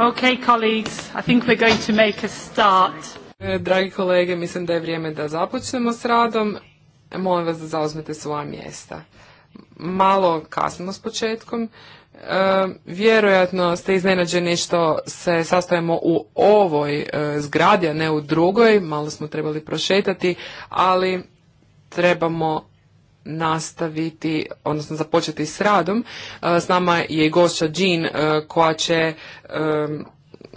Okay, colleagues, I think we're going to make a start. E, dragi kolege, mislim da je vrijeme da započnemo s radom. Molim vas da zauzmete svoja mjesta. Malo kasno s početkom. E, vjerojatno ste iznenađeni što se sastajemo u ovoj e, zgradi, a ne u drugoj. Malo smo trebali prošetati, ali trebamo nastaviti, odnosno započeti s radom. E, s nama je i gošća Jean e, koja će e,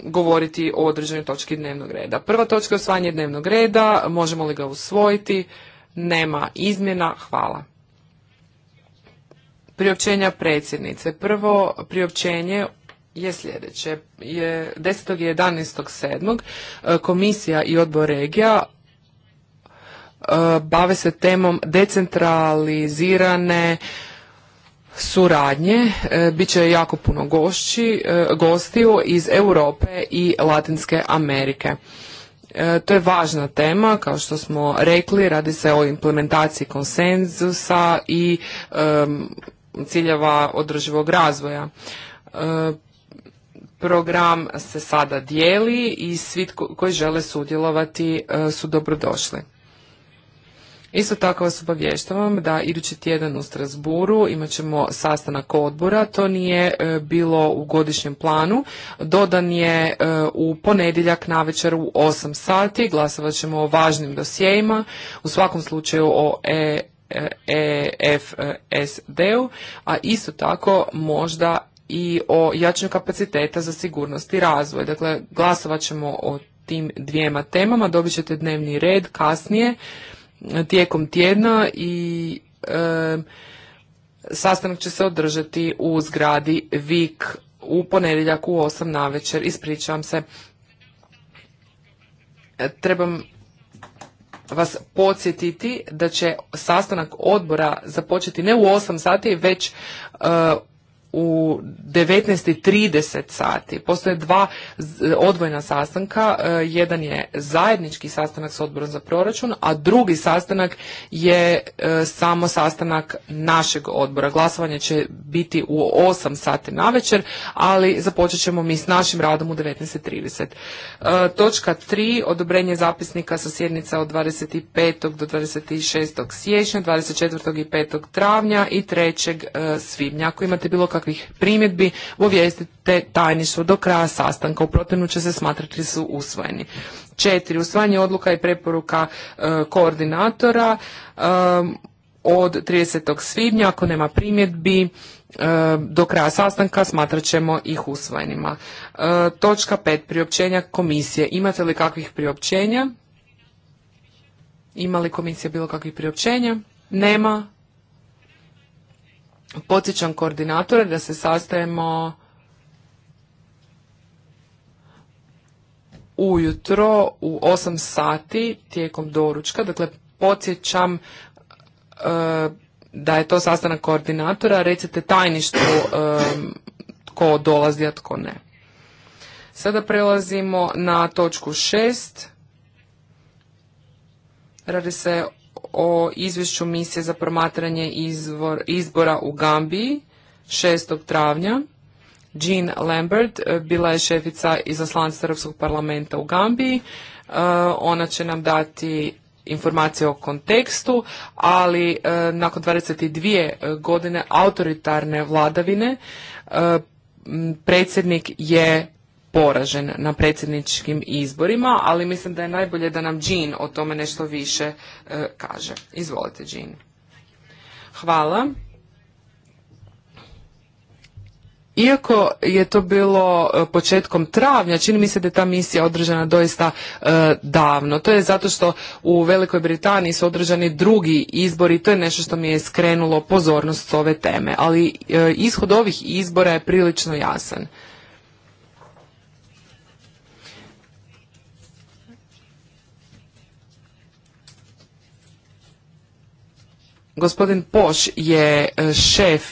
govoriti o određenoj točki dnevnog reda. Prva točka je osvajanje dnevnog reda, možemo li ga usvojiti, nema izmjena, hvala. Priopćenja predsjednice. Prvo priopćenje je sljedeće. Je 10. i 11.7. komisija i odbor regija E, bave se temom decentralizirane suradnje. E, Biće jako puno gošći, e, gostiju iz Europe i Latinske Amerike. To je važna tema, kao što smo rekli, radi se o implementaciji konsenzusa i ciljeva održivog razvoja. program se sada dijeli i svi koji žele sudjelovati su dobrodošli. Isto tako vas obavještavam da idući tjedan u Strasburu imat ćemo sastanak odbora. To nije e, bilo u godišnjem planu. Dodan je e, u ponedjeljak na večer u 8 sati. Glasovat ćemo o važnim dosjejima. U svakom slučaju o EFSD-u, e, a isto tako možda i o jačanju kapaciteta za sigurnost i razvoj. Dakle, glasovat ćemo o tim dvijema temama, dobit ćete dnevni red kasnije tijekom tjedna i e, sastanak će se održati u zgradi VIK u ponedjeljak u 8 na večer. Ispričavam se. E, trebam vas podsjetiti da će sastanak odbora započeti ne u 8 sati, već e, u 19.30 sati. Postoje dva odvojena sastanka. E, jedan je zajednički sastanak s odborom za proračun, a drugi sastanak je e, samo sastanak našeg odbora. Glasovanje će biti u 8 sati na večer, ali započet ćemo mi s našim radom u 19.30. E, točka 3. Odobrenje zapisnika sa sjednica od 25. do 26. siječnja, 24. i 5. travnja i 3. svibnja. Ako imate bilo kakve kakvih primjedbi, obavijestite tajništvo do kraja sastanka. U protivnu će se smatrati su usvojeni. Četiri, usvajanje odluka i preporuka e, koordinatora e, od 30. svibnja, ako nema primjedbi, e, do kraja sastanka smatrat ćemo ih usvojenima. Točka pet, Priopćenja komisije. Imate li kakvih priopćenja? Ima li komisija bilo kakvih priopćenja? Nema podsjećam koordinatore da se sastajemo ujutro u 8 sati tijekom doručka. Dakle, podsjećam e, da je to sastanak koordinatora. Recite tajništvu e, tko dolazi, a tko ne. Sada prelazimo na točku 6. Radi se o izvješću misije za promatranje izvor, izbora u Gambiji 6. travnja. Jean Lambert e, bila je šefica izaslanstva Europskog parlamenta u Gambiji. E, ona će nam dati informacije o kontekstu, ali e, nakon 22 godine autoritarne vladavine predsjednik je poražen na predsjedničkim izborima, ali mislim da je najbolje da nam Jean o tome nešto više e, kaže. Izvolite, Jean. Hvala. Iako je to bilo e, početkom travnja, čini mi se da je ta misija održana doista e, davno. To je zato što u Velikoj Britaniji su održani drugi izbori i to je nešto što mi je skrenulo pozornost s ove teme. Ali ishod ovih izbora je prilično jasan. Gospodin Poš je e, šef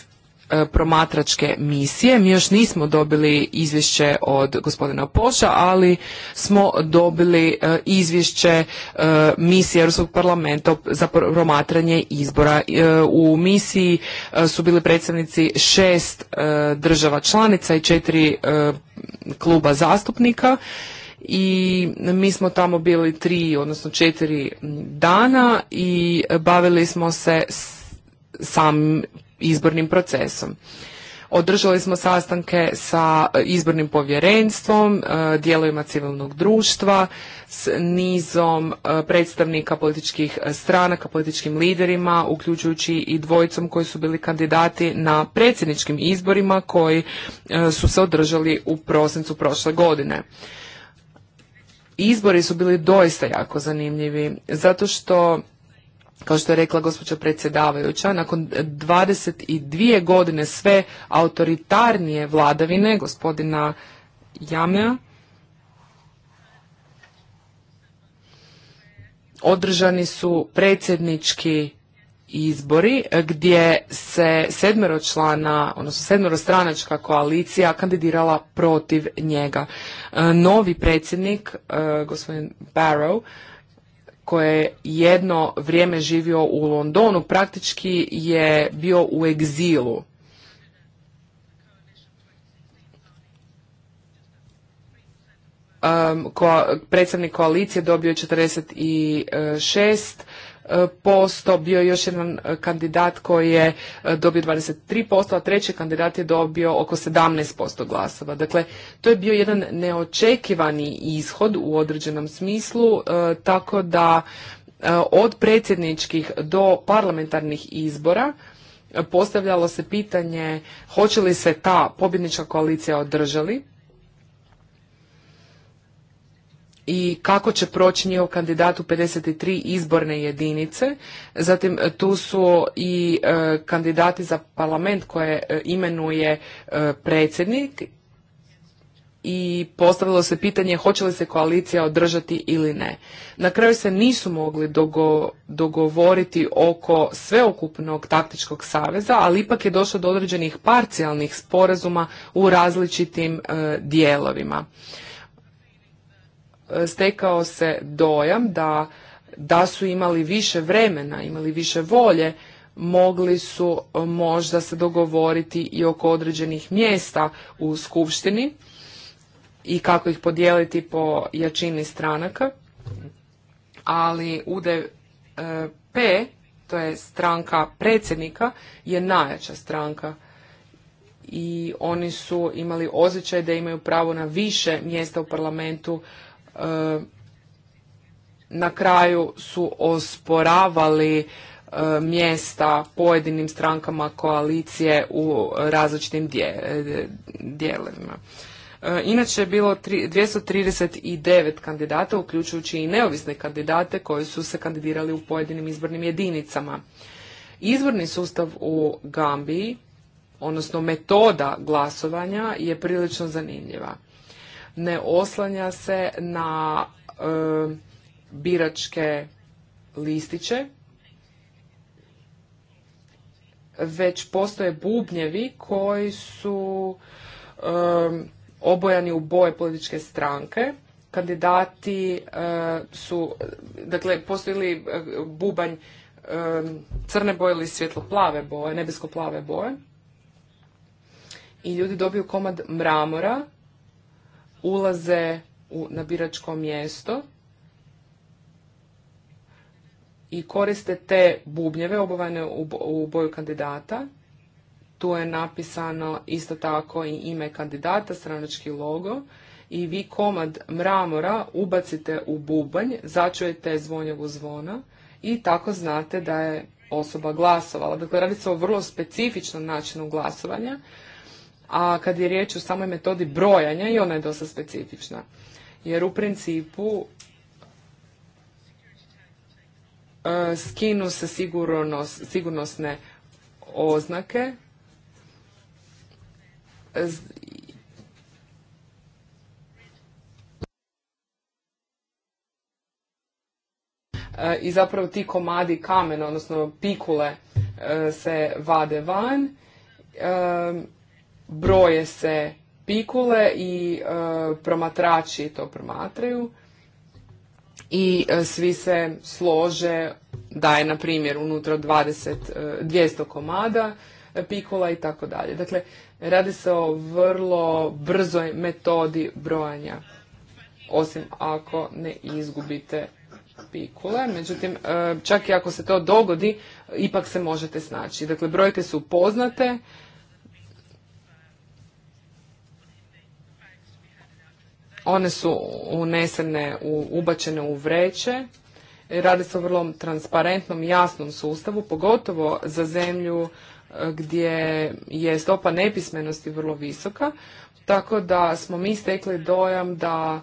e, promatračke misije. Mi još nismo dobili izvješće od gospodina Poša, ali smo dobili e, izvješće misije Europskog parlamenta za promatranje izbora. U misiji su bili predstavnici šest država članica i četiri kluba zastupnika i mi smo tamo bili tri, odnosno četiri dana i bavili smo se samim izbornim procesom. Održali smo sastanke sa izbornim povjerenstvom, e, dijelovima civilnog društva, s nizom e, predstavnika političkih stranaka, političkim liderima, uključujući i dvojicom koji su bili kandidati na predsjedničkim izborima koji e, su se održali u prosincu prošle godine izbori su bili doista jako zanimljivi, zato što kao što je rekla gospođa predsjedavajuća, nakon 22 godine sve autoritarnije vladavine gospodina Jamea, održani su predsjednički izbori e, gdje se sedmeročlana, odnosno sedmerostranačka koalicija kandidirala protiv njega. E, novi predsjednik, e, gospodin Barrow, koji je jedno vrijeme živio u Londonu, praktički je bio u egzilu. Ko, predsjednik koalicije dobio je 46 posto, bio je još jedan e, kandidat koji je e, dobio 23%, a treći kandidat je dobio oko 17% glasova. Dakle, to je bio jedan neočekivani ishod u određenom smislu, e, tako da od predsjedničkih do parlamentarnih izbora postavljalo se pitanje hoće li se ta pobjednička koalicija održali, i kako će proći njihov kandidat u 53 izborne jedinice. Zatim e, tu su i e, kandidati za parlament koje e, imenuje predsjednik i postavilo se pitanje hoće li se koalicija održati ili ne. Na kraju se nisu mogli dogovoriti oko sveokupnog taktičkog saveza, ali ipak je došlo do određenih parcijalnih sporazuma u različitim dijelovima stekao se dojam da, da su imali više vremena, imali više volje, mogli su možda se dogovoriti i oko određenih mjesta u skupštini i kako ih podijeliti po jačini stranaka. Ali UDP, to je stranka predsjednika, je najjača stranka i oni su imali osjećaj da imaju pravo na više mjesta u parlamentu E, na kraju su osporavali e, mjesta pojedinim strankama koalicije u različitim e, dijelovima. Inače je bilo 239 kandidata, uključujući i neovisne kandidate koji su se kandidirali u pojedinim izbornim jedinicama. Izborni sustav u Gambiji, odnosno metoda glasovanja, je prilično zanimljiva ne oslanja se na biračke listiće, već postoje bubnjevi koji su obojani u boje političke stranke. Kandidati su, dakle, postoji li bubanj crne boje ili svjetlo-plave boje, nebesko-plave boje. I ljudi dobiju komad mramora ulaze u, na biračko mjesto i koriste te bubnjeve obovane u, boju kandidata. Tu je napisano isto tako i ime kandidata, stranački logo i vi komad mramora ubacite u bubanj, začujete zvonjevu zvona i tako znate da je osoba glasovala. Dakle, radi se o vrlo specifičnom načinu glasovanja a kad je riječ o samoj metodi brojanja i ona je dosta specifična. Jer u principu e, skinu se sigurnosne oznake e, i zapravo ti komadi kamena, odnosno pikule e, se vade van broje se pikule i e, promatrači to promatraju i e, svi se slože da je na primjer unutra 20, 200 e, komada pikula i tako dalje. Dakle, radi se o vrlo brzoj metodi brojanja, osim ako ne izgubite pikule. Međutim, čak i ako se to dogodi, ipak se možete snaći. Dakle, brojke su poznate, One su unesene, u, ubačene u vreće. Radi se o vrlo transparentnom, jasnom sustavu, pogotovo za zemlju e, gdje je stopa nepismenosti vrlo visoka. Tako da smo mi stekli dojam da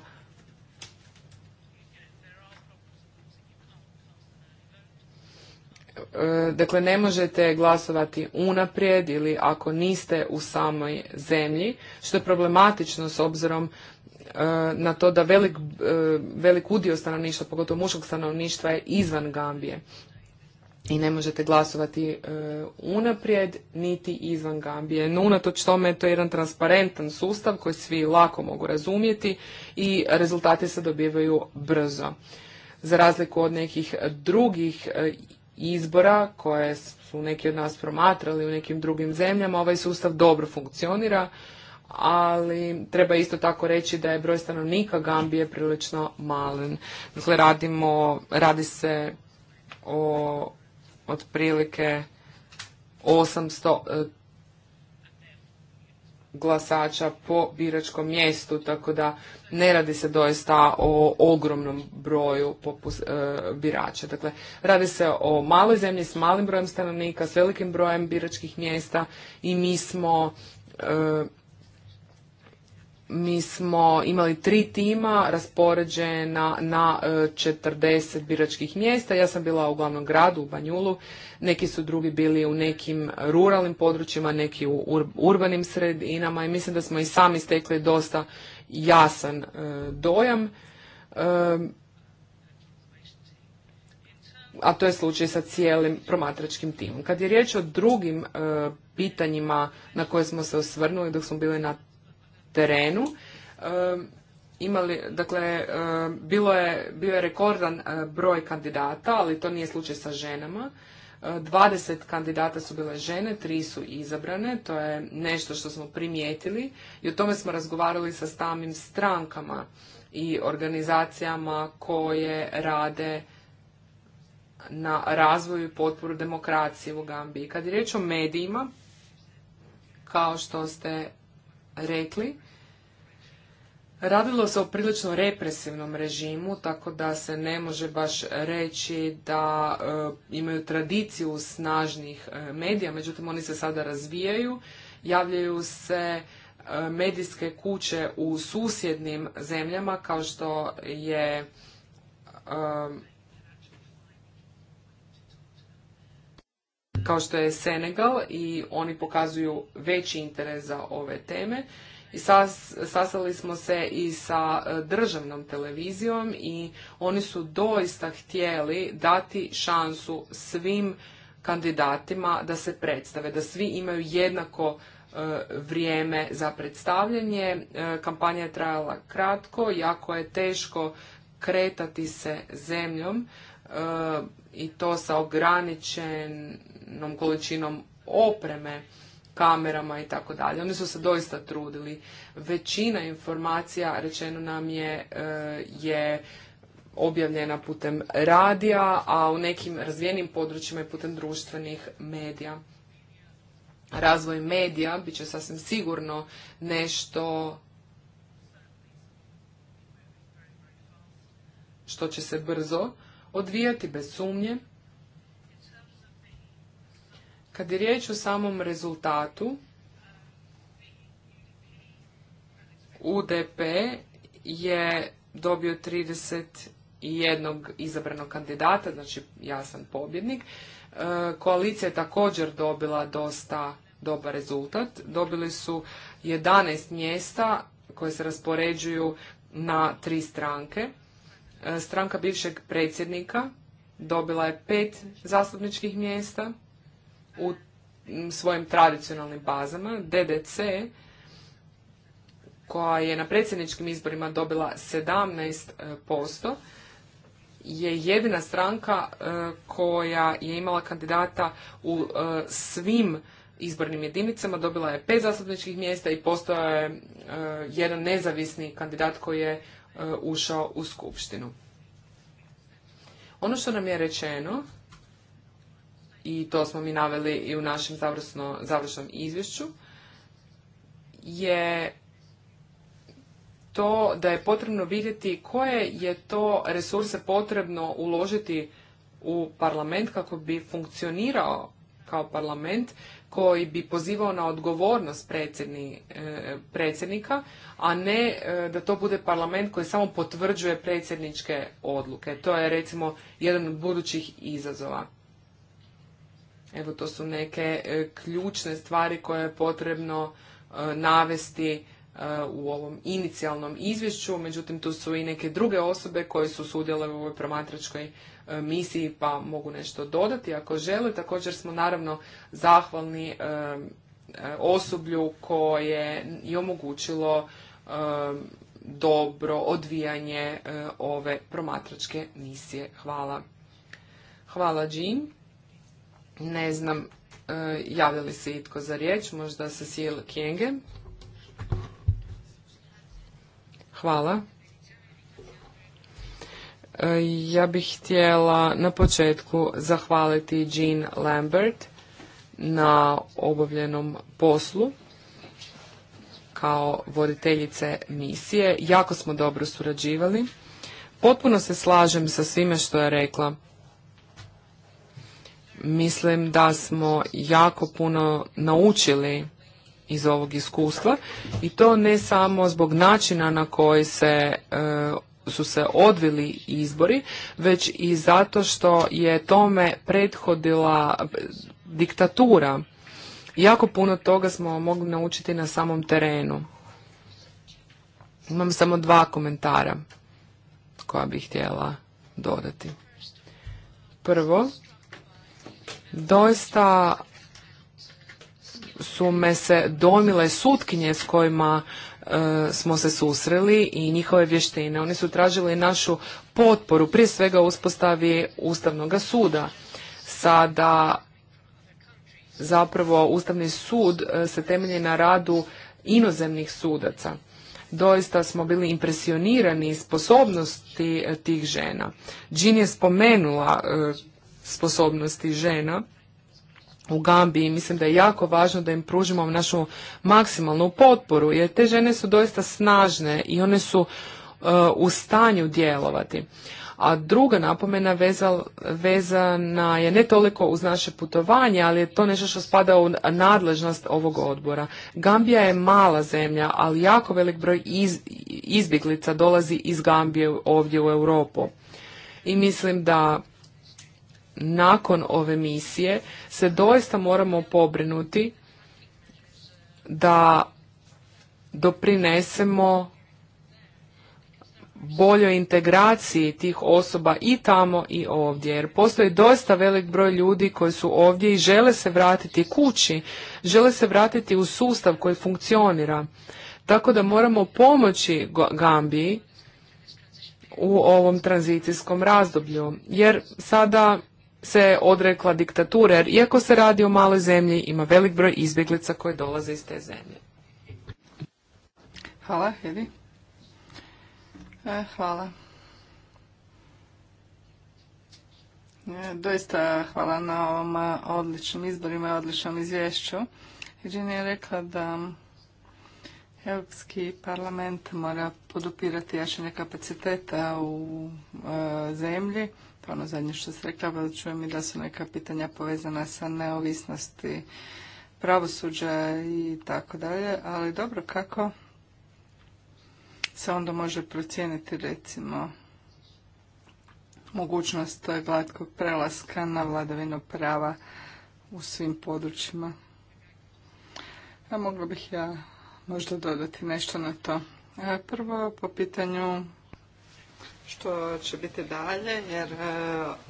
e, dakle ne možete glasovati unaprijed ili ako niste u samoj zemlji, što je problematično s obzirom E, na to da velik, e, velik udio stanovništva, pogotovo muškog stanovništva je izvan Gambije. I ne možete glasovati e, unaprijed niti izvan Gambije. No unatoč tome to je jedan transparentan sustav koji svi lako mogu razumjeti i rezultati se dobivaju brzo. Za razliku od nekih drugih izbora koje su neki od nas promatrali u nekim drugim zemljama, ovaj sustav dobro funkcionira ali treba isto tako reći da je broj stanovnika Gambije prilično malen. Dakle, radimo, radi se o otprilike 800 e, glasača po biračkom mjestu, tako da ne radi se doista o ogromnom broju popus, e, birača. Dakle, radi se o maloj zemlji s malim brojem stanovnika, s velikim brojem biračkih mjesta i mi smo e, mi smo imali tri tima raspoređena na 40 e, biračkih mjesta. Ja sam bila u glavnom gradu, u Banjulu. Neki su drugi bili u nekim ruralnim područjima, neki u urbanim sredinama i mislim da smo i sami stekli dosta jasan e, dojam. A to je slučaj sa cijelim promatračkim timom. Kad je riječ o drugim e, pitanjima na koje smo se osvrnuli dok smo bili na terenu ehm, imali, dakle, ehm, bilo je, bio je rekordan e, broj kandidata, ali to nije slučaj sa ženama. 20 e, kandidata su bile žene, tri su izabrane, to je nešto što smo primijetili i o tome smo razgovarali sa samim strankama i organizacijama koje rade na razvoju i potporu demokracije u Gambiji. Kad je riječ o medijima, kao što ste rekli, Radilo se o prilično represivnom režimu, tako da se ne može baš reći da e, imaju tradiciju snažnih e, medija, međutim oni se sada razvijaju, javljaju se e, medijske kuće u susjednim zemljama kao što je kao što je Senegal i oni pokazuju veći interes za ove teme i smo se i sa e, državnom televizijom i oni su doista htjeli dati šansu svim kandidatima da se predstave, da svi imaju jednako e, vrijeme za predstavljanje. E, kampanja je trajala kratko, jako je teško kretati se zemljom i to sa ograničenom količinom opreme kamerama i tako dalje. Oni su se doista trudili. Većina informacija, rečeno nam je, e, je objavljena putem radija, a u nekim razvijenim područjima i putem društvenih medija. Razvoj medija bit će sasvim sigurno nešto što će se brzo odvijati bez sumnje. Kad je riječ o samom rezultatu, UDP je dobio 31 izabranog kandidata, znači ja sam pobjednik. E, koalicija je također dobila dosta dobar rezultat. Dobili su 11 mjesta koje se raspoređuju na tri stranke. E, stranka bivšeg predsjednika dobila je pet zastupničkih mjesta, u svojim tradicionalnim bazama. DDC koja je na predsjedničkim izborima dobila 17% je jedina stranka e, koja je imala kandidata u e, svim izbornim jedinicama, dobila je pet zastupničkih mjesta i postao je e, jedan nezavisni kandidat koji je ušao u skupštinu. Ono što nam je rečeno i to smo mi naveli i u našem završnom izvješću, je to da je potrebno vidjeti koje je to resurse potrebno uložiti u parlament kako bi funkcionirao kao parlament koji bi pozivao na odgovornost e, predsjednika, a ne e, da to bude parlament koji samo potvrđuje predsjedničke odluke. To je recimo jedan od budućih izazova. Evo, to su neke e, ključne stvari koje je potrebno e, navesti e, u ovom inicijalnom izvješću, međutim tu su i neke druge osobe koje su sudjele u ovoj promatračkoj misiji pa mogu nešto dodati ako žele. Također smo naravno zahvalni osoblju koje je omogućilo dobro odvijanje ove promatračke misije. Hvala. Hvala ne znam, e, javlja li se itko za riječ, možda Cecil Kjenge? Hvala. E, ja bih htjela na početku zahvaliti Jean Lambert na obavljenom poslu kao voditeljice misije. Jako smo dobro surađivali. Potpuno se slažem sa svime što je rekla. Mislim da smo jako puno naučili iz ovog iskustva i to ne samo zbog načina na koji se e, su se odvili izbori, već i zato što je tome prethodila diktatura. Jako puno toga smo mogli naučiti na samom terenu. Imam samo dva komentara koja bih htjela dodati. Prvo, Doista su me se domile sutkinje s kojima e, smo se susreli i njihove vještine. Oni su tražili našu potporu, prije svega uspostavi Ustavnog suda. Sada zapravo Ustavni sud e, se temelji na radu inozemnih sudaca. Doista smo bili impresionirani sposobnosti e, tih žena. Džin je spomenula sposobnosti žena u Gambiji. Mislim da je jako važno da im pružimo našu maksimalnu potporu, jer te žene su doista snažne i one su uh, u stanju djelovati. A druga napomena vezana je ne toliko uz naše putovanje, ali je to nešto što spada u nadležnost ovog odbora. Gambija je mala zemlja, ali jako velik broj izbjeglica dolazi iz Gambije ovdje u Europu. I mislim da nakon ove misije se doista moramo pobrinuti da doprinesemo boljoj integraciji tih osoba i tamo i ovdje. Jer postoji dosta velik broj ljudi koji su ovdje i žele se vratiti kući, žele se vratiti u sustav koji funkcionira. Tako da moramo pomoći Gambiji u ovom tranzicijskom razdoblju. Jer sada se odrekla diktature, jer iako se radi o maloj zemlji, ima velik broj izbjeglica koje dolaze iz te zemlje. Hvala, Hedi. E, hvala. E, doista hvala na ovom e, odličnom izborima i odličnom izvješću. je rekla da Europski parlament mora podupirati jačanje kapaciteta u zemlji ono zadnje što ste rekla, čujem i da su neka pitanja povezana sa neovisnosti pravosuđa i tako dalje, ali dobro kako se onda može procijeniti recimo mogućnost glatkog prelaska na vladavinu prava u svim područjima. A mogla bih ja možda dodati nešto na to. Prvo, po pitanju što će biti dalje, jer e,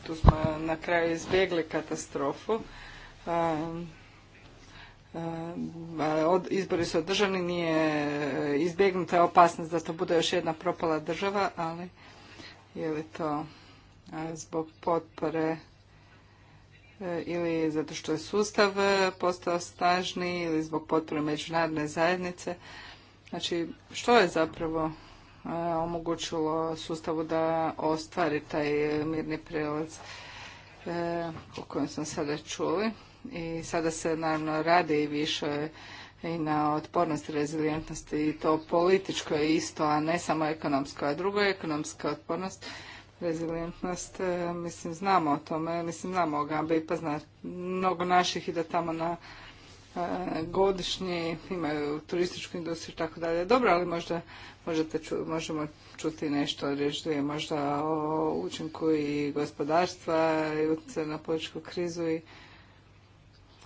tu smo na kraju izbjegli katastrofu. E, e, izbori su održani, nije izbjegnuta opasnost da to bude još jedna propala država, ali je li to zbog potpore ili zato što je sustav postao stažni ili zbog potpore međunarodne zajednice. Znači, što je zapravo E, omogućilo sustavu da ostvari taj mirni prelaz e, o kojem smo sada čuli. I sada se naravno radi i više i na otpornosti, rezilijentnosti i to političko je isto, a ne samo ekonomsko. A drugo je ekonomska otpornost, rezilijentnost, e, mislim znamo o tome, mislim znamo o Gambi, pa mnogo naših i da tamo na E, godišnji, imaju turističku industriju i tako dalje. Dobro, ali možda možete možemo čuti nešto, riječ je možda o učinku i gospodarstva i utjecaju na političku krizu i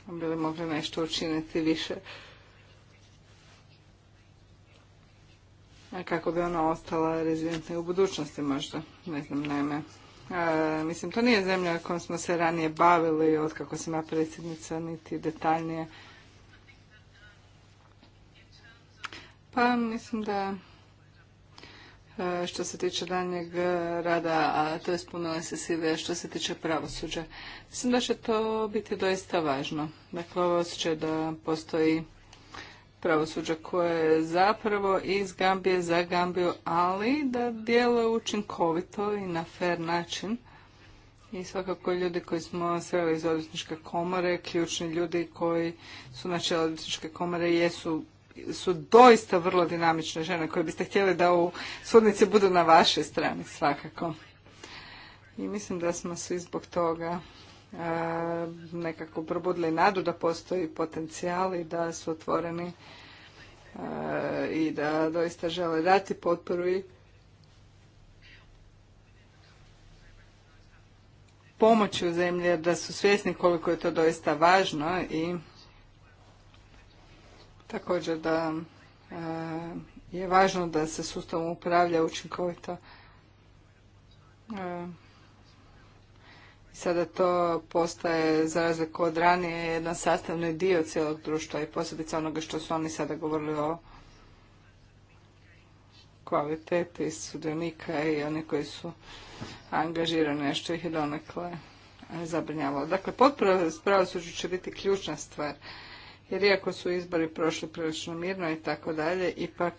bili mogli nešto učiniti više. E, kako bi ona ostala rezidentna u budućnosti možda, ne znam, naime. E, mislim, to nije zemlja kojom smo se ranije bavili, kako se ja predsjednica, niti detaljnije. Pa mislim da e, što se tiče danjeg e, rada, a to je spunila se što se tiče pravosuđa. Mislim da će to biti doista važno. Dakle, ovo osjećaj da postoji pravosuđa koje je zapravo iz Gambije za Gambiju, ali da djeluje učinkovito i na fer način. I svakako ljudi koji smo sreli iz odvjetničke komore, ključni ljudi koji su na čelu odvjetničke komore, jesu su doista vrlo dinamične žene koje biste htjeli da u sudnici budu na vašoj strani svakako. I mislim da smo svi zbog toga e, nekako probudili nadu da postoji potencijal i da su otvoreni e, i da doista žele dati potporu i pomoći u zemlji da su svjesni koliko je to doista važno i također da e, je važno da se sustavom upravlja učinkovito. E, sada to postaje, za razliku od ranije, jedan sastavni dio cijelog društva i posebice onoga što su oni sada govorili o kvaliteti sudionika i oni koji su angažirani, što ih je donekle zabrinjavalo. Dakle, potpora pravosuđu će biti ključna stvar jer iako su izbori prošli prilično mirno i tako dalje, ipak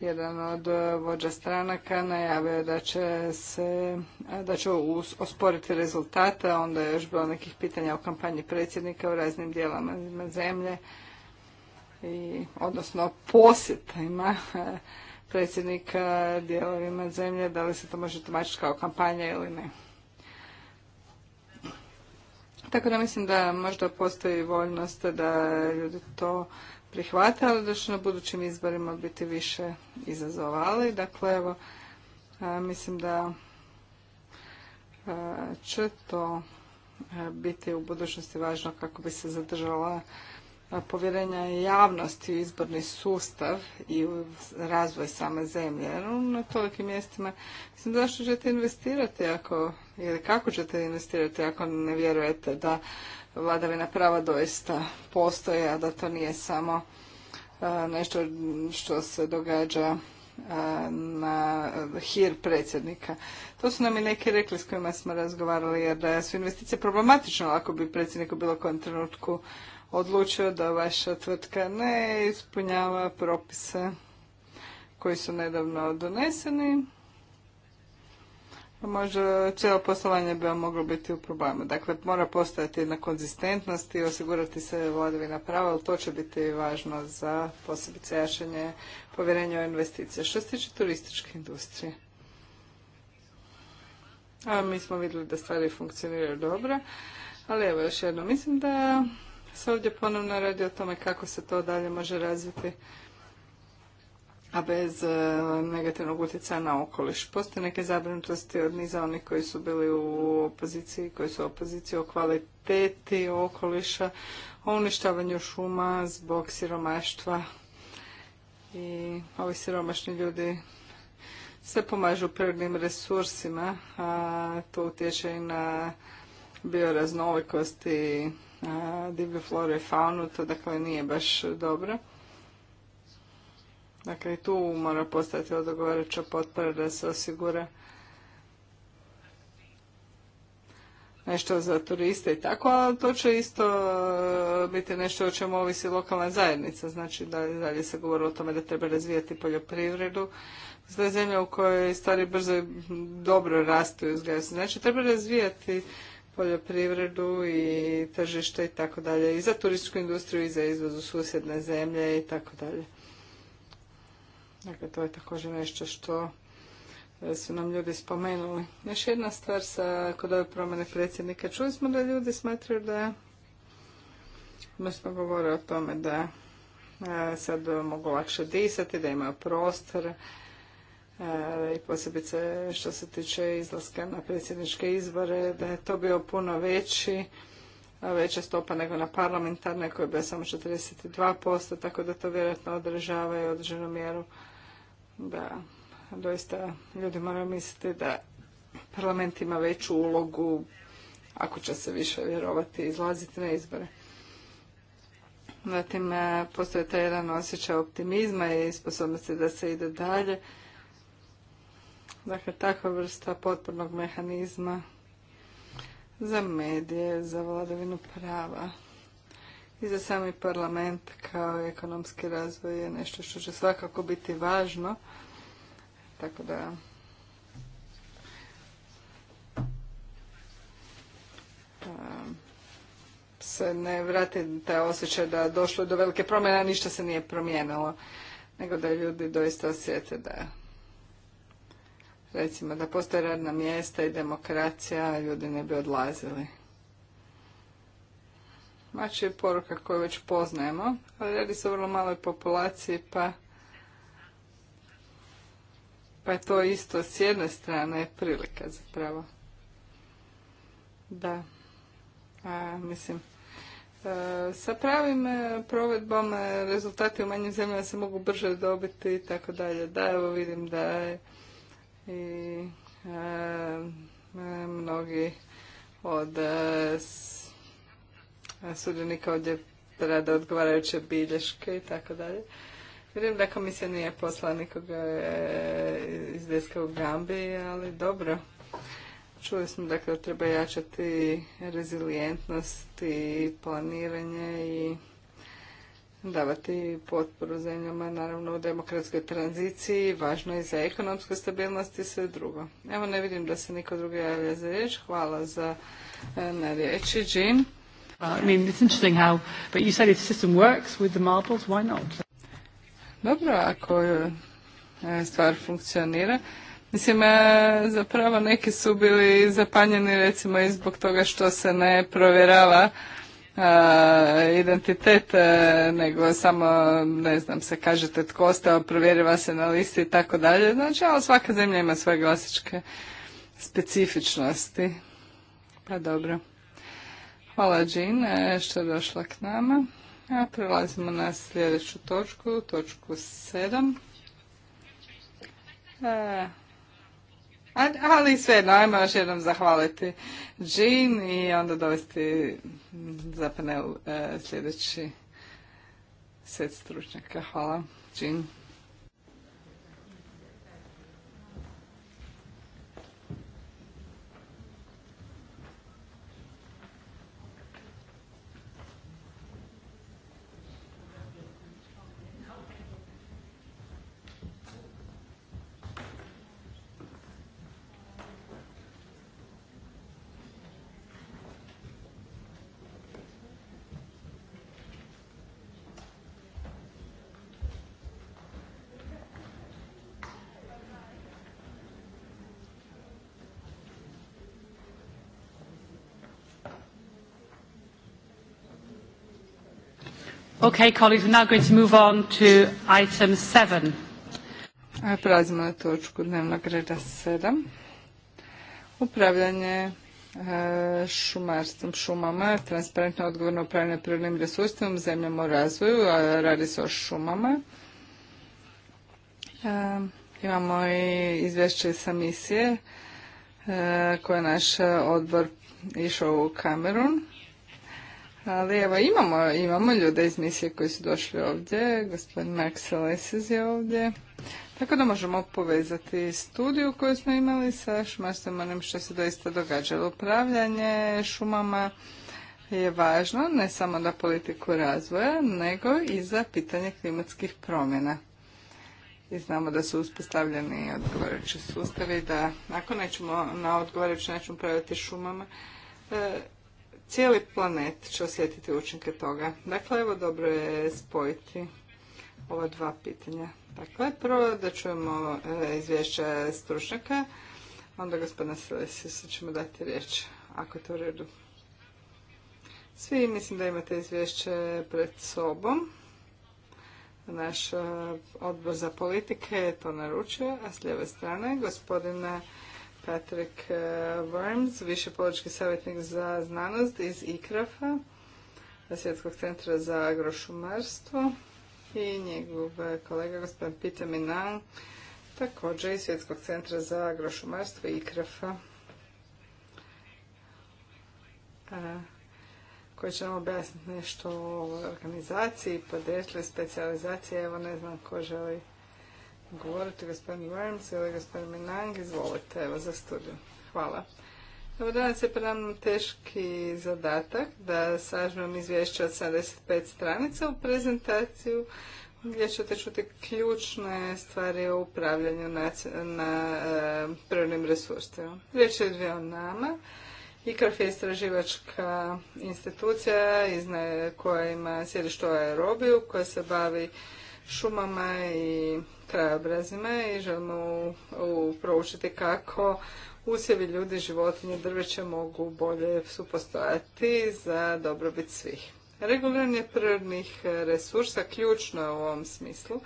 jedan od e, vođa stranaka najavio da će se, e, da će osporiti rezultate, onda je još bilo nekih pitanja o kampanji predsjednika u raznim dijelama zemlje i odnosno posjetima e, predsjednika dijelovima zemlje, da li se to može tumačiti kao kampanja ili ne. Tako da mislim da možda postoji voljnost da ljudi to prihvate, ali da će na budućim izborima biti više izazovali. Dakle, evo, mislim da će to biti u budućnosti važno kako bi se zadržala povjerenja javnosti u izborni sustav i u razvoj same zemlje. Jer na tolikim mjestima, mislim, zašto ćete investirati ako ili kako ćete investirati ako ne vjerujete da vladavina prava doista postoje, a da to nije samo e, nešto što se događa e, na hir predsjednika. To su nam i neki rekli s kojima smo razgovarali, jer da su investicije problematične ako bi predsjednik u bilo kojem trenutku odlučio da vaša tvrtka ne ispunjava propise koji su nedavno doneseni možda cijelo poslovanje bi moglo biti u problemu. Dakle, mora postojati jedna konzistentnost i osigurati se vladavina prava, ali to će biti važno za posebice jašanje povjerenja u investicije. Što se tiče turističke industrije? A mi smo vidjeli da stvari funkcioniraju dobro, ali evo još jedno. Mislim da se ovdje ponovno radi o tome kako se to dalje može razviti a bez e, negativnog utjecaja na okoliš. Postoje neke zabrinutosti od niza onih koji su bili u opoziciji, koji su u opoziciji o kvaliteti okoliša, o uništavanju šuma zbog siromaštva i ovi siromašni ljudi se pomažu prirodnim resursima, a to utječe i na bioraznolikost i divlju floru i faunu, to dakle nije baš dobro. Dakle, i tu mora postati odgovarajuća potpora da se osigura nešto za turiste i tako, ali to će isto e, biti nešto o čemu ovisi lokalna zajednica. Znači, dalje, se govori o tome da treba razvijati poljoprivredu. zna zemlja u kojoj stvari brzo i dobro rastu i uzgajaju se. Znači, treba razvijati poljoprivredu i tržište i tako dalje. I za turističku industriju i za izvoz u susjedne zemlje i tako dalje. Dakle, to je također nešto što e, su nam ljudi spomenuli. Još jedna stvar sa, kod ove promjene predsjednika. Čuli smo da ljudi smatraju da, mi smo govorili o tome da e, sad mogu lakše disati, da imaju prostor e, i posebice što se tiče izlaska na predsjedničke izbore, da je to bio puno veći veća stopa nego na parlamentarne koji je bio samo 42%, tako da to vjerojatno održava i određenu mjeru da doista ljudi moraju misliti da parlament ima veću ulogu ako će se više vjerovati izlaziti na izbore. Zatim e, postoje taj jedan osjećaj optimizma i sposobnosti da se ide dalje. Dakle, takva vrsta potpornog mehanizma za medije, za vladavinu prava i za sami parlament kao ekonomski razvoj je nešto što će svakako biti važno. Tako da se ne vrati taj osjećaj da došlo do velike promjene, a ništa se nije promijenilo, nego da ljudi doista osjete da recimo da postoje radna mjesta i demokracija, ljudi ne bi odlazili mače znači, je poruka koju već poznajemo, ali radi se o vrlo maloj populaciji, pa, pa je to isto s jedne strane prilika zapravo. Da, A, mislim, e, sa pravim e, provedbom e, rezultati u manjim zemljama se mogu brže dobiti i tako dalje. Da, evo vidim da je i e, mnogi od sudionika ovdje rade odgovarajuće bilješke i tako dalje. Vidim da komisija nije poslala nikoga e, iz deska u Gambi, ali dobro. Čuli smo dakle, da treba jačati rezilijentnost i planiranje i davati potporu zemljama, naravno u demokratskoj tranziciji, važno je za ekonomsku stabilnost i sve drugo. Evo ne vidim da se niko drugi javlja za riječ. Hvala za e, na riječi, Jean. I mean, it's interesting how, but you said the system works with the marbles, why not? Dobro, ako e, stvar funkcionira. Mislim, e, zapravo neki su bili zapanjeni recimo i zbog toga što se ne provjerava e, identitet, nego samo, ne znam, se kažete tko ostao, provjerava se na listi i tako dalje. Znači, ali svaka zemlja ima svoje glasičke specifičnosti. Pa dobro. Hvala Je e, što je došla k nama. A prelazimo na sljedeću točku, točku sedam. E, ali svejedno, ajmo još jednom zahvaliti Džin i onda dovesti za panel e, sljedeći set stručnjaka. Hvala, Džin. Okay, colleagues, we're now going to move on to item 7. Prelazimo na točku dnevnog reda 7. Upravljanje e, šumarstvom šumama, transparentno odgovorno upravljanje prirodnim resursima zemljom zemljama u razvoju, a radi se o šumama. E, imamo i izvješće sa misije e, koje je naš odbor išao u Kamerun ali evo imamo, imamo ljude iz misije koji su došli ovdje, gospodin Mark Saleses je ovdje. Tako da možemo povezati studiju koju smo imali sa šumarstvom, onim što se doista događalo. Upravljanje šumama je važno ne samo da politiku razvoja, nego i za pitanje klimatskih promjena. I znamo da su uspostavljeni odgovarajući sustavi, da ako nećemo na odgovarajući način upravljati šumama, e, cijeli planet će osjetiti učinke toga. Dakle, evo dobro je spojiti ova dva pitanja. Dakle, prvo da čujemo e, izvješća stručnjaka, onda gospodina Silesisa ćemo dati riječ, ako je to u redu. Svi mislim da imate izvješće pred sobom. Naš e, odbor za politike je to naručio, a s lijeve strane gospodina Patrick eh, Worms, više politički savjetnik za znanost iz ikrafa a Svjetskog centra za agrošumarstvo i njegov eh, kolega gospodin Peter Minan, također iz Svjetskog centra za agrošumarstvo i ikrafa a eh, koji će nam objasniti nešto o organizaciji, podrijetlu, specijalizaciji. Evo ne znam ko želi govoriti gospodin Worms ili gospodin Menang, Izvolite, evo za studiju. Hvala. Evo danas je pred nam teški zadatak da sažmem izvješće od 75 stranica u prezentaciju gdje ćete čuti ključne stvari o upravljanju na, e, prvnim resursima. Riječ je dvije o nama. IKAF je istraživačka institucija koja ima sjedište u aerobiju koja se bavi šumama i krajobrazima i želimo proučiti kako usjevi ljudi, životinje, drveće mogu bolje supostojati za dobrobit svih. Reguliranje prirodnih resursa ključno je u ovom smislu,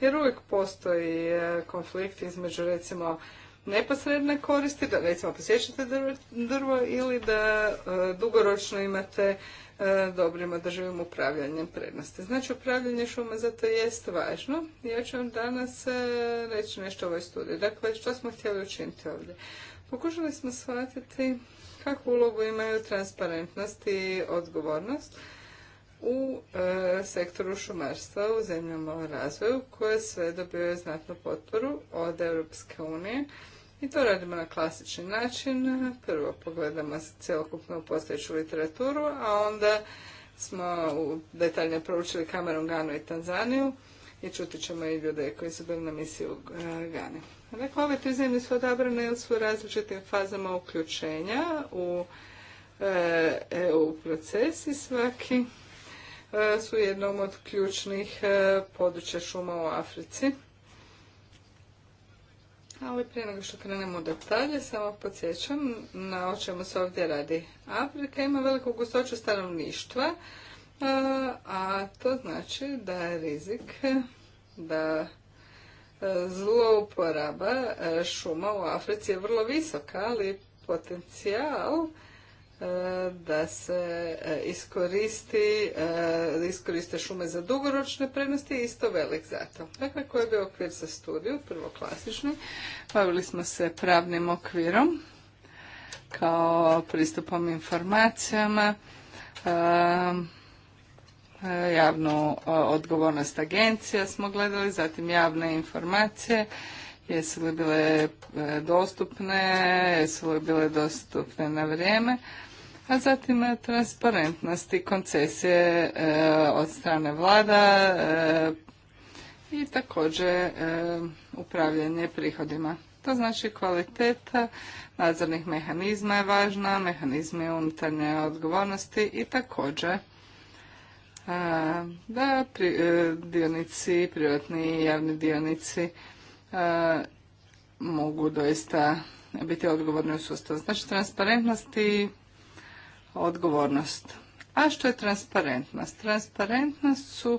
jer uvijek postoji e, konflikt između recimo neposredne koristi, da recimo posjećate drvo ili da e, dugoročno imate E, dobrim održivim upravljanjem prednosti. Znači upravljanje šuma zato jest važno. Ja ću vam danas e, reći nešto o ovoj studiji. Dakle, što smo htjeli učiniti ovdje? Pokušali smo shvatiti kakvu ulogu imaju transparentnost i odgovornost u e, sektoru šumarstva u zemljama u razvoju koje sve dobivaju znatnu potporu od Europske unije i to radimo na klasični način. Prvo pogledamo celokupnu postojeću literaturu, a onda smo detaljno proučili Kamerun, Ganu i Tanzaniju i čuti ćemo i ljude koji su bili na misiji u e, Gani. Dakle, ove tri zemlje su odabrane u su različitim fazama uključenja u e, EU proces i svaki e, su jednom od ključnih područja šuma u Africi ali prije nego što krenemo u detalje, samo podsjećam na o čemu se ovdje radi. Afrika ima veliku gustoću stanovništva, e, a to znači da je rizik da e, zlouporaba e, šuma u Africi je vrlo visoka, ali potencijal E, da se e, iskoristi, e, iskoriste šume za dugoročne prednosti i isto velik zato. Dakle, koji je bio okvir za studiju, prvo klasični, bavili smo se pravnim okvirom kao pristupom informacijama, javnu odgovornost agencija smo gledali, zatim javne informacije, jesu li bile dostupne, jesu li bile dostupne na vrijeme, a zatim e, transparentnosti i koncesije e, od strane vlada e, i također upravljanje prihodima. To znači kvaliteta nadzornih mehanizma je važna, mehanizmi unutarnje odgovornosti i također da dionici, privatni i javni dionici mogu doista biti odgovorni u sustavu. Znači transparentnosti odgovornost. A što je transparentnost? Transparentnost su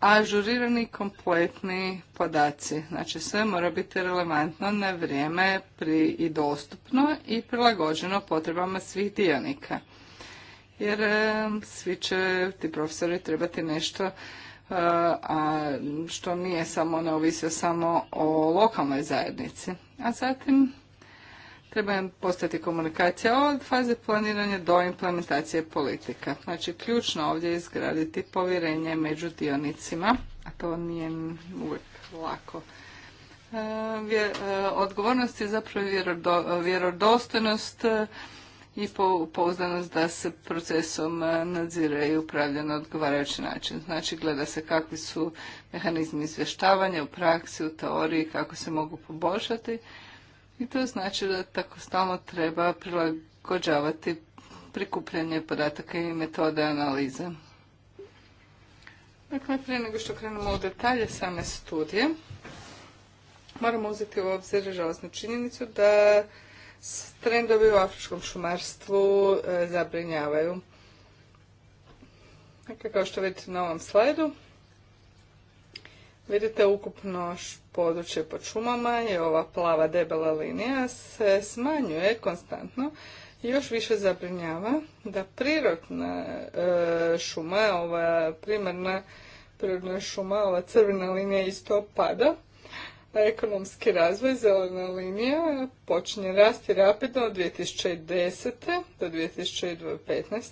ažurirani kompletni podaci. Znači sve mora biti relevantno na vrijeme pri i dostupno i prilagođeno potrebama svih dionika. Jer e, svi će ti profesori trebati nešto e, a što nije samo neovisio samo o lokalnoj zajednici. A zatim treba postati komunikacija od faze planiranja do implementacije politika. Znači, ključno ovdje je izgraditi povjerenje među dionicima, a to nije uvijek lako. E, e, odgovornost je zapravo vjerodostojnost e, i pouzdanost da se procesom nadzire i upravlja na odgovarajući način. Znači, gleda se kakvi su mehanizmi izvještavanja u praksi, u teoriji, kako se mogu poboljšati i to znači da tako stalno treba prilagođavati prikupljanje podataka i metode analize. Dakle, prije nego što krenemo u detalje same studije, moramo uzeti u obzir žalostnu činjenicu da trendovi u afričkom šumarstvu e, zabrinjavaju. Dakle, kao što vidite na ovom slajdu, Vidite ukupno područje pod šumama je ova plava debela linija se smanjuje konstantno i još više zabrinjava da prirodna e, šuma, ova primarna prirodna šuma, ova crvena linija isto pada. Ekonomski razvoj, zelena linija, počinje rasti rapidno od 2010. do 2015.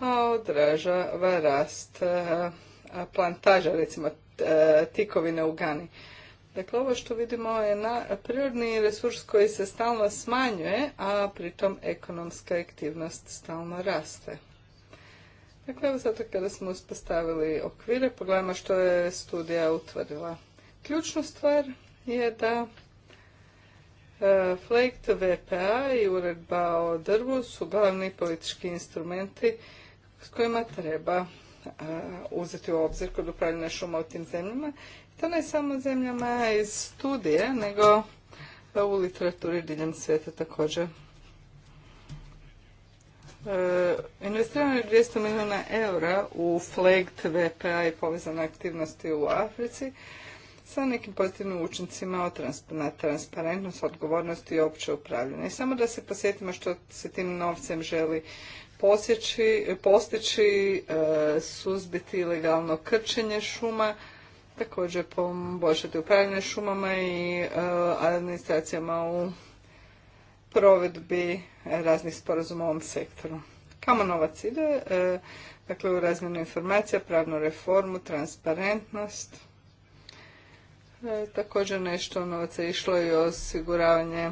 A odražava rast e, plantaža, recimo E, tikovine u Gani. Dakle, ovo što vidimo je na prirodni resurs koji se stalno smanjuje, a pritom ekonomska aktivnost stalno raste. Dakle, evo zato kada smo uspostavili okvire, pogledajmo što je studija utvrdila. Ključna stvar je da e, flekt VPA i uredba o drvu su glavni politički instrumenti s kojima treba uzeti u obzir kod upravljanja šuma u tim zemljama. To ne samo zemljama iz studije, nego u literaturi diljem svijeta također. E, investirano je 200 milijuna eura u FLEGT, VPA i povezane aktivnosti u Africi sa nekim pozitivnim učincima na transparentnost, odgovornost i opće upravljanje. I samo da se posjetimo što se tim novcem želi postići, e, suzbiti ilegalno krčenje šuma, također poboljšati upravljanje šumama i e, administracijama u provedbi raznih sporazuma u ovom sektoru. Kamo novac ide? E, dakle, u razmjenu informacija, pravnu reformu, transparentnost. Također nešto novaca je išlo i osiguravanje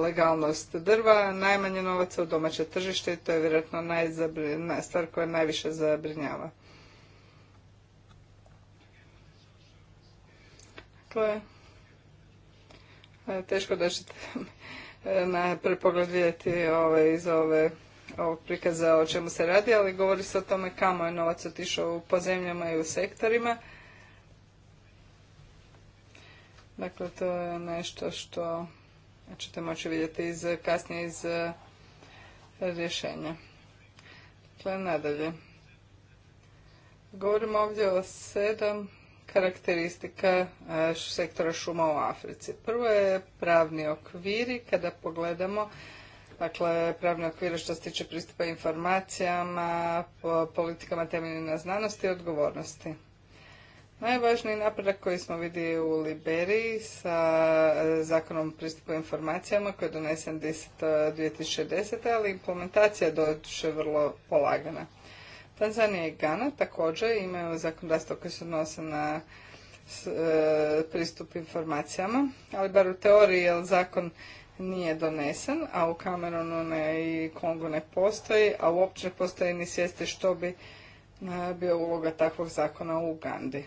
legalnost drva, najmanje novaca u domaće tržište i to je vjerojatno stvar koja najviše zabrinjava. Dakle, teško da ćete na prvi pogled vidjeti ovaj, iz ove, ovog prikaza o čemu se radi, ali govori se o tome kamo je novac otišao u zemljama i u sektorima. Dakle, to je nešto što ćete znači, moći vidjeti iz, kasnije iz e, rješenja. Dakle, nadalje. Govorimo ovdje o sedam karakteristika e, sektora šuma u Africi. Prvo je pravni okviri, kada pogledamo Dakle, pravni okviri što se tiče pristupa informacijama, politikama temeljene na znanosti i odgovornosti. Najvažniji napredak koji smo vidjeli u Liberiji sa e, zakonom pristupu informacijama koji je donesen 10. 2010. E, ali implementacija doće vrlo polagana. Tanzanija i Ghana također imaju zakonodavstvo koje se odnose na e, pristup informacijama, ali bar u teoriji jer zakon nije donesen, a u Kamerunu i Kongu ne postoji, a uopće ne postoji ni svijesti što bi bio uloga takvog zakona u Ugandi.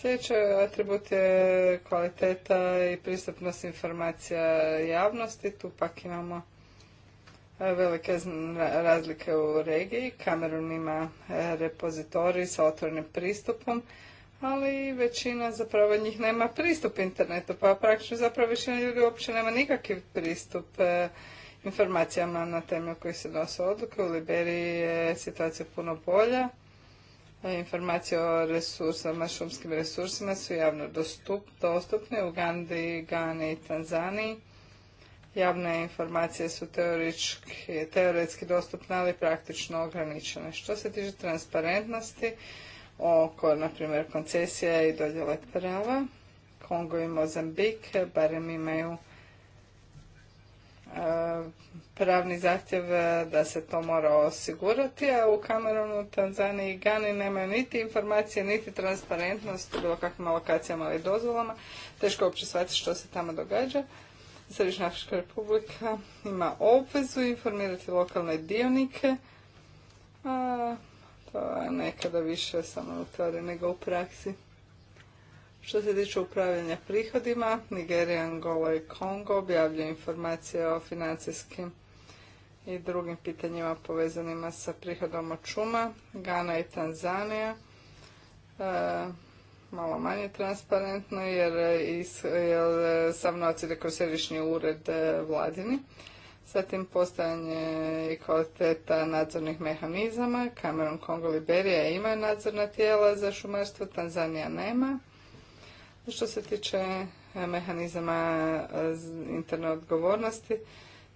Sljedeći atribut je kvaliteta i pristupnost informacija javnosti. Tu pak imamo e, velike razlike u regiji. Kamerun ima e, repozitorij sa otvorenim pristupom, ali većina zapravo njih nema pristup internetu, pa praktično zapravo većina ljudi uopće nema nikakav pristup e, informacijama na temu koji se nosi odluke. U Liberiji je situacija puno bolja E, informacije o resursama, šumskim resursima su javno dostup, dostupne u Gandhi, Gani i Tanzaniji. Javne informacije su teoretski dostupne, ali praktično ograničene. Što se tiče transparentnosti, oko, na primjer, koncesija i dodjele prava, Kongo i Mozambik barem imaju pravni zahtjev e, da se to mora osigurati, a u Kamerunu, Tanzaniji i Gani nemaju niti informacije, niti transparentnost u bilo kakvim lokacijama ili dozvolama. Teško uopće shvatiti što se tamo događa. Središnja republika ima obvezu informirati lokalne dionike, to je nekada više samo u teoriji nego u praksi. Što se tiče upravljanja prihodima, Nigerija, Angola i Kongo objavljaju informacije o financijskim i drugim pitanjima povezanima sa prihodom od šuma. Gana i Tanzanija, e, malo manje transparentno jer, is, jer sam novac kroz središnji ured e, vladini. Zatim postojanje i kvaliteta nadzornih mehanizama. Kamerun, Kongo, Liberija imaju nadzorna tijela za šumarstvo, Tanzanija nema. Što se tiče e, mehanizama e, interne odgovornosti,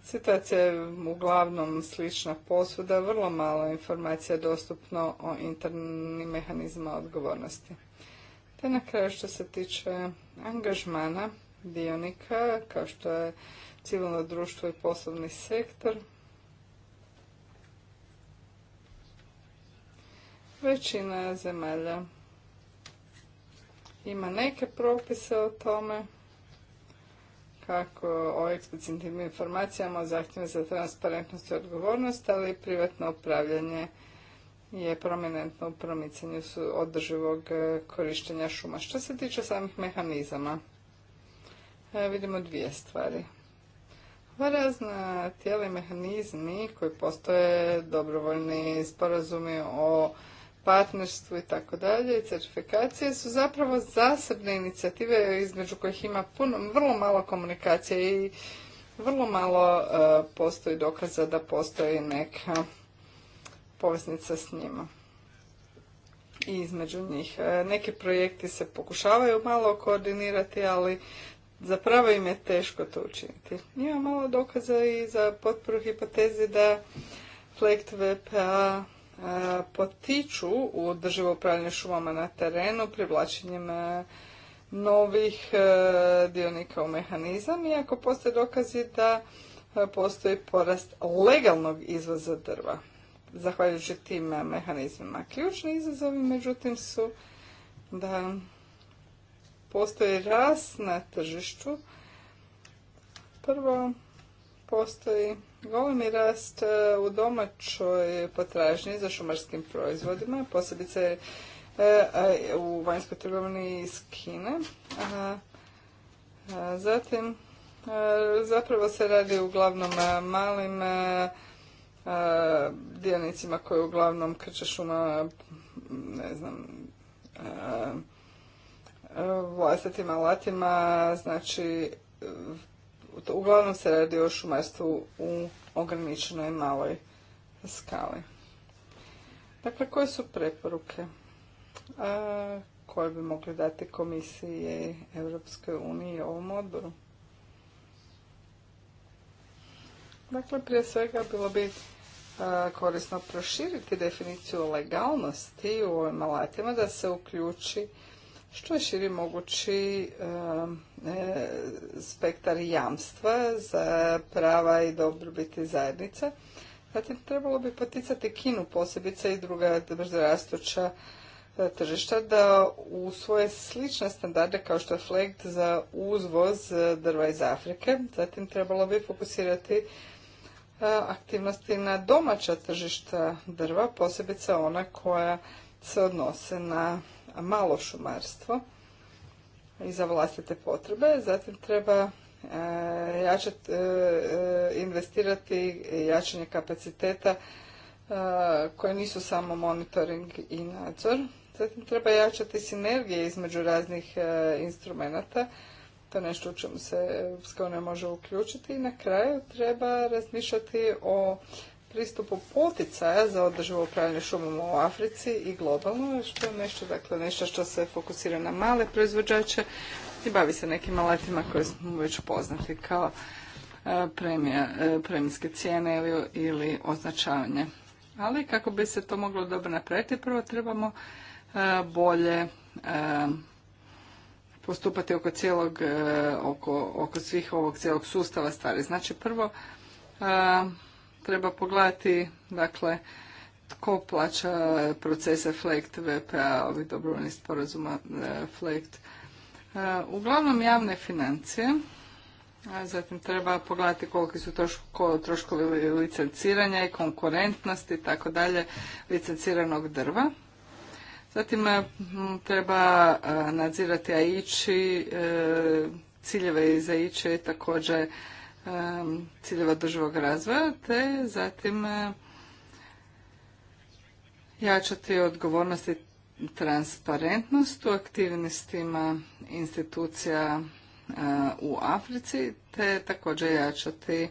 situacija je uglavnom slična posuda, vrlo malo informacija dostupno o internim mehanizama odgovornosti. Te na kraju što se tiče angažmana dionika, kao što je civilno društvo i poslovni sektor, većina zemalja ima neke propise o tome kako o eksplicitnim informacijama, o zahtjevima za transparentnost i odgovornost, ali privatno upravljanje je prominentno u promicanju održivog e, korištenja šuma. Što se tiče samih mehanizama, e, vidimo dvije stvari. Ova razna tijela i mehanizmi koji postoje dobrovoljni sporazumi o partnerstvu i tako dalje i certifikacije su zapravo zasebne inicijative između kojih ima vrlo malo komunikacije i vrlo malo e, postoji dokaza da postoji neka poveznica s njima i između njih. E, neki projekti se pokušavaju malo koordinirati, ali zapravo im je teško to učiniti. Ima malo dokaza i za potporu hipoteze da Flekt VPA potiču u održivo upravljanje šumama na terenu privlačenjem e, novih e, dionika u mehanizam, ako postoje dokazi da e, postoji porast legalnog izvoza drva. Zahvaljujući tim mehanizmima. Ključni izazovi, međutim, su da postoji rast na tržištu. Prvo, postoji Golemi rast e, u domaćoj potražnji za šumarskim proizvodima, posebice e, u vanjskoj trgovini iz Kine. Zatim, zapravo se radi uglavnom e, malim dionicima koje uglavnom krče šuma, ne znam, vlastitim alatima, znači uglavnom se radi o šumarstvu u ograničenoj maloj skali. Dakle, koje su preporuke e, koje bi mogli dati Komisije Europske unije i ovom odboru? Dakle, prije svega bilo bi e, korisno proširiti definiciju legalnosti u ovim alatima da se uključi što je širi mogući e, E, spektar jamstva za prava i dobrobiti zajednice. Zatim trebalo bi poticati Kinu posebice i druga brzorastuća e, tržišta da usvoje slične standarde kao što je flekt za uzvoz e, drva iz Afrike. Zatim trebalo bi fokusirati aktivnosti na domaća tržišta drva, posebice ona koja se odnose na malo šumarstvo i za vlastite potrebe. Zatim treba e, jačati e, e, investirati jačanje kapaciteta koje nisu samo monitoring i nadzor. Zatim treba jačati sinergije između raznih instrumenata. To je nešto u čemu se Europska može uključiti. I na kraju treba razmišljati o pristupu poticaja za održivo upravljanje šumom u Africi i globalno, što je nešto, dakle, nešto što se fokusira na male proizvođače i bavi se nekim alatima koje smo već poznati kao e, premija, e, premijske cijene ili, označavanje. Ali kako bi se to moglo dobro napraviti, prvo trebamo e, bolje postupati oko cijelog, oko, oko svih ovog cijelog sustava stvari. Znači prvo treba pogledati dakle tko plaća procese FLECT, VPA, ovih dobrovoljnih sporazuma e, FLECT. E, uglavnom javne financije, zatim treba pogledati koliki su troškovi licenciranja i konkurentnosti i tako dalje licenciranog drva. Zatim e, treba nadzirati AIČI, ciljeve iz AIČI također Um, ciljeva održivog razvoja, te zatim uh, jačati odgovornost i transparentnost u aktivnostima institucija uh, u Africi, te također jačati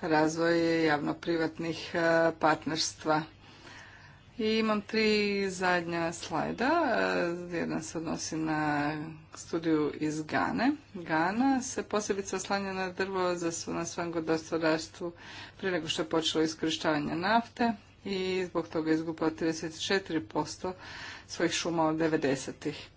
razvoj javno-privatnih uh, partnerstva i imam tri zadnja slajda. Jedan se odnosi na studiju iz Gane. Gana se posebice oslanja na drvo za su na svom gospodarstvu prije nego što je počelo iskorištavanje nafte i zbog toga je izgubila 34% svojih šuma od 90-ih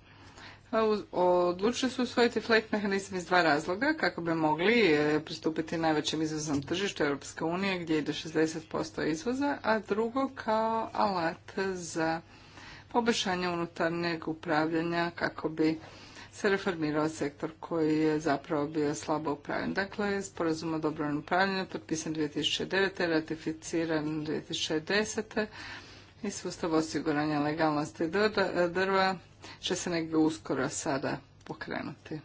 odlučili su usvojiti flekt mehanizam iz dva razloga, kako bi mogli e, pristupiti najvećem izvozom tržišta Europske unije gdje ide 60% izvoza, a drugo kao alat za poboljšanje unutarnjeg upravljanja kako bi se reformirao sektor koji je zapravo bio slabo upravljen. Dakle, sporazum o dobrom upravljanju potpisan 2009. ratificiran 2010. i sustav osiguranja legalnosti drva će se negdje uskoro sada pokrenuti.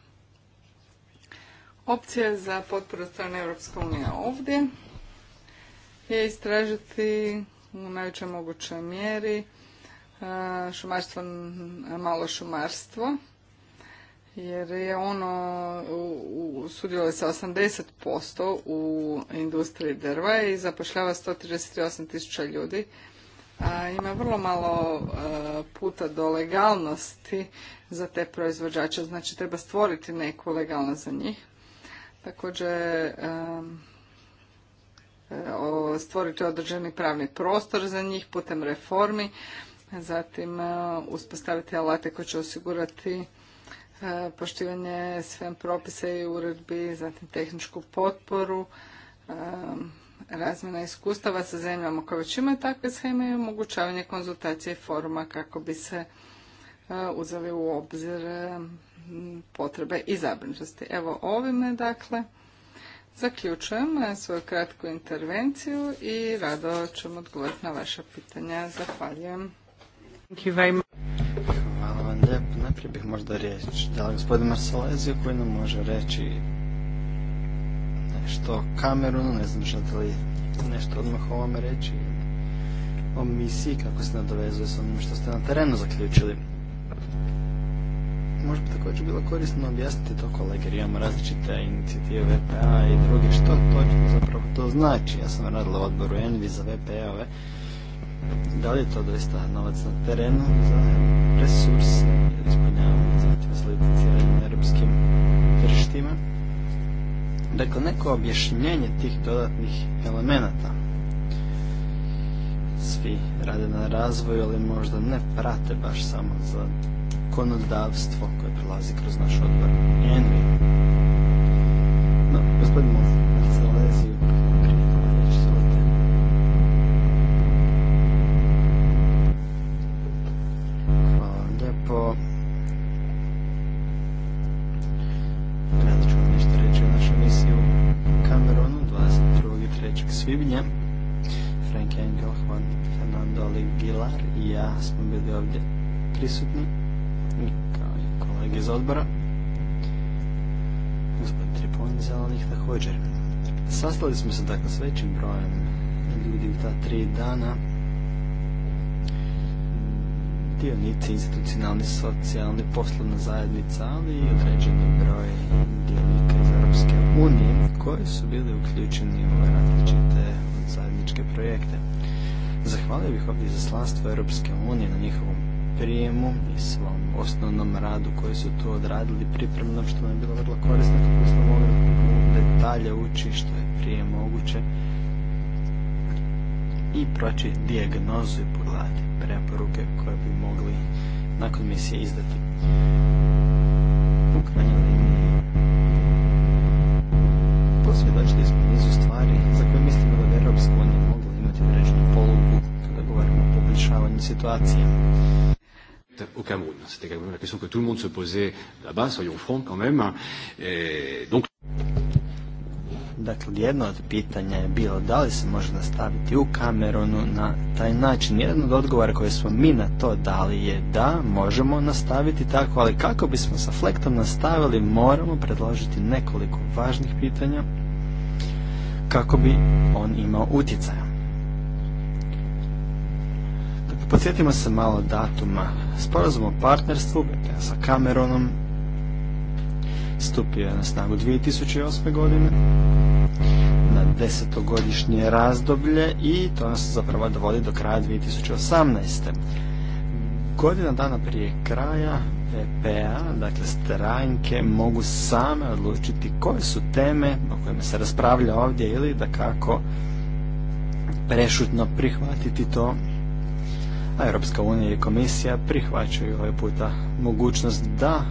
Opcija za potporu strane Europske unije ovdje je istražiti u najvećoj mogućoj mjeri e, šumarstvo, malo šumarstvo, jer je ono sudjeluje sa 80% u industriji drva i zapošljava 138 tisuća ljudi ima vrlo malo e, puta do legalnosti za te proizvođače, znači treba stvoriti neku legalnost za njih. Također e, stvoriti određeni pravni prostor za njih putem reformi, zatim e, uspostaviti alate koji će osigurati poštivanje svem propisa i uredbi, zatim tehničku potporu, razmjena iskustava sa zemljama koje već imaju takve scheme i omogućavanje konzultacije i foruma kako bi se e, uzeli u obzir e, potrebe i zabrinutosti. Evo ovime dakle zaključujem e, svoju kratku intervenciju i rado ćemo odgovoriti na vaše pitanja. Zahvaljujem. Hvala vam lijepo. Najprije bih možda riječ da gospodin koji nam može reći što Kamerunu, ne znam što li nešto odmah o ovome reći, o misiji, kako se nadovezuje s onim što ste na terenu zaključili. Možda bi također bilo korisno objasniti to kolege, jer imamo različite inicijative VPA i druge, što točno zapravo to znači. Ja sam radila u odboru Envi za VPA-ove, da li je to doista novac na terenu za resurse, ispunjavanje zahtjeva za na europskim tržištima? Dakle, neko objašnjenje tih dodatnih elemenata. Svi rade na razvoju, ali možda ne prate baš samo za konodavstvo koje prolazi kroz naš odbor Envi. i ja smo bili ovdje prisutni, kao i kolege iz odbora. Gospodin ali ih također. Sastali smo se dakle s većim brojem ljudi u ta tri dana. Dionici, institucionalni, socijalni, poslovna zajednica, ali i određeni broj dionika iz Europske unije koji su bili uključeni u različite zajedničke projekte. Zahvalio bih ovdje izaslanstvo Europske unije na njihovom prijemu i svom osnovnom radu koji su tu odradili pripremno, što mi je bilo vrlo korisno kako smo mogli detalje ući što je prije moguće i proći dijagnozu i pogledati preporuke koje bi mogli nakon misije izdati. U mi posvjedočili smo nizu stvari za koje situacijama. Au Cameroun, c'était quand même la question que tout le se posait là-bas, soyons francs quand même. Et donc... Dakle, jedno od pitanja je bilo da li se može nastaviti u Kamerunu na taj način. Jedan od odgovora koje smo mi na to dali je da možemo nastaviti tako, ali kako bismo sa flektom nastavili moramo predložiti nekoliko važnih pitanja kako bi on imao utjecaja. Podsjetimo se malo datuma. Sporazum o partnerstvu dakle, sa Cameronom stupio je na snagu 2008. godine na desetogodišnje razdoblje i to nas zapravo dovodi do kraja 2018. Godina dana prije kraja VPA, dakle stranke, mogu same odlučiti koje su teme o kojima se raspravlja ovdje ili da kako prešutno prihvatiti to a Europska unija i komisija prihvaćaju ovaj puta mogućnost da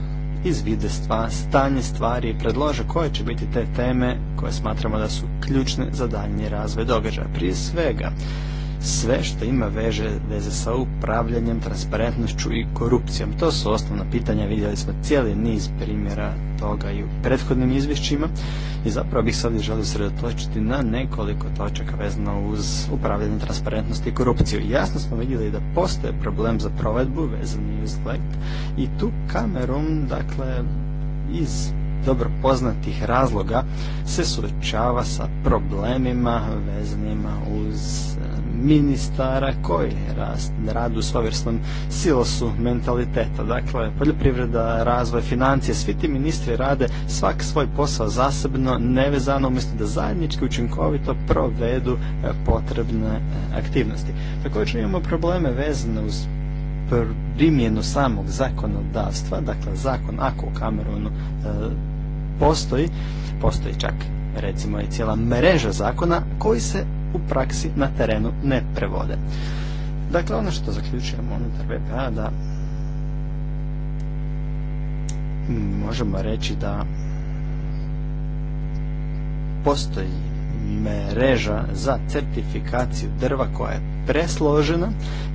izvide stva, stanje stvari i predlože koje će biti te teme koje smatramo da su ključne za daljnji razvoj događaja. Prije svega, sve što ima veže veze sa upravljanjem, transparentnošću i korupcijom. To su osnovna pitanja, vidjeli smo cijeli niz primjera toga i u prethodnim izvješćima i zapravo bih sad želio sredotočiti na nekoliko točaka vezano uz upravljanje transparentnosti i korupciju. Jasno smo vidjeli da postoje problem za provedbu vezani uz i tu kamerom, dakle, iz dobro poznatih razloga se suočava sa problemima vezanima uz eh, ministara koji radu s silosu mentaliteta. Dakle, poljoprivreda, razvoj, financije, svi ti ministri rade svak svoj posao zasebno, nevezano, umjesto da zajednički učinkovito provedu e, potrebne e, aktivnosti. Također imamo probleme vezane uz primjenu samog zakonodavstva, dakle zakon ako u Kamerunu e, postoji, postoji čak recimo i cijela mreža zakona koji se u praksi na terenu ne prevode. Dakle, ono što zaključujemo unutar BPA da možemo reći da postoji mreža za certifikaciju drva koja je presložena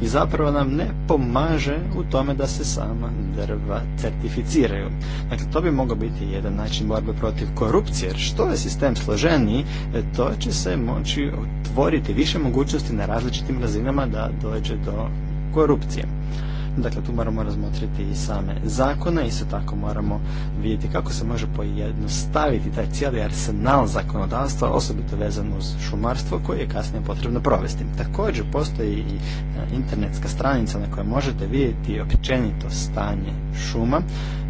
i zapravo nam ne pomaže u tome da se sama drva certificiraju. Dakle, to bi mogao biti jedan način borbe protiv korupcije, jer što je sistem složeniji, e, to će se moći otvoriti više mogućnosti na različitim razinama da dođe do korupcije. Dakle, tu moramo razmotriti i same zakone, isto tako moramo vidjeti kako se može pojednostaviti taj cijeli arsenal zakonodavstva, osobito vezano uz šumarstvo koje je kasnije potrebno provesti. Također postoji i e, internetska stranica na kojoj možete vidjeti općenito stanje šuma,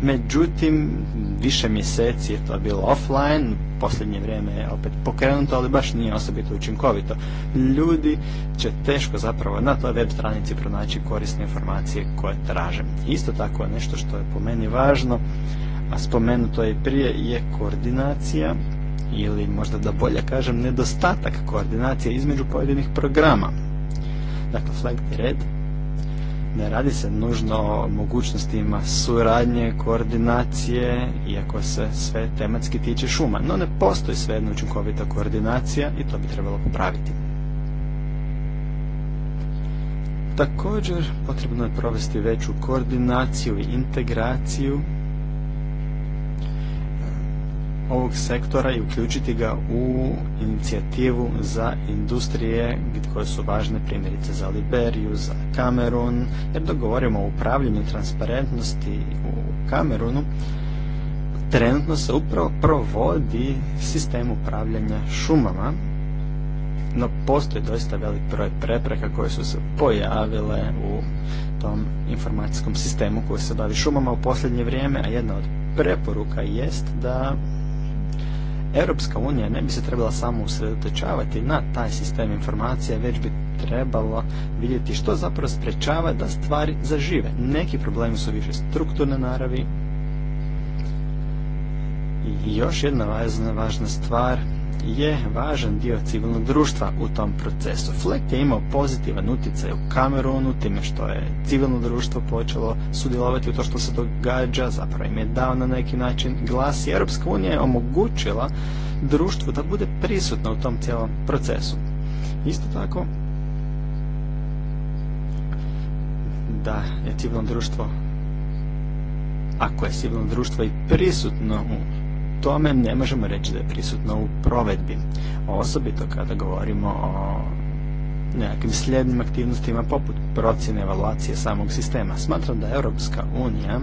međutim više mjeseci je to bilo offline, posljednje vrijeme je opet pokrenuto, ali baš nije osobito učinkovito. Ljudi će teško zapravo na toj web stranici pronaći korisne informacije koje traže. Isto tako nešto što je po meni važno, a spomenuto je prije, je koordinacija ili možda da bolje kažem nedostatak koordinacije između pojedinih programa. Dakle, flag red ne radi se nužno o mogućnostima suradnje, koordinacije, iako se sve tematski tiče šuma, no ne postoji jedna učinkovita koordinacija i to bi trebalo popraviti. Također potrebno je provesti veću koordinaciju i integraciju ovog sektora i uključiti ga u inicijativu za industrije koje su važne primjerice za Liberiju, za Kamerun, jer da govorimo o upravljanju transparentnosti u Kamerunu, trenutno se upravo provodi sistem upravljanja šumama, no postoji doista velik broj prepreka koje su se pojavile u tom informacijskom sistemu koji se bavi šumama u posljednje vrijeme, a jedna od preporuka jest da Europska unija ne bi se trebala samo usredotočavati na taj sistem informacija, već bi trebalo vidjeti što zapravo sprečava da stvari zažive. Neki problemi su više strukturne naravi. I još jedna važna stvar je važan dio civilnog društva u tom procesu. Fleck je imao pozitivan utjecaj u Kamerunu, time što je civilno društvo počelo sudjelovati u to što se događa, zapravo im je dao na neki način glas i Europska unija je omogućila društvu da bude prisutno u tom cijelom procesu. Isto tako, da je civilno društvo ako je civilno društvo i prisutno u tome ne možemo reći da je prisutno u provedbi. Osobito kada govorimo o nekakvim slijednim aktivnostima poput procjene evaluacije samog sistema. Smatram da Europska unija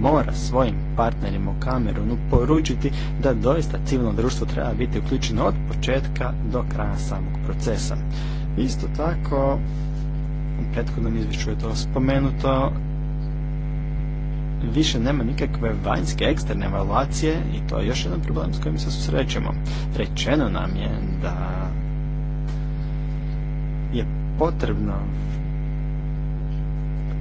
mora svojim partnerima u Kamerunu poručiti da doista civilno društvo treba biti uključeno od početka do kraja samog procesa. Isto tako, u prethodnom izvješću je to spomenuto, više nema nikakve vanjske eksterne evaluacije i to je još jedan problem s kojim se susrećemo. Rečeno nam je da je potrebno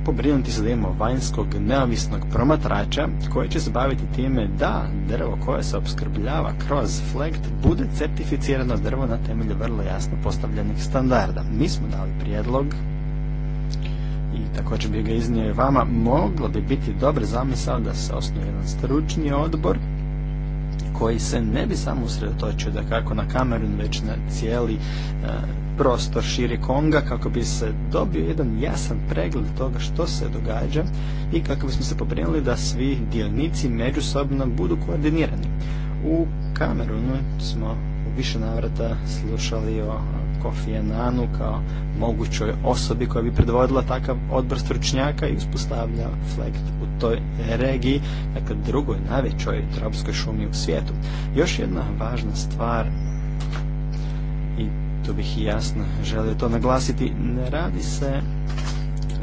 pobrinuti se da imamo vanjskog neovisnog promatrača koji će se baviti time da drvo koje se opskrbljava kroz flekt bude certificirano drvo na temelju vrlo jasno postavljenih standarda. Mi smo dali prijedlog i također bi ga iznio i vama, moglo bi biti dobar zamisao da se osnuje jedan stručni odbor koji se ne bi samo usredotočio da kako na Kamerun, već na cijeli e, prostor širi Konga kako bi se dobio jedan jasan pregled toga što se događa i kako bismo se pobrinuli da svi dionici međusobno budu koordinirani. U Kamerunu smo u više navrata slušali o Kofi kao mogućoj osobi koja bi predvodila takav odbor stručnjaka i uspostavlja flekt u toj regiji, dakle drugoj najvećoj tropskoj šumi u svijetu. Još jedna važna stvar i tu bih jasno želio to naglasiti, ne radi se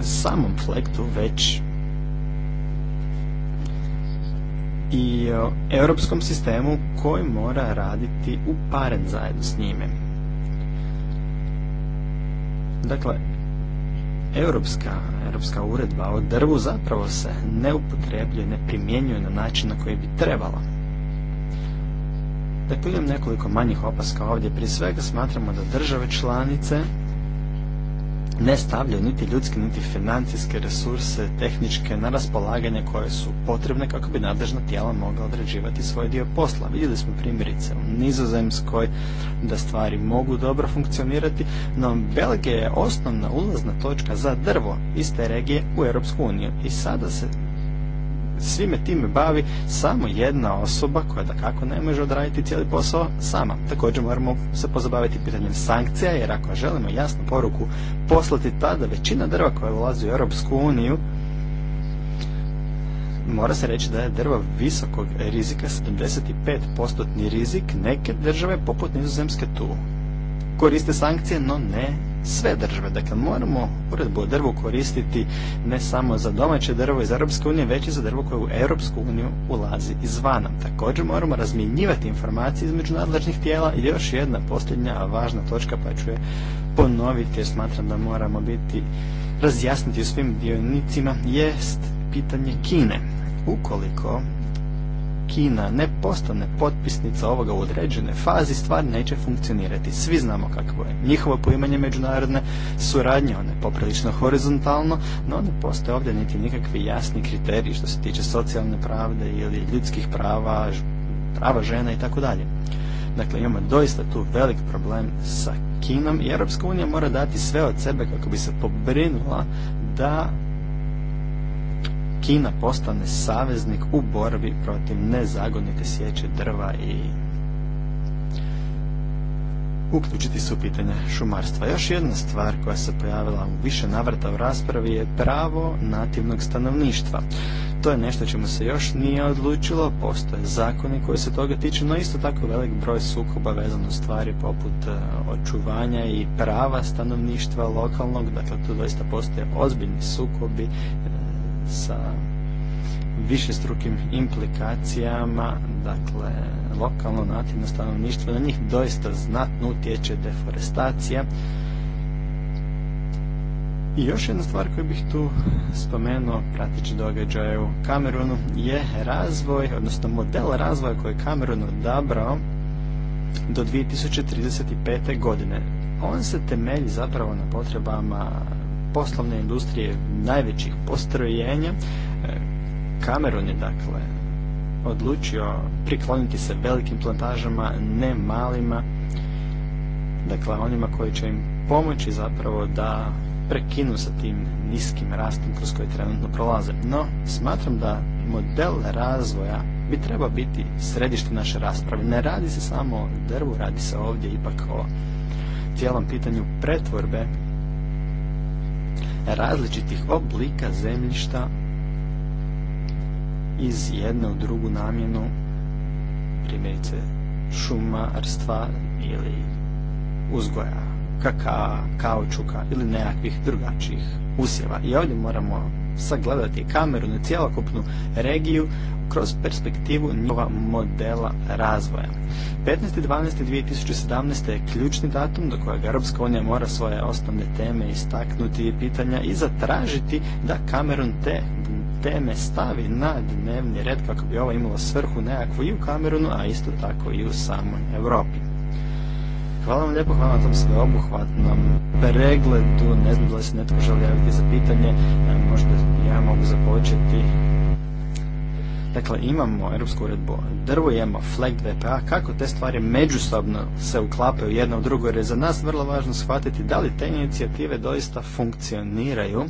samom flektu, već i o europskom sistemu koji mora raditi u uparen zajedno s njime. Dakle, europska, europska uredba o drvu zapravo se ne upotrebljuje, ne primjenjuje na način na koji bi trebala. Dakle, imam nekoliko manjih opaska ovdje. Prije svega smatramo da države članice ne stavljaju niti ljudske, niti financijske resurse, tehničke na raspolaganje koje su potrebne kako bi nadležna tijela mogla određivati svoj dio posla. Vidjeli smo primjerice u Nizozemskoj da stvari mogu dobro funkcionirati, no Belgija je osnovna ulazna točka za drvo iz te regije u Europsku uniju i sada se svime time bavi samo jedna osoba koja da kako ne može odraditi cijeli posao sama. Također moramo se pozabaviti pitanjem sankcija jer ako želimo jasnu poruku poslati tada većina drva koja ulazi u Europsku uniju mora se reći da je drva visokog rizika 75% rizik neke države poput nizozemske tu. Koriste sankcije, no ne sve države. Dakle, moramo uredbu o drvu koristiti ne samo za domaće drvo iz Europske unije, već i za drvo koje u Europsku uniju ulazi izvana. Također moramo razmjenjivati informacije između nadležnih tijela i još jedna posljednja važna točka pa ću je ponoviti jer smatram da moramo biti razjasniti svim dionicima jest pitanje Kine. Ukoliko Kina ne postane potpisnica ovoga u određene fazi, stvar neće funkcionirati. Svi znamo kako je njihovo poimanje međunarodne suradnje, one poprilično horizontalno, no ne postoje ovdje niti nikakvi jasni kriteriji što se tiče socijalne pravde ili ljudskih prava, prava žena i tako dalje. Dakle, imamo doista tu velik problem sa Kinom i Europska unija mora dati sve od sebe kako bi se pobrinula da Kina postane saveznik u borbi protiv nezagonite sječe drva i uključiti su pitanja šumarstva. Još jedna stvar koja se pojavila u više navrata u raspravi je pravo nativnog stanovništva. To je nešto čemu se još nije odlučilo, postoje zakoni koji se toga tiču, no isto tako velik broj sukoba vezano u stvari poput e, očuvanja i prava stanovništva lokalnog, dakle tu doista postoje ozbiljni sukobi e, sa strukim implikacijama, dakle, lokalno nativno stanovništvo, na njih doista znatno utječe deforestacija. I još jedna stvar koju bih tu spomenuo, pratići događaje u Kamerunu, je razvoj, odnosno model razvoja koji je Kamerun odabrao do 2035. godine. On se temelji zapravo na potrebama poslovne industrije najvećih postrojenja, Kamerun e, je dakle odlučio prikloniti se velikim plantažama, ne malima, dakle onima koji će im pomoći zapravo da prekinu sa tim niskim rastom kroz koje trenutno prolaze. No, smatram da model razvoja bi trebao biti središte naše rasprave. Ne radi se samo o drvu, radi se ovdje ipak o cijelom pitanju pretvorbe različitih oblika zemljišta iz jedne u drugu namjenu, primjerice šumarstva ili uzgoja kaka, kaočuka ili nekakvih drugačijih usjeva. I ovdje moramo sagledati kameru na cjelokupnu regiju kroz perspektivu njihova modela razvoja. 15.12.2017. je ključni datum do kojeg Europska unija mora svoje osnovne teme istaknuti i pitanja i zatražiti da Kamerun te teme stavi na dnevni red kako bi ovo imalo svrhu nekakvu i u Kamerunu, a isto tako i u samoj Europi. Hvala vam lijepo, hvala na tom sveobuhvatnom pregledu. Ne znam da li se netko želi javiti za pitanje, e, možda ja mogu započeti Dakle, imamo Europsku uredbu drvo drvu, imamo FLEG pa kako te stvari međusobno se uklapaju jedno u drugo, jer je za nas vrlo važno shvatiti da li te inicijative doista funkcioniraju,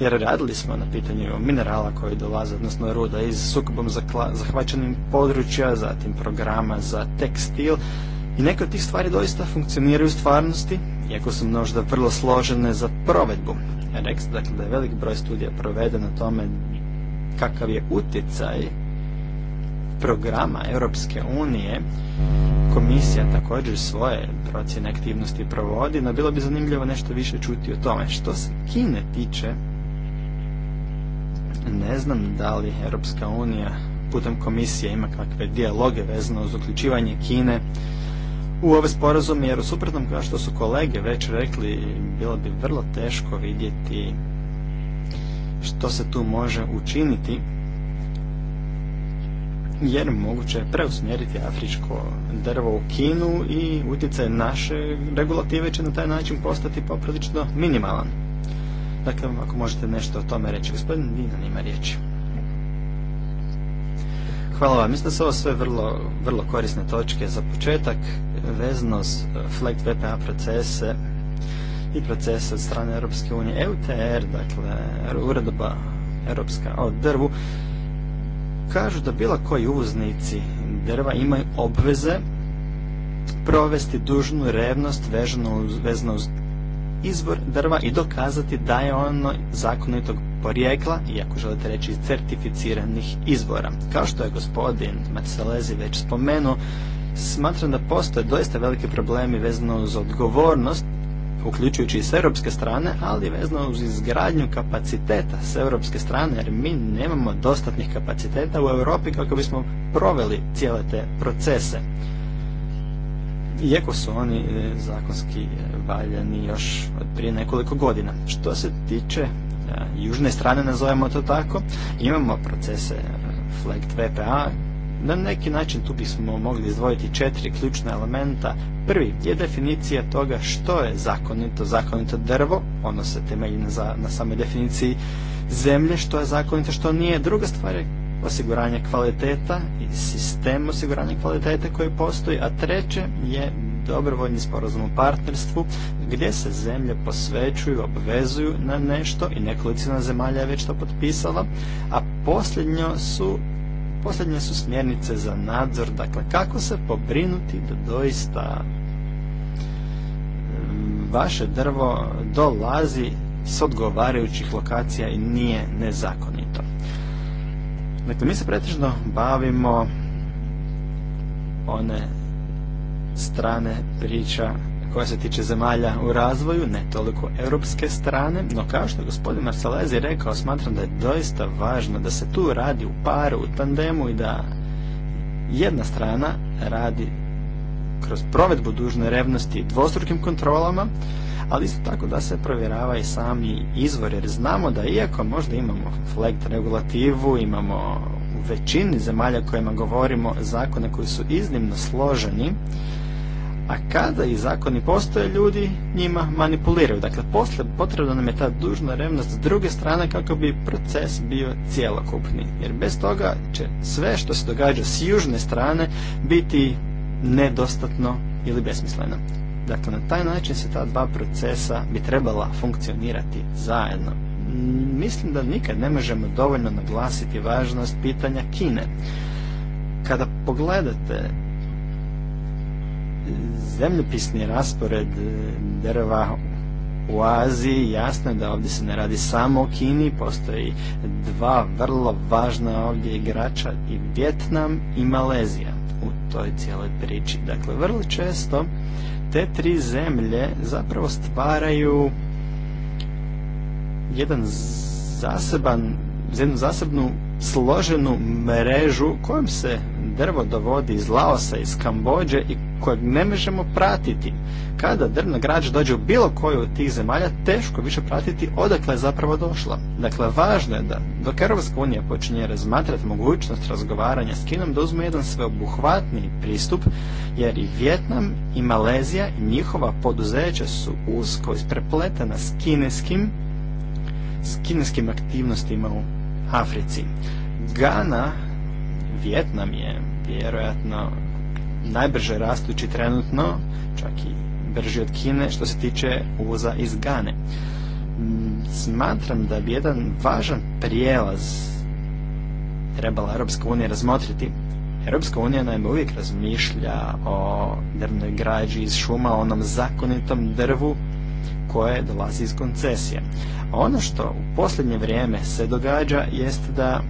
jer radili smo na pitanju minerala koji dolaze, odnosno ruda iz sukobom zahvaćenim područja, zatim programa za tekstil, i neke od tih stvari doista funkcioniraju u stvarnosti, iako su množda vrlo složene za provedbu. dakle, da je velik broj studija proveden na tome kakav je utjecaj programa Europske unije komisija također svoje procjene aktivnosti provodi, no bilo bi zanimljivo nešto više čuti o tome. Što se Kine tiče, ne znam da li Europska unija putem komisije ima kakve dijaloge vezano uz uključivanje Kine u ove sporazume, jer u suprotnom kao što su kolege već rekli, bilo bi vrlo teško vidjeti što se tu može učiniti jer moguće je preusmjeriti afričko drvo u Kinu i utjecaj naše regulative će na taj način postati poprilično minimalan. Dakle, ako možete nešto o tome reći, gospodin Dina ima riječi. Hvala vam. Mislim da su ovo sve vrlo, vrlo korisne točke za početak veznost flekt VPA procese i procesa od strane Europske unije. EUTR, er, dakle, uredba Europska o drvu, kažu da bilo koji uvoznici drva imaju obveze provesti dužnu revnost vezano uz, izvor drva i dokazati da je ono zakonitog porijekla, iako želite reći certificiranih izvora. Kao što je gospodin Marcelezi već spomenuo, smatram da postoje doista velike problemi vezano uz odgovornost uključujući i s europske strane, ali vezano uz izgradnju kapaciteta s europske strane, jer mi nemamo dostatnih kapaciteta u Europi kako bismo proveli cijele te procese. Iako su oni e, zakonski e, valjani još od prije nekoliko godina. Što se tiče e, južne strane, nazovemo to tako, imamo procese FLEGT VPA na neki način tu bismo mogli izdvojiti četiri ključna elementa. Prvi je definicija toga što je zakonito. Zakonito drvo, ono se temelji na, na samoj definiciji zemlje, što je zakonito, što nije. Druga stvar je osiguranje kvaliteta i sistem osiguranja kvalitete koji postoji, a treće je dobrovoljni sporazum o partnerstvu gdje se zemlje posvećuju, obvezuju na nešto i nekolicina zemalja je već to potpisala, a posljednjo su Posljednje su smjernice za nadzor, dakle kako se pobrinuti da doista vaše drvo dolazi s odgovarajućih lokacija i nije nezakonito. Dakle, mi se pretežno bavimo one strane priča koja se tiče zemalja u razvoju, ne toliko europske strane, no kao što je gospodin Marcelezi rekao, smatram da je doista važno da se tu radi u paru, u tandemu i da jedna strana radi kroz provedbu dužne revnosti dvostrukim kontrolama, ali isto tako da se provjerava i sami izvor, jer znamo da iako možda imamo flekt regulativu, imamo u većini zemalja kojima govorimo zakone koji su iznimno složeni, a kada i zakoni postoje, ljudi njima manipuliraju. Dakle, posle potrebna nam je ta dužna revnost s druge strane kako bi proces bio cjelokupni. Jer bez toga će sve što se događa s južne strane biti nedostatno ili besmisleno. Dakle, na taj način se ta dva procesa bi trebala funkcionirati zajedno. Mislim da nikad ne možemo dovoljno naglasiti važnost pitanja Kine. Kada pogledate zemljopisni raspored e, drva u Aziji, jasno je da ovdje se ne radi samo o Kini, postoji dva vrlo važna ovdje igrača i Vjetnam i Malezija u toj cijeloj priči. Dakle, vrlo često te tri zemlje zapravo stvaraju jedan zaseban, jednu zasebnu složenu mrežu kojom se drvo dovodi iz Laosa, iz Kambođe i kojeg ne možemo pratiti. Kada drvna građa dođe u bilo koju od tih zemalja, teško više pratiti odakle je zapravo došla. Dakle, važno je da dok Europska unija počinje razmatrati mogućnost razgovaranja s Kinom, da uzme jedan sveobuhvatni pristup, jer i Vjetnam i Malezija i njihova poduzeća su usko isprepletena s kineskim, s kineskim aktivnostima u Africi. Gana Vjetnam je vjerojatno najbrže rastući trenutno, čak i brži od Kine što se tiče uvoza iz Gane. Mm, smatram da bi jedan važan prijelaz trebala Europska unija razmotriti. Europska unija naime uvijek razmišlja o drvnoj građi iz šuma, onom zakonitom drvu koje dolazi iz koncesije. Ono što u posljednje vrijeme se događa jest da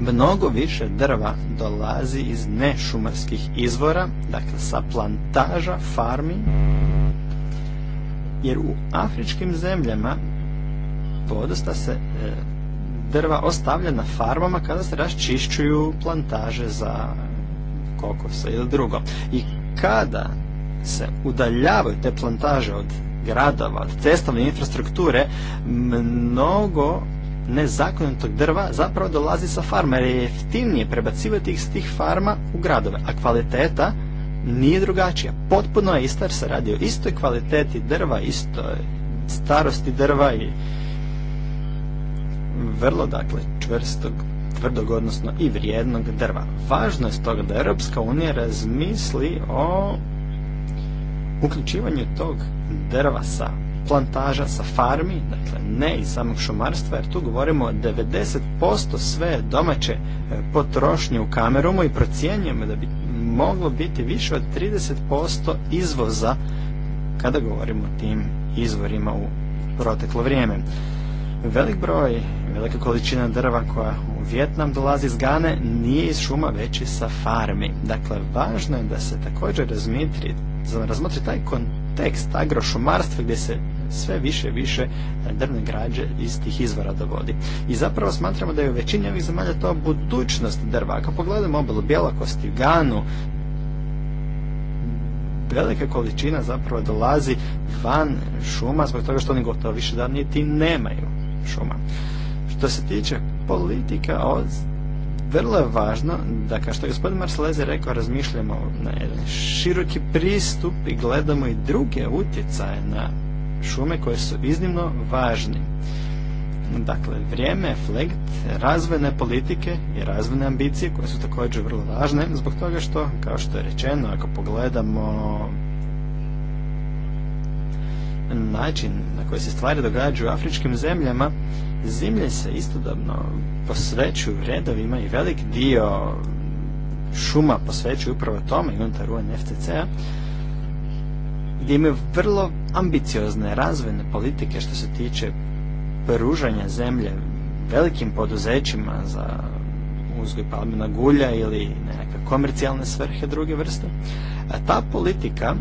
mnogo više drva dolazi iz nešumarskih izvora, dakle sa plantaža, farmi, jer u afričkim zemljama podosta se e, drva ostavlja na farmama kada se raščišćuju plantaže za kokosa ili drugo. I kada se udaljavaju te plantaže od gradova, od cestovne infrastrukture, mnogo nezakonitog drva zapravo dolazi sa farma jer je jeftinije prebacivati ih s tih farma u gradove, a kvaliteta nije drugačija. Potpuno je istar se radi o istoj kvaliteti drva, istoj starosti drva i vrlo dakle čvrstog tvrdog, odnosno i vrijednog drva. Važno je stoga da Europska unija razmisli o uključivanju tog drva sa plantaža sa farmi, dakle ne iz samog šumarstva, jer tu govorimo o 90% sve domaće e, potrošnje u Kamerumu i procjenjujemo da bi moglo biti više od 30% izvoza kada govorimo o tim izvorima u proteklo vrijeme. Velik broj, velika količina drva koja u Vjetnam dolazi iz Gane nije iz šuma već i sa farmi. Dakle, važno je da se također razmitri, razmotri taj kontekst agrošumarstva gdje se sve više i više drvne građe iz tih izvora dovodi. I zapravo smatramo da je u većini ovih zemalja to budućnost drva. Ako pogledamo obalu Bjelakosti, Ganu, velika količina zapravo dolazi van šuma zbog toga što oni gotovo više da niti nemaju šuma. Što se tiče politika, vrlo je važno da, kao što je gospodin Marslezi rekao, razmišljamo na jedan široki pristup i gledamo i druge utjecaje na šume koje su iznimno važne. Dakle, vrijeme, flekt, razvojne politike i razvojne ambicije koje su također vrlo važne zbog toga što, kao što je rečeno, ako pogledamo način na koji se stvari događaju u afričkim zemljama, zemlje se istodobno posvećuju redovima i velik dio šuma posvećuju upravo tome i unutar UNFCC-a, gdje imaju vrlo ambiciozne razvojne politike što se tiče pružanja zemlje velikim poduzećima za uzgoj palmina gulja ili nekakve komercijalne svrhe druge vrste. A ta politika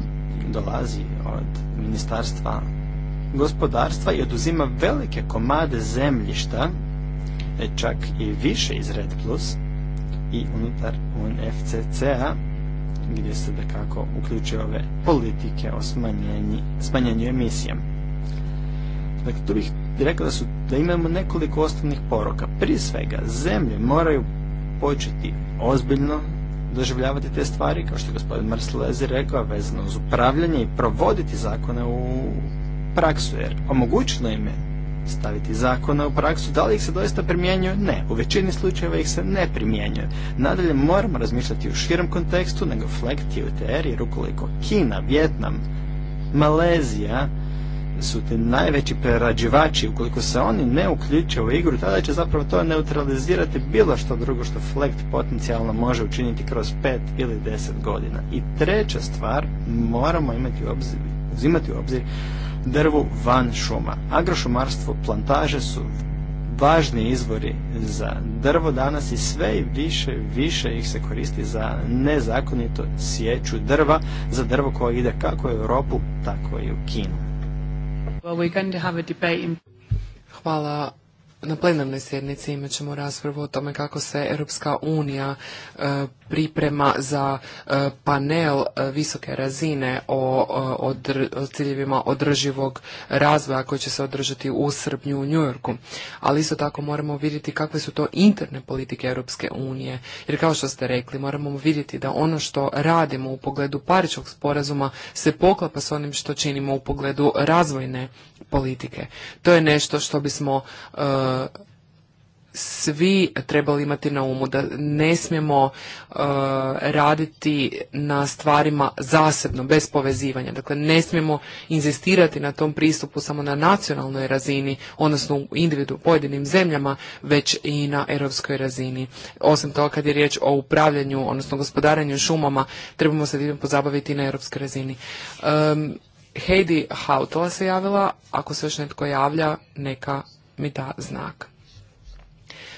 dolazi od ministarstva gospodarstva i oduzima velike komade zemljišta, e čak i više iz Red Plus i unutar UNFCC-a gdje se da kako uključuje ove politike o smanjenju, emisija. Dakle, tu bih rekao da, su, da imamo nekoliko osnovnih poroka. Prije svega, zemlje moraju početi ozbiljno doživljavati te stvari, kao što je gospodin Marslezi rekao, vezano uz upravljanje i provoditi zakone u praksu, jer omogućeno im je staviti zakona u praksu, da li ih se doista primjenjuju? Ne, u većini slučajeva ih se ne primjenjuju. Nadalje moramo razmišljati u širem kontekstu, nego flekt je UTR, jer ukoliko Kina, Vjetnam, Malezija su te najveći prerađivači, ukoliko se oni ne uključe u igru, tada će zapravo to neutralizirati bilo što drugo što Flekt potencijalno može učiniti kroz 5 ili 10 godina. I treća stvar, moramo imati u obzir, uzimati u obzir drvu van šuma. Agrošumarstvo, plantaže su važni izvori za drvo danas i sve i više, više ih se koristi za nezakonito sjeću drva, za drvo koje ide kako u Europu, tako i u Kinu. Hvala na plenarnoj sjednici imat ćemo raspravu o tome kako se Europska unija e, priprema za e, panel e, visoke razine o, ciljevima održivog razvoja koji će se održati u Srbnju u Njujorku. Ali isto tako moramo vidjeti kakve su to interne politike Europske unije. Jer kao što ste rekli, moramo vidjeti da ono što radimo u pogledu paričkog sporazuma se poklapa s onim što činimo u pogledu razvojne politike. To je nešto što bismo e, svi trebali imati na umu da ne smijemo e, raditi na stvarima zasebno, bez povezivanja. Dakle, ne smijemo inzistirati na tom pristupu samo na nacionalnoj razini, odnosno u individu pojedinim zemljama, već i na europskoj razini. Osim toga, kad je riječ o upravljanju, odnosno gospodaranju šumama, trebamo se pozabaviti i na europskoj razini. Heidi Hautala se javila, ako se još netko javlja, neka mi da znak.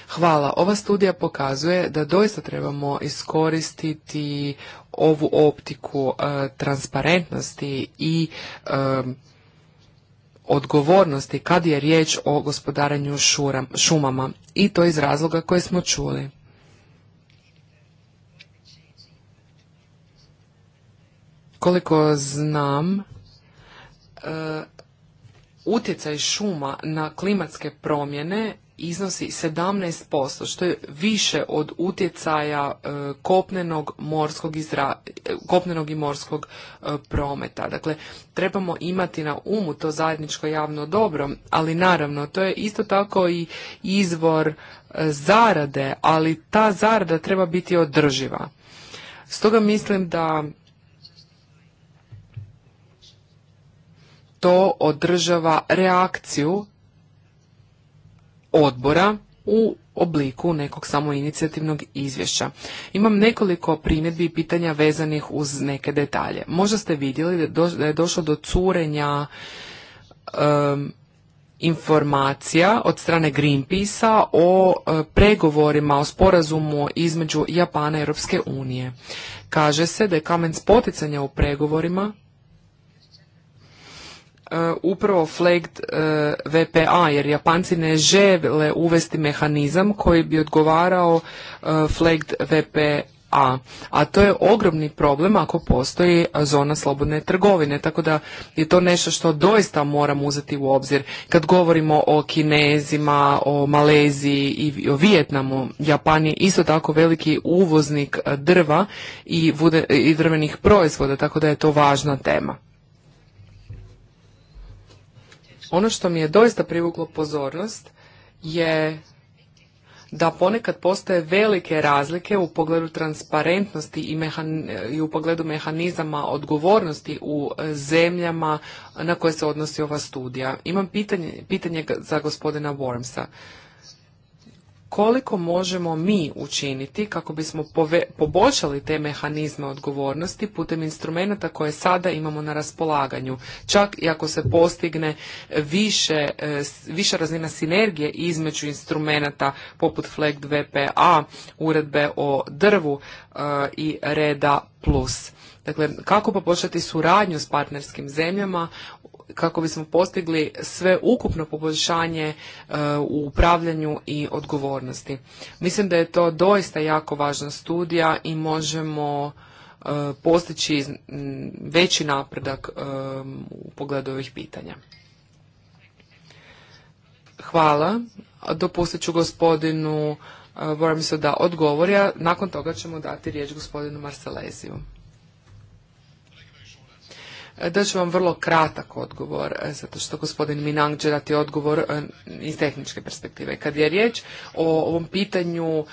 Hvala. Ova studija pokazuje da doista trebamo iskoristiti ovu optiku e, transparentnosti i e, odgovornosti kad je riječ o gospodarenju šumama i to iz razloga koje smo čuli. Koliko znam, E, utjecaj šuma na klimatske promjene iznosi 17%, što je više od utjecaja e, kopnenog, morskog e, kopnenog i morskog prometa. Dakle, trebamo imati na umu to zajedničko javno dobro, ali naravno, to je isto tako i izvor zarade, ali ta zarada treba biti održiva. Stoga mislim da to održava reakciju odbora u obliku nekog samoinicijativnog izvješća. Imam nekoliko primjedbi i pitanja vezanih uz neke detalje. Možda ste vidjeli da je došlo do curenja informacija od strane Greenpeace-a o e, pregovorima o sporazumu između Japana i Europske unije. Kaže se da je kamen spoticanja u pregovorima E, upravo flagged e, VPA jer Japanci ne žele uvesti mehanizam koji bi odgovarao e, flagged VPA. A to je ogromni problem ako postoji zona slobodne trgovine, tako da je to nešto što doista moramo uzeti u obzir. Kad govorimo o Kinezima, o Maleziji i o Vijetnamu, Japan je isto tako veliki uvoznik drva i drvenih proizvoda, tako da je to važna tema. Ono što mi je doista privuklo pozornost je da ponekad postoje velike razlike u pogledu transparentnosti i, u pogledu mehanizama odgovornosti u e, zemljama na koje se odnosi ova studija. Imam pitanje, pitanje za gospodina Wormsa koliko možemo mi učiniti kako bismo poboljšali te mehanizme odgovornosti putem instrumenata koje sada imamo na raspolaganju, čak i ako se postigne više, e, više razina sinergije između instrumenata poput FLEGT VPA, uredbe o drvu e, i reda plus. Dakle, kako poboljšati suradnju s partnerskim zemljama kako bismo postigli sve ukupno poboljšanje e, u upravljanju i odgovornosti. Mislim da je to doista jako važna studija i možemo e, postići veći napredak e, u pogledu ovih pitanja. Hvala. Dopustit ću gospodinu se da odgovori, a nakon toga ćemo dati riječ gospodinu Marseleziju. Da ću vam vrlo kratak odgovor, e, zato što gospodin Minang će dati odgovor e, iz tehničke perspektive. Kad je riječ o ovom pitanju e,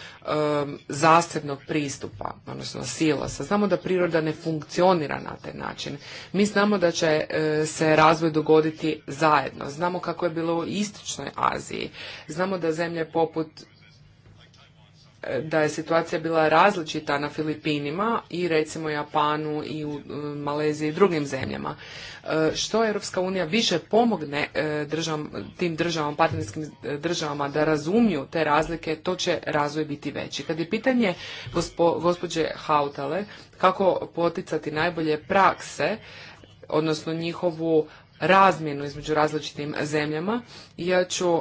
zasebnog pristupa, odnosno silosa, znamo da priroda ne funkcionira na taj način. Mi znamo da će se razvoj dogoditi zajedno. Znamo kako je bilo u Istočnoj Aziji. Znamo da zemlje poput da je situacija bila različita na Filipinima i recimo Japanu i u e, Maleziji i drugim zemljama. E, što Europska unija više pomogne e, tim državama, partnerskim državama da razumiju te razlike, to će razvoj biti veći. Kad je pitanje gospođe Hautale kako poticati najbolje prakse, odnosno njihovu razmjenu između različitim zemljama, ja ću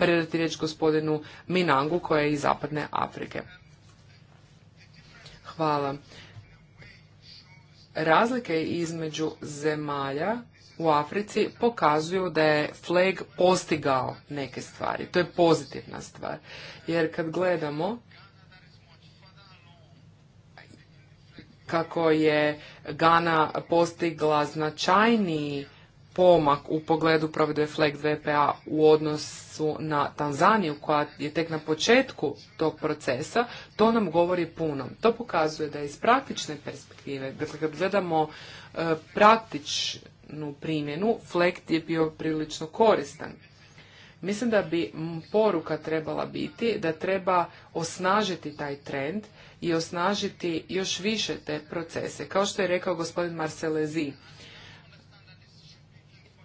predati riječ gospodinu Minangu koja je iz Zapadne Afrike. Hvala. Razlike između zemalja u Africi pokazuju da je fleg postigao neke stvari. To je pozitivna stvar. Jer kad gledamo kako je Ghana postigla značajniji pomak u pogledu provedbe FLEG VPA u odnosu na Tanzaniju koja je tek na početku tog procesa, to nam govori puno. To pokazuje da iz praktične perspektive, dakle kad gledamo e, praktičnu primjenu, FLEGT je bio prilično koristan. Mislim da bi poruka trebala biti da treba osnažiti taj trend i osnažiti još više te procese. Kao što je rekao gospodin Marcelezi,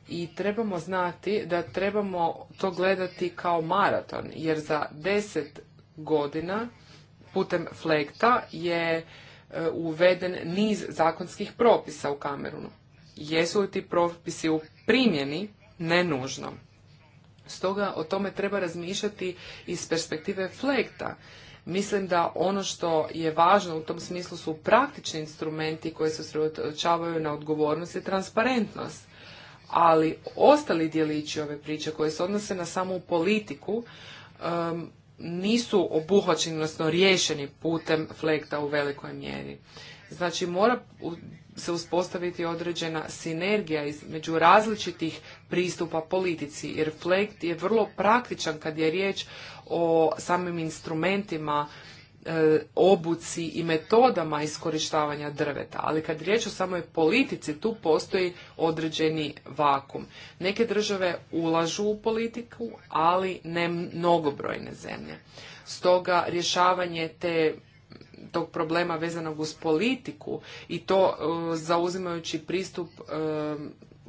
i trebamo znati da trebamo to gledati kao maraton, jer za deset godina putem flekta je e, uveden niz zakonskih propisa u Kamerunu. Jesu li ti propisi u primjeni? Ne nužno. Stoga o tome treba razmišljati iz perspektive flekta. Mislim da ono što je važno u tom smislu su praktični instrumenti koji se sredočavaju na odgovornost i transparentnost ali ostali dijelići ove priče koje se odnose na samu politiku nisu obuhvaćeni, odnosno riješeni putem flekta u velikoj mjeri. Znači mora se uspostaviti određena sinergija između različitih pristupa politici, jer flekt je vrlo praktičan kad je riječ o samim instrumentima E, obuci i metodama iskorištavanja drveta, ali kad riječ o samoj politici, tu postoji određeni vakum. Neke države ulažu u politiku, ali ne mnogobrojne zemlje. Stoga rješavanje te tog problema vezanog uz politiku i to e, zauzimajući pristup e,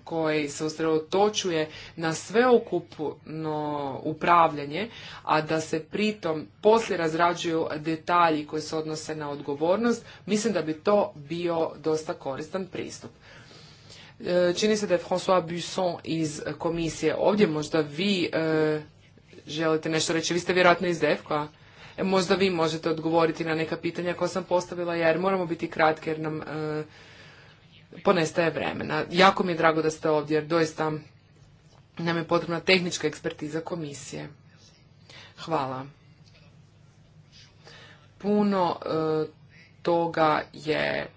koji se usredotočuje na sveokupno upravljanje, a da se pritom poslije razrađuju detalji koji se odnose na odgovornost, mislim da bi to bio dosta koristan pristup. E, čini se da je François Busson iz komisije ovdje, možda vi e, želite nešto reći, vi ste vjerojatno iz DEFKA. E, možda vi možete odgovoriti na neka pitanja koja sam postavila, jer moramo biti kratki jer nam ponestaje vremena. Jako mi je drago da ste ovdje jer doista nam je potrebna tehnička ekspertiza komisije. Hvala. Puno e, toga je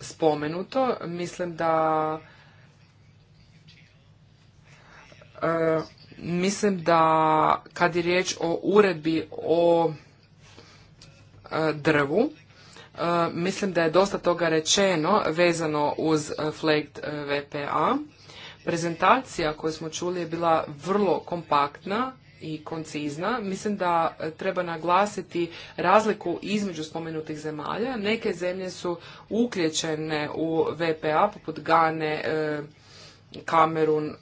spomenuto. Mislim da e, mislim da kad je riječ o uredbi o e, drvu, Eh, mislim da je dosta toga rečeno vezano uz eh, FLEGT eh, VPA. Prezentacija koju smo čuli je bila vrlo kompaktna i koncizna. Mislim da treba naglasiti razliku između spomenutih zemalja. Neke zemlje su uključene u VPA, poput Gane, Kamerun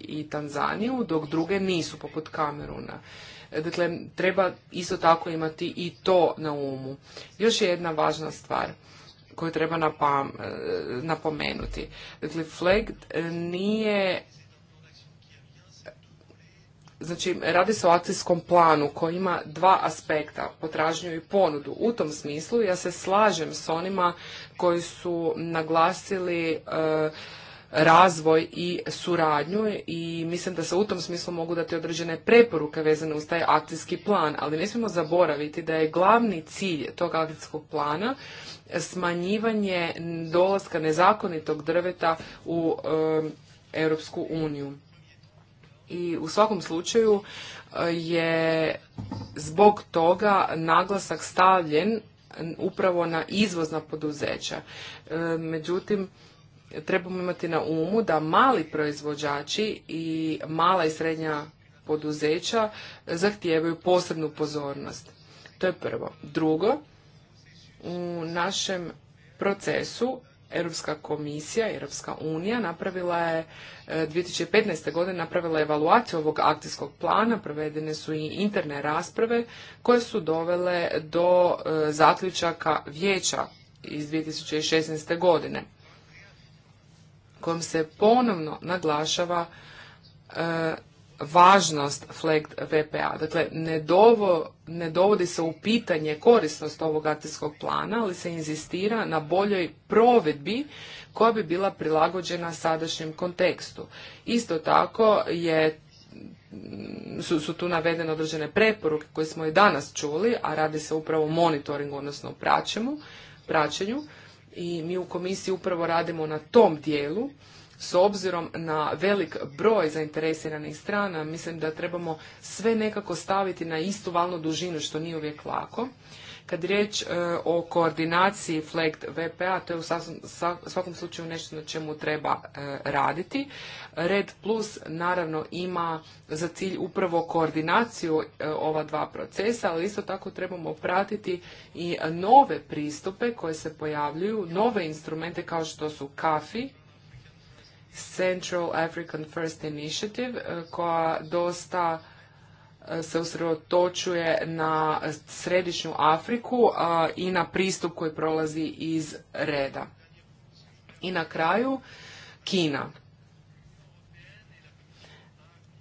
i Tanzaniju, dok druge nisu, poput Kameruna. Dakle, treba isto tako imati i to na umu. Još jedna važna stvar koju treba e, napomenuti. Dakle, FLEGT e, nije znači radi se o akcijskom planu koji ima dva aspekta, potražnju i ponudu. U tom smislu ja se slažem s onima koji su naglasili e, razvoj i suradnju i mislim da se u tom smislu mogu dati određene preporuke vezane uz taj akcijski plan, ali ne smijemo zaboraviti da je glavni cilj tog akcijskog plana smanjivanje dolaska nezakonitog drveta u Europsku uniju. I u svakom slučaju eh, je zbog toga naglasak stavljen upravo na izvozna poduzeća. međutim, trebamo imati na umu da mali proizvođači i mala i srednja poduzeća zahtijevaju posebnu pozornost. To je prvo. Drugo, u našem procesu Europska komisija, Europska unija napravila je 2015. E, godine napravila evaluaciju ovog akcijskog plana, provedene su i interne rasprave koje su dovele do e, zaključaka vijeća iz 2016. godine kojom se ponovno naglašava e, važnost FLEGT VPA. Dakle, ne, dovodi se u pitanje korisnost ovog akcijskog plana, ali se inzistira na boljoj provedbi koja bi bila prilagođena sadašnjem kontekstu. Isto tako je su, tu navedene određene preporuke koje smo i danas čuli, a radi se upravo o monitoringu, odnosno o praćenju i mi u komisiji upravo radimo na tom dijelu. S obzirom na velik broj zainteresiranih strana, mislim da trebamo sve nekako staviti na istu valnu dužinu, što nije uvijek lako. Kad riječ e, o koordinaciji FLEGT VPA, to je u svakom slučaju nešto na čemu treba e, raditi. Red Plus naravno ima za cilj upravo koordinaciju e, ova dva procesa, ali isto tako trebamo pratiti i nove pristupe koje se pojavljuju, nove instrumente kao što su CAFI, Central African First Initiative, koja dosta se usredotočuje na središnju Afriku i na pristup koji prolazi iz reda. I na kraju Kina.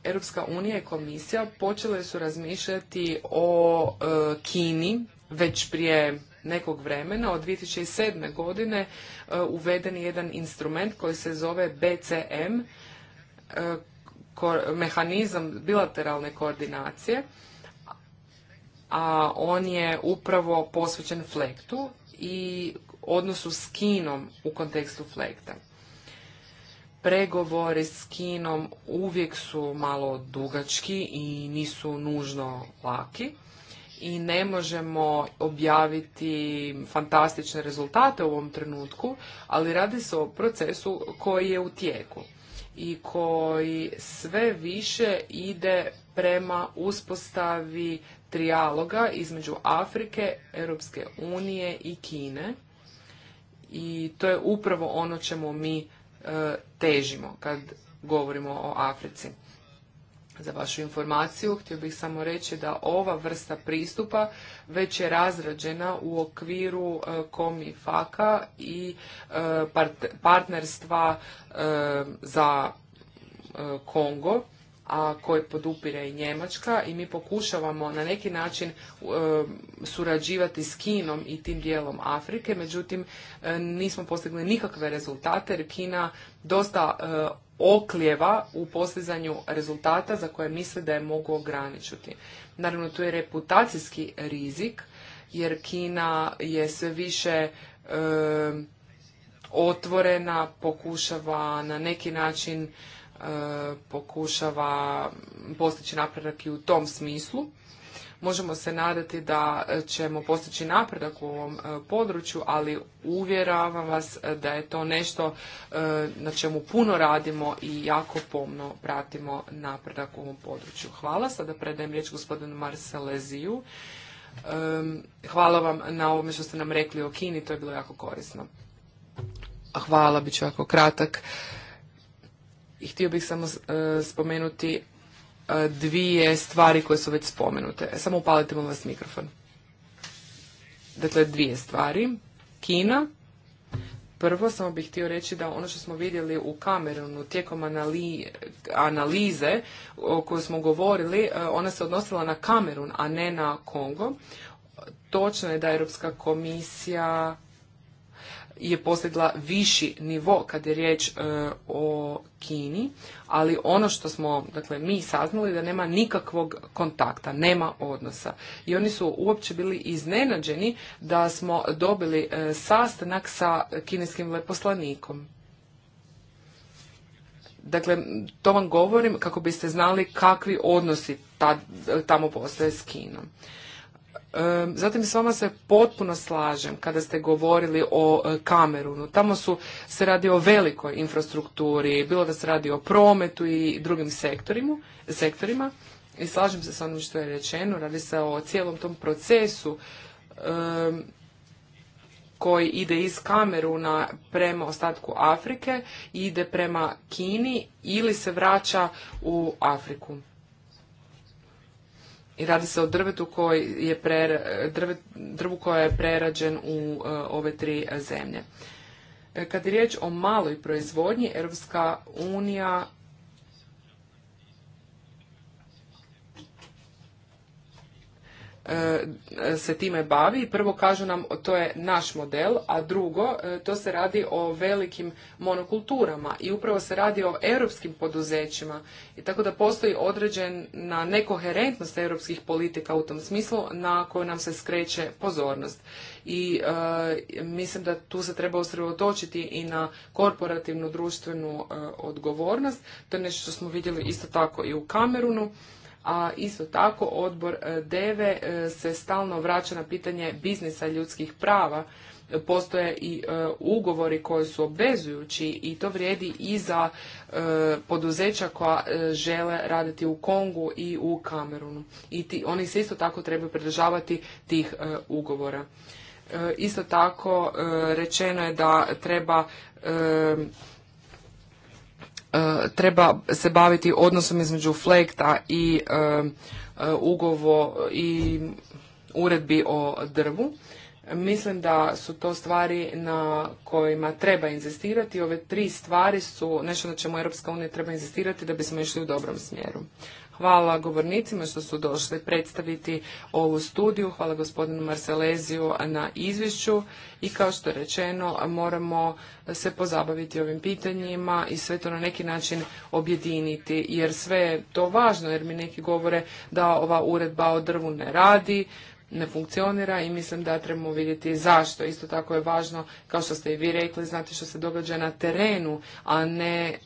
Europska unija i komisija počele su razmišljati o e, Kini već prije nekog vremena. Od 2007. godine e, uveden je jedan instrument koji se zove BCM e, mehanizam bilateralne koordinacije, a on je upravo posvećen flektu i odnosu s Kinom u kontekstu flekta. Pregovori s Kinom uvijek su malo dugački i nisu nužno laki i ne možemo objaviti fantastične rezultate u ovom trenutku, ali radi se o procesu koji je u tijeku i koji sve više ide prema uspostavi trijaloga između Afrike, Europske unije i Kine. I to je upravo ono čemu mi e, težimo kad govorimo o Africi. Za vašu informaciju htio bih samo reći da ova vrsta pristupa već je razrađena u okviru komifaka e, i e, partnerstva e, za Kongo a koje podupire i Njemačka i mi pokušavamo na neki način um, surađivati s Kinom i tim dijelom Afrike, međutim um, nismo postigli nikakve rezultate jer Kina dosta um, okljeva u postizanju rezultata za koje misle da je mogu ograničiti. Naravno tu je reputacijski rizik jer Kina je sve više otvorena, pokušava na neki način pokušava postići napredak i u tom smislu. Možemo se nadati da ćemo postići napredak u ovom e, području, ali uvjeravam vas da je to nešto e, na čemu puno radimo i jako pomno pratimo napredak u ovom području. Hvala. Sada predajem riječ gospodinu Marseleziju. E, hvala vam na ovome što ste nam rekli o Kini, to je bilo jako korisno. Hvala, bit ću jako kratak. I htio bih samo e, spomenuti e, dvije stvari koje su već spomenute. E, samo upalite vam vas mikrofon. Dakle, dvije stvari. Kina. Prvo, samo bih htio reći da ono što smo vidjeli u Kamerunu tijekom analize o kojoj smo govorili, ona se odnosila na Kamerun, a ne na Kongo. Točno je da Europska komisija je postigla viši nivo kad je riječ e, o Kini, ali ono što smo, dakle, mi saznali da nema nikakvog kontakta, nema odnosa. I oni su uopće bili iznenađeni da smo dobili e, sastanak sa kineskim leposlanikom. Dakle, to vam govorim kako biste znali kakvi odnosi tamo postoje s Kinom. Zatim s vama se potpuno slažem kada ste govorili o e, Kamerunu. Tamo su se radi o velikoj infrastrukturi, bilo da se radi o prometu i drugim sektorima. sektorima. I slažem se s onim što je rečeno, radi se o cijelom tom procesu koji ide iz Kameruna prema ostatku Afrike, ide prema Kini ili se vraća u Afriku i radi se o drvetu koji je drvu koja je prerađen u e, ove tri e, zemlje. E, kad je riječ o maloj proizvodnji, Europska unija E, se time bavi. Prvo kažu nam to je naš model, a drugo e, to se radi o velikim monokulturama i upravo se radi o europskim poduzećima. I tako da postoji određena nekoherentnost europskih politika u tom smislu na koju nam se skreće pozornost. I e, mislim da tu se treba usredotočiti i na korporativnu društvenu odgovornost. To je nešto što smo vidjeli isto tako i u Kamerunu a isto tako odbor e, DEVE e, se stalno vraća na pitanje biznisa ljudskih prava. Postoje i e, ugovori koji su obvezujući i to vrijedi i za poduzeća koja žele raditi u Kongu i u Kamerunu. I oni se isto tako trebaju pridržavati tih ugovora. Isto tako rečeno je da treba E, treba se baviti odnosom između flekta i e, e, ugovo i uredbi o drvu. Mislim da su to stvari na kojima treba inzistirati. Ove tri stvari su nešto na čemu Europska unija treba inzistirati da bismo išli u dobrom smjeru. Hvala govornicima što su došli predstaviti ovu studiju. Hvala gospodinu Marseleziju na izvješću i kao što je rečeno moramo se pozabaviti ovim pitanjima i sve to na neki način objediniti jer sve je to važno jer mi neki govore da ova uredba o drvu ne radi, ne funkcionira i mislim da trebamo vidjeti zašto. Isto tako je važno, kao što ste i vi rekli, znati što se događa na terenu, a ne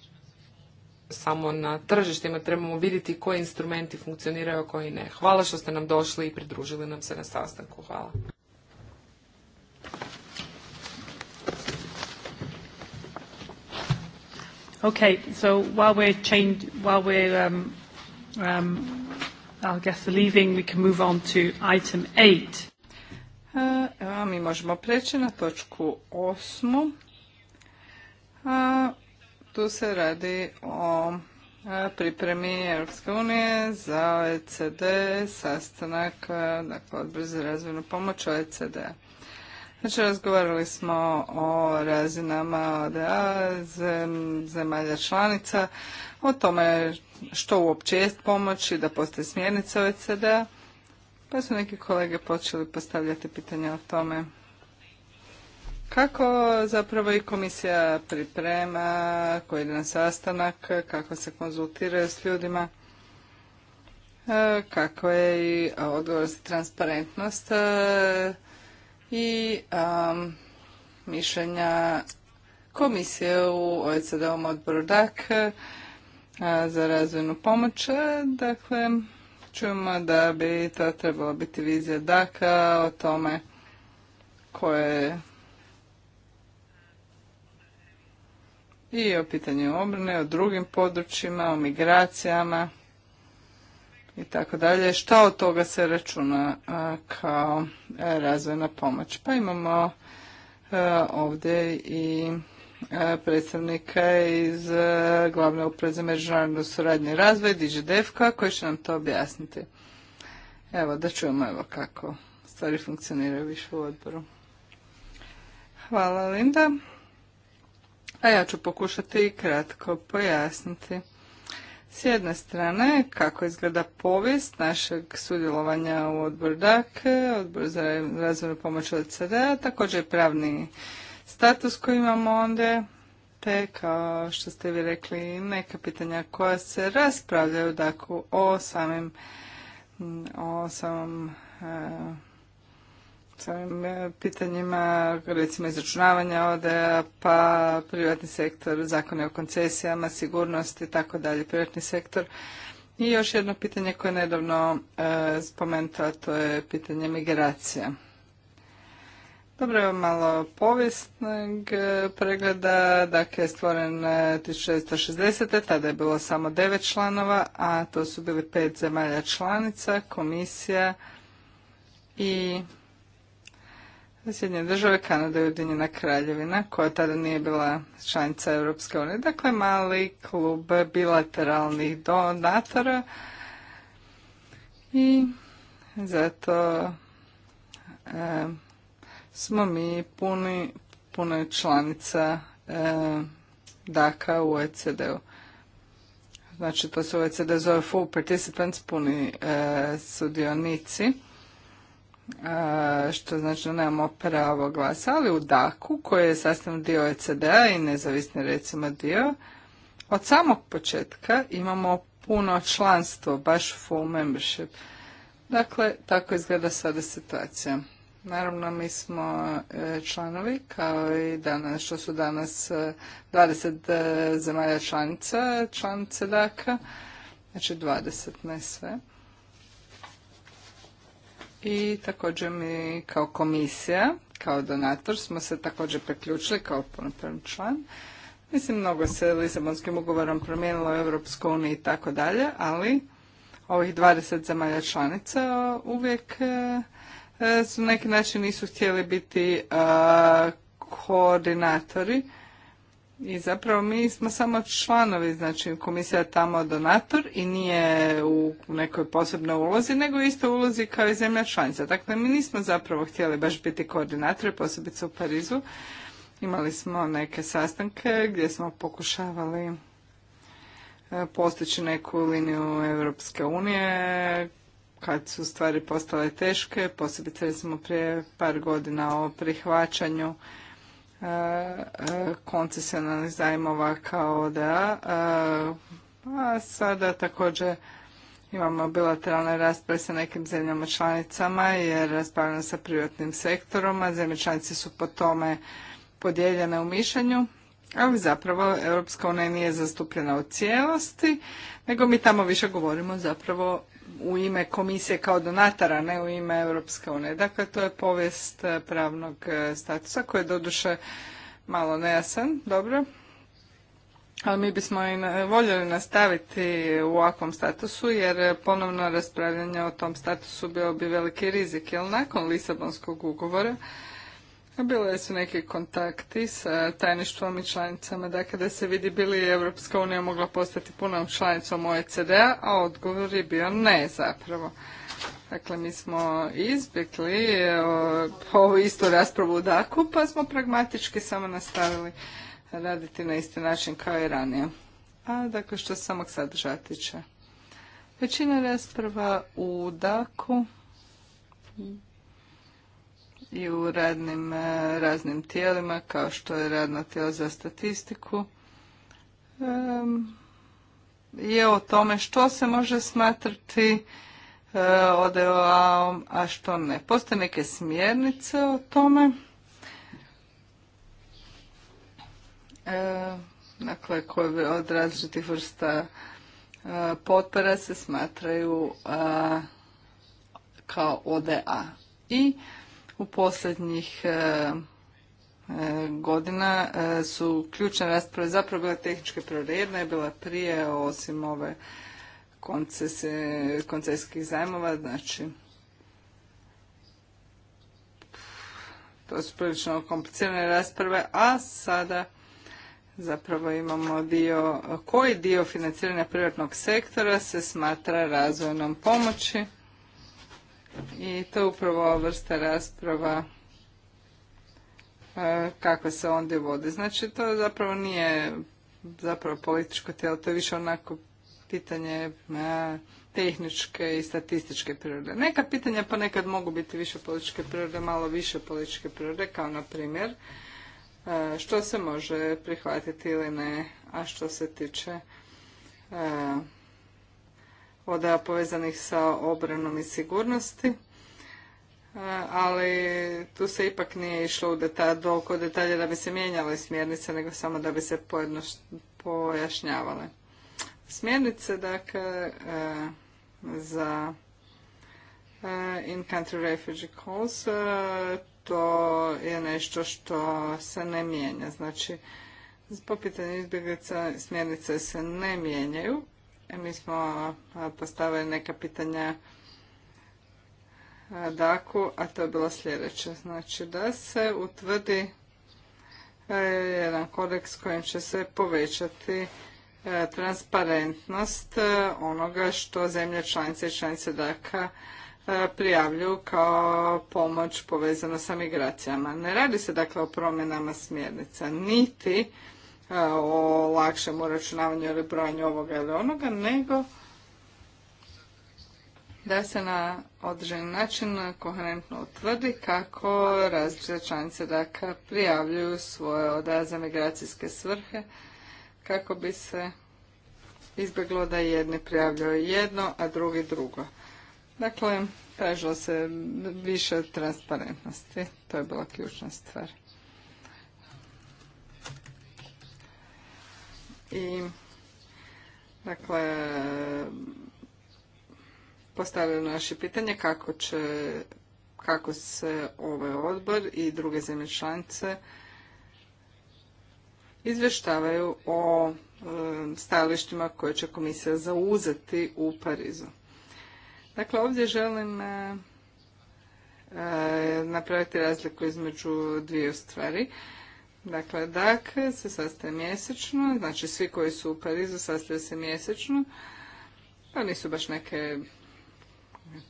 samo na tržištima. Trebamo vidjeti koji instrumenti funkcioniraju, a koji ne. Hvala što ste nam došli i pridružili nam se na sastanku. Hvala. Okay, so while we're changed, while we're, um, um, I'll guess, leaving, we can move on to item eight. Uh, evo, mi možemo preći na točku osmu. A, uh, tu se radi o e, pripremi Europske unije za OECD sastanak, e, dakle, odbor za razvojnu pomoć OECD-a. Znači, razgovarali smo o razinama ODA, zemalja članica, o tome što uopće jest pomoć i da postoje smjernice OECD-a, pa su neki kolege počeli postavljati pitanja o tome kako zapravo i komisija priprema, koji je jedan sastanak, kako se konzultira s ljudima, e, kako je i odgovor za transparentnost e, i mišljenja komisije u OECD-om odboru DAK e, za razvojnu pomoć. Dakle, čujemo da bi to trebala biti vizija dac a o tome koje i o pitanju obrane, o drugim područjima, o migracijama i tako dalje. Šta od toga se računa kao e, razvojna pomoć? Pa imamo e, ovdje i e, predstavnika iz glavne uprave za suradnje i razvoj, koji će nam to objasniti. Evo, da čujemo evo kako stvari funkcioniraju više u odboru. Hvala Linda a ja ću pokušati kratko pojasniti. S jedne strane, kako izgleda povijest našeg sudjelovanja u odboru DAK, odbor za razvojnu pomoć od a također i pravni status koji imamo onda, te kao što ste vi rekli, neka pitanja koja se raspravljaju dak o o samom e, sa e, pitanjima, recimo izračunavanja ODA, pa privatni sektor, zakone o koncesijama, sigurnost i tako dalje, privatni sektor. I još jedno pitanje koje je nedavno e, spomenuto, a to je pitanje migracija. Dobro je malo povijesnog e, pregleda, dakle je stvoren 1660. tada je bilo samo devet članova, a to su bili pet zemalja članica, komisija i Sjedinje države, Kanada i Ujedinjena kraljevina, koja tada nije bila članica Europske unije. Dakle, mali klub bilateralnih donatora i zato e, smo mi puni, puno članica e, DAKA u OECD-u. Znači, to se u OECD zove full participants, puni e, sudionici što znači da nemamo pravo glasa, ali u Daku koji je sastavni dio ECD-a i nezavisni recimo dio, od samog početka imamo puno članstvo, baš full membership. Dakle, tako izgleda sada situacija. Naravno, mi smo e, članovi, kao i danas, što su danas 20 e, e, zemalja članica, članice DAK-a, znači 20, ne sve. I također mi kao komisija, kao donator smo se također priključili kao punopravni član. Mislim, mnogo se Lisabonskim ugovorom promijenilo u Europskoj uniji i tako dalje, ali ovih 20 zemalja članica uvijek e, e, su na neki način nisu htjeli biti e, koordinatori i zapravo mi smo samo članovi, znači komisija je tamo donator i nije u nekoj posebnoj ulozi, nego isto ulozi kao i zemlja članica. Dakle, mi nismo zapravo htjeli baš biti koordinatori, posebice u Parizu. Imali smo neke sastanke gdje smo pokušavali e, postići neku liniju Europske unije kad su stvari postale teške, posebice smo prije par godina o prihvaćanju E, e, koncesionalnih zajmova kao ODA. E, a sada također imamo bilateralne rasprave sa nekim zemljama članicama jer raspravljamo sa privatnim sektorom, a zemlje članice su po tome podijeljene u mišljenju. Ali zapravo Europska unija nije zastupljena u cijelosti, nego mi tamo više govorimo zapravo u ime komisije kao donatara, ne u ime Europske unije. Dakle, to je povijest eh, pravnog eh, statusa koji je doduše malo nejasan, dobro. Ali mi bismo i voljeli nastaviti u ovakvom statusu jer eh, ponovno raspravljanje o tom statusu bio bi veliki rizik. Jer nakon Lisabonskog ugovora Bile su neki kontakti sa tajništvom i članicama, dakle da se vidi bili je Europska unija mogla postati punom članicom OECD-a, a odgovor je bio ne zapravo. Dakle, mi smo izbjegli ovu istu raspravu u Daku, pa smo pragmatički samo nastavili raditi na isti način kao i ranije. A dakle, što samog sadržaja tiče. Većina rasprava u Daku i u radnim e, raznim tijelima kao što je radno tijelo za statistiku je o tome što se može smatrati e, ODOA-om, e a što ne. Postoje neke smjernice o tome. Dakle, koje od različitih vrsta potpora se smatraju kao ODA. I u posljednjih e, e, godina e, su ključne rasprave zapravo bile tehničke prirode. je bila prije, osim ove koncesijskih zajmova, znači to su prilično komplicirane rasprave, a sada zapravo imamo dio, koji dio financiranja privatnog sektora se smatra razvojnom pomoći i to je upravo ova vrsta rasprava e, kakve se onda vode. Znači to zapravo nije zapravo političko tijelo, to je više onako pitanje e, tehničke i statističke prirode. Neka pitanja ponekad nekad mogu biti više političke prirode, malo više političke prirode, kao na primjer e, što se može prihvatiti ili ne, a što se tiče voda povezanih sa obranom i sigurnosti, e, ali tu se ipak nije išlo u detalj, oko detalje da bi se mijenjale smjernice, nego samo da bi se pojašnjavale. Smjernice, dakle, e, za e, in-country refugee calls, to je nešto što se ne mijenja. Znači, po pitanju izbjeglica smjernice se ne mijenjaju, E, mi smo postavili neka pitanja Daku, a to je bilo sljedeće. Znači da se utvrdi e, jedan kodeks kojim će se povećati e, transparentnost onoga što zemlje članice i članice Daka prijavljuju kao pomoć povezano sa migracijama. Ne radi se dakle o promjenama smjernica, niti o lakšem uračunavanju ili brojanju ovoga ili onoga, nego da se na određeni način koherentno utvrdi kako različite članice dakle prijavljuju svoje odaze migracijske svrhe kako bi se izbjeglo da jedni prijavljaju jedno, a drugi drugo. Dakle, tražilo se više transparentnosti. To je bila ključna stvar. i dakle postavljaju naše pitanje kako će kako se ovaj odbor i druge zemlje članice izvještavaju o stajalištima koje će komisija zauzeti u Parizu. Dakle, ovdje želim napraviti razliku između dvije stvari. Dakle, DAK se sastaje mjesečno, znači svi koji su u Parizu sastaju se mjesečno, pa nisu baš neke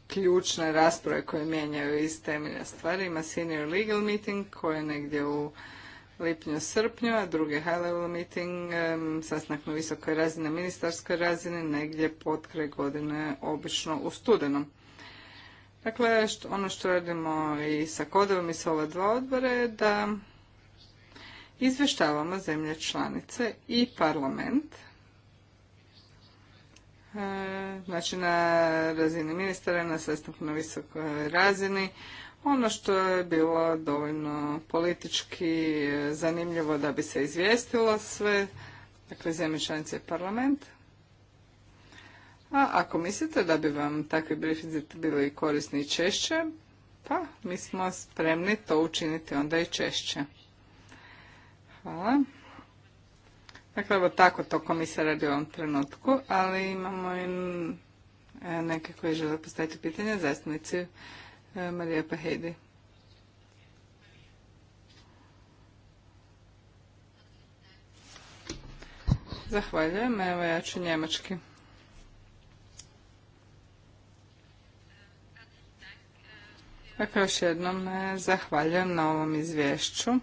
ključne rasprave koje mijenjaju iz temelja stvari. Ima senior legal meeting koji je negdje u lipnju, srpnju, a drugi high level meeting, sastanak na visokoj razini, ministarskoj razini, negdje pod kraj godine, obično u studenom. Dakle, ono što radimo i sa kodovom i sa ova dva odbora je da izvještavamo zemlje članice i parlament e, znači na razini ministara, na sastanku na visokoj razini. Ono što je bilo dovoljno politički e, zanimljivo da bi se izvijestilo sve, dakle zemlje članice i parlament. A ako mislite da bi vam takvi bilo bili korisni i češće, pa mi smo spremni to učiniti onda i češće. Hvala. Dakle, evo tako to se radi u ovom trenutku, ali imamo i e, neke koji žele postaviti pitanje, zastupnici e, Marija Pahedi. Zahvaljujem, evo ja ću njemački. Dakle, još jednom e, zahvaljujem na ovom izvješću.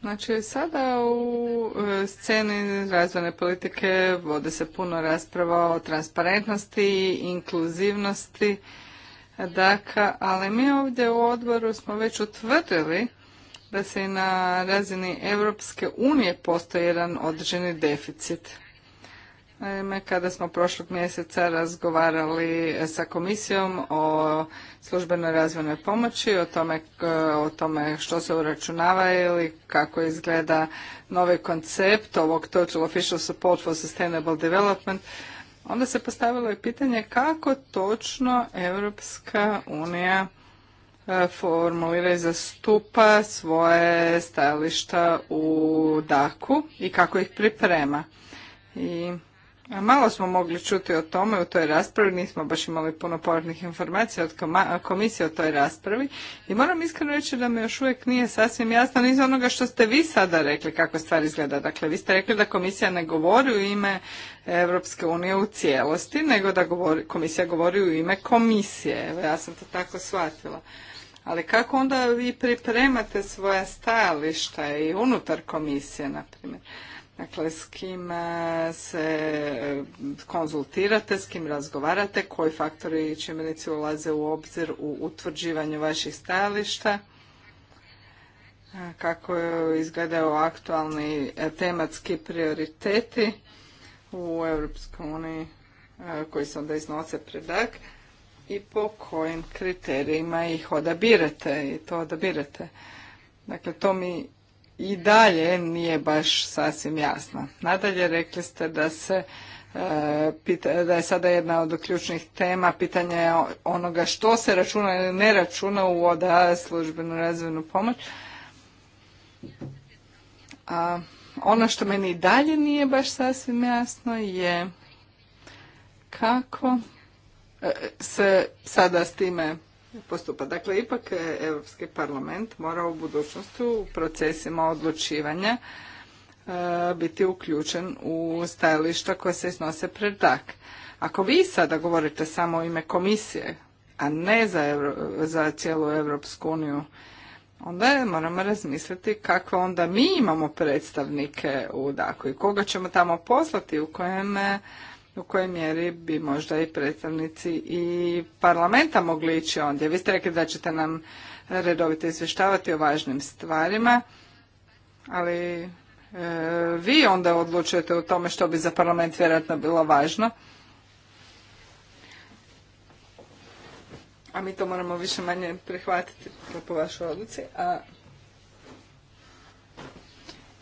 Znači, sada u e, sceni razvojne politike vode se puno rasprava o transparentnosti i inkluzivnosti. Dakle, ali mi ovdje u odboru smo već utvrdili da se i na razini Europske unije postoji jedan određeni deficit. Naime, kada smo prošlog mjeseca razgovarali sa komisijom o službenoj razvojnoj pomoći, o tome, e, o tome što se uračunava ili kako izgleda novi koncept ovog Total Official Support for Sustainable Development, onda se postavilo i pitanje kako točno Europska unija e, formulira i zastupa svoje stajališta u daku u i kako ih priprema. I Malo smo mogli čuti o tome u toj raspravi, nismo baš imali puno povratnih informacija od komisije o toj raspravi i moram iskreno reći da me još uvijek nije sasvim jasno iz onoga što ste vi sada rekli kako stvar izgleda. Dakle, vi ste rekli da komisija ne govori u ime Europske unije u cijelosti, nego da govori, komisija govori u ime komisije. Evo, ja sam to tako shvatila. Ali kako onda vi pripremate svoja stajališta i unutar komisije, na primjer? Dakle, s kim e, se e, konzultirate, s kim razgovarate, koji faktori i čimbenici ulaze u obzir u utvrđivanju vaših stajališta, e, kako izgledaju aktualni tematski prioriteti u Europskoj uniji koji se onda iznose predak i po kojim kriterijima ih odabirate i to odabirate. Dakle, to mi i dalje nije baš sasvim jasno. Nadalje rekli ste da se e, da je sada jedna od ključnih tema pitanje onoga što se računa ili ne računa u ODA službenu razvojnu pomoć. A ono što meni i dalje nije baš sasvim jasno je kako e, se sada s time postupa. Dakle, ipak e, Europski parlament mora u budućnosti u procesima odlučivanja e, biti uključen u stajališta koje se iznose pred DAK. Ako vi sada govorite samo o ime komisije, a ne za, za cijelu Europsku uniju, onda moramo razmisliti kako onda mi imamo predstavnike u DAK-u i koga ćemo tamo poslati, u kojem e, u kojoj mjeri bi možda i predstavnici i parlamenta mogli ići ondje. Vi ste rekli da ćete nam redovito izvještavati o važnim stvarima, ali e, vi onda odlučujete o tome što bi za parlament vjerojatno bilo važno. A mi to moramo više manje prihvatiti po vašoj odluci. A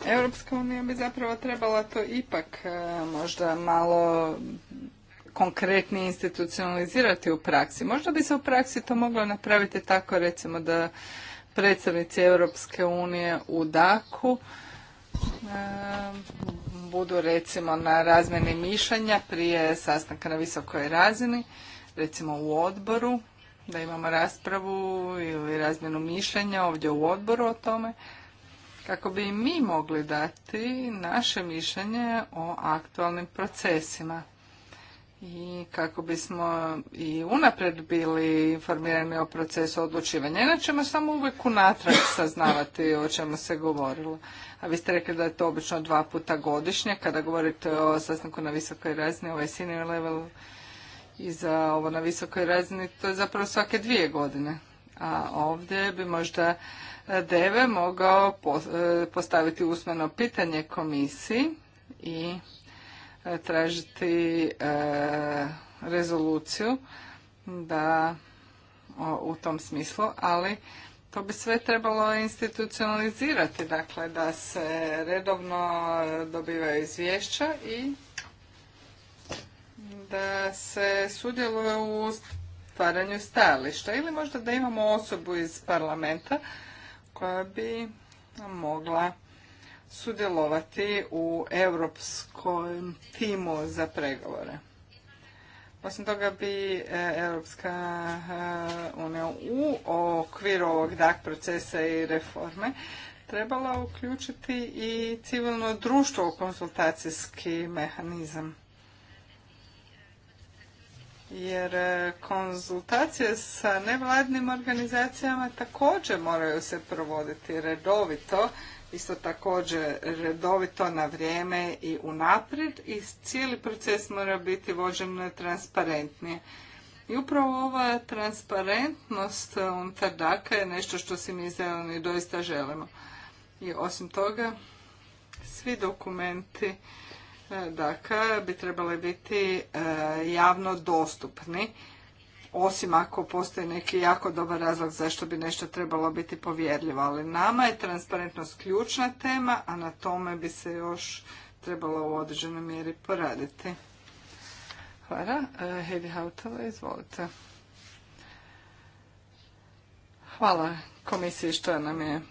Europska unija bi zapravo trebala to ipak e, možda malo konkretnije institucionalizirati u praksi. Možda bi se u praksi to moglo napraviti tako recimo da predstavnici Europske unije u Daku e, budu recimo na razmjeni mišljenja prije sastanka na visokoj razini, recimo u odboru, da imamo raspravu ili razmjenu mišljenja ovdje u odboru o tome kako bi i mi mogli dati naše mišljenje o aktualnim procesima i kako bismo i unaprijed bili informirani o procesu odlučivanja. Inače ćemo samo uvijek unatrag saznavati o čemu se govorilo. A vi ste rekli da je to obično dva puta godišnje. Kada govorite o sastanku na visokoj razini, ovaj senior level i za ovo na visokoj razini, to je zapravo svake dvije godine. A ovdje bi možda DEVE mogao e, postaviti usmeno pitanje komisiji i e, tražiti e, rezoluciju da u tom smislu, ali to bi sve trebalo institucionalizirati, dakle da se redovno dobiva izvješća i da se sudjeluje u stvaranju stajališta ili možda da imamo osobu iz parlamenta koja bi mogla sudjelovati u europskom timu za pregovore. Osim toga bi e, Europska e, unija u okviru ovog DAK procesa i reforme trebala uključiti i civilno društvo u konsultacijski mehanizam jer e, konzultacije sa nevladnim organizacijama također moraju se provoditi redovito, isto također redovito na vrijeme i unaprijed i cijeli proces mora biti vođen transparentnije. I upravo ova transparentnost unutar je nešto što si mi zeleni doista želimo. I osim toga, svi dokumenti E, dakle, bi trebali biti e, javno dostupni, osim ako postoji neki jako dobar razlog zašto bi nešto trebalo biti povjerljivo. Ali nama je transparentnost ključna tema, a na tome bi se još trebalo u određenoj mjeri poraditi. Hvala. E, Heidi Hautova, izvolite. Hvala komisiji što nam je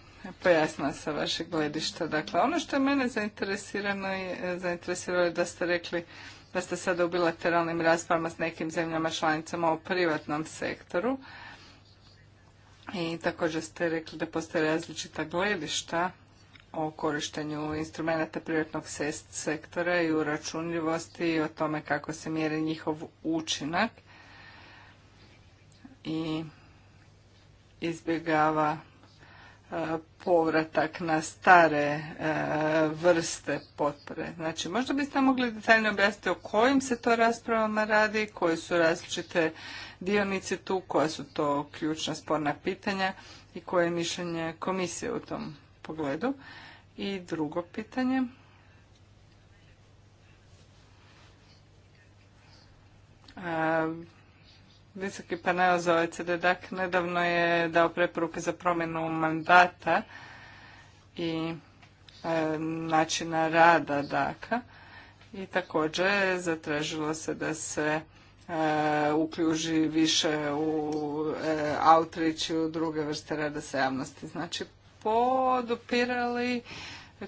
pojasnila sa vašeg gledišta. Dakle, ono što je mene zainteresirano je, zainteresiralo je da ste rekli da ste sada u bilateralnim raspravama s nekim zemljama članicama o privatnom sektoru. I također ste rekli da postoje različita gledišta o korištenju instrumenta privatnog sektora i računljivosti i o tome kako se mjeri njihov učinak i izbjegava povratak na stare e, vrste potpore. Znači, možda biste mogli detaljno objasniti o kojim se to raspravama radi, koji su različite dionice tu, koja su to ključna sporna pitanja i koje je mišljenje komisije u tom pogledu. I drugo pitanje. E, Visoki panel za OECD DAC dakle, nedavno je dao preporuke za promjenu mandata i e, načina rada daka a i također zatražilo se da se e, ukljuži više u e, outreach i u druge vrste rada sa javnosti. Znači, podupirali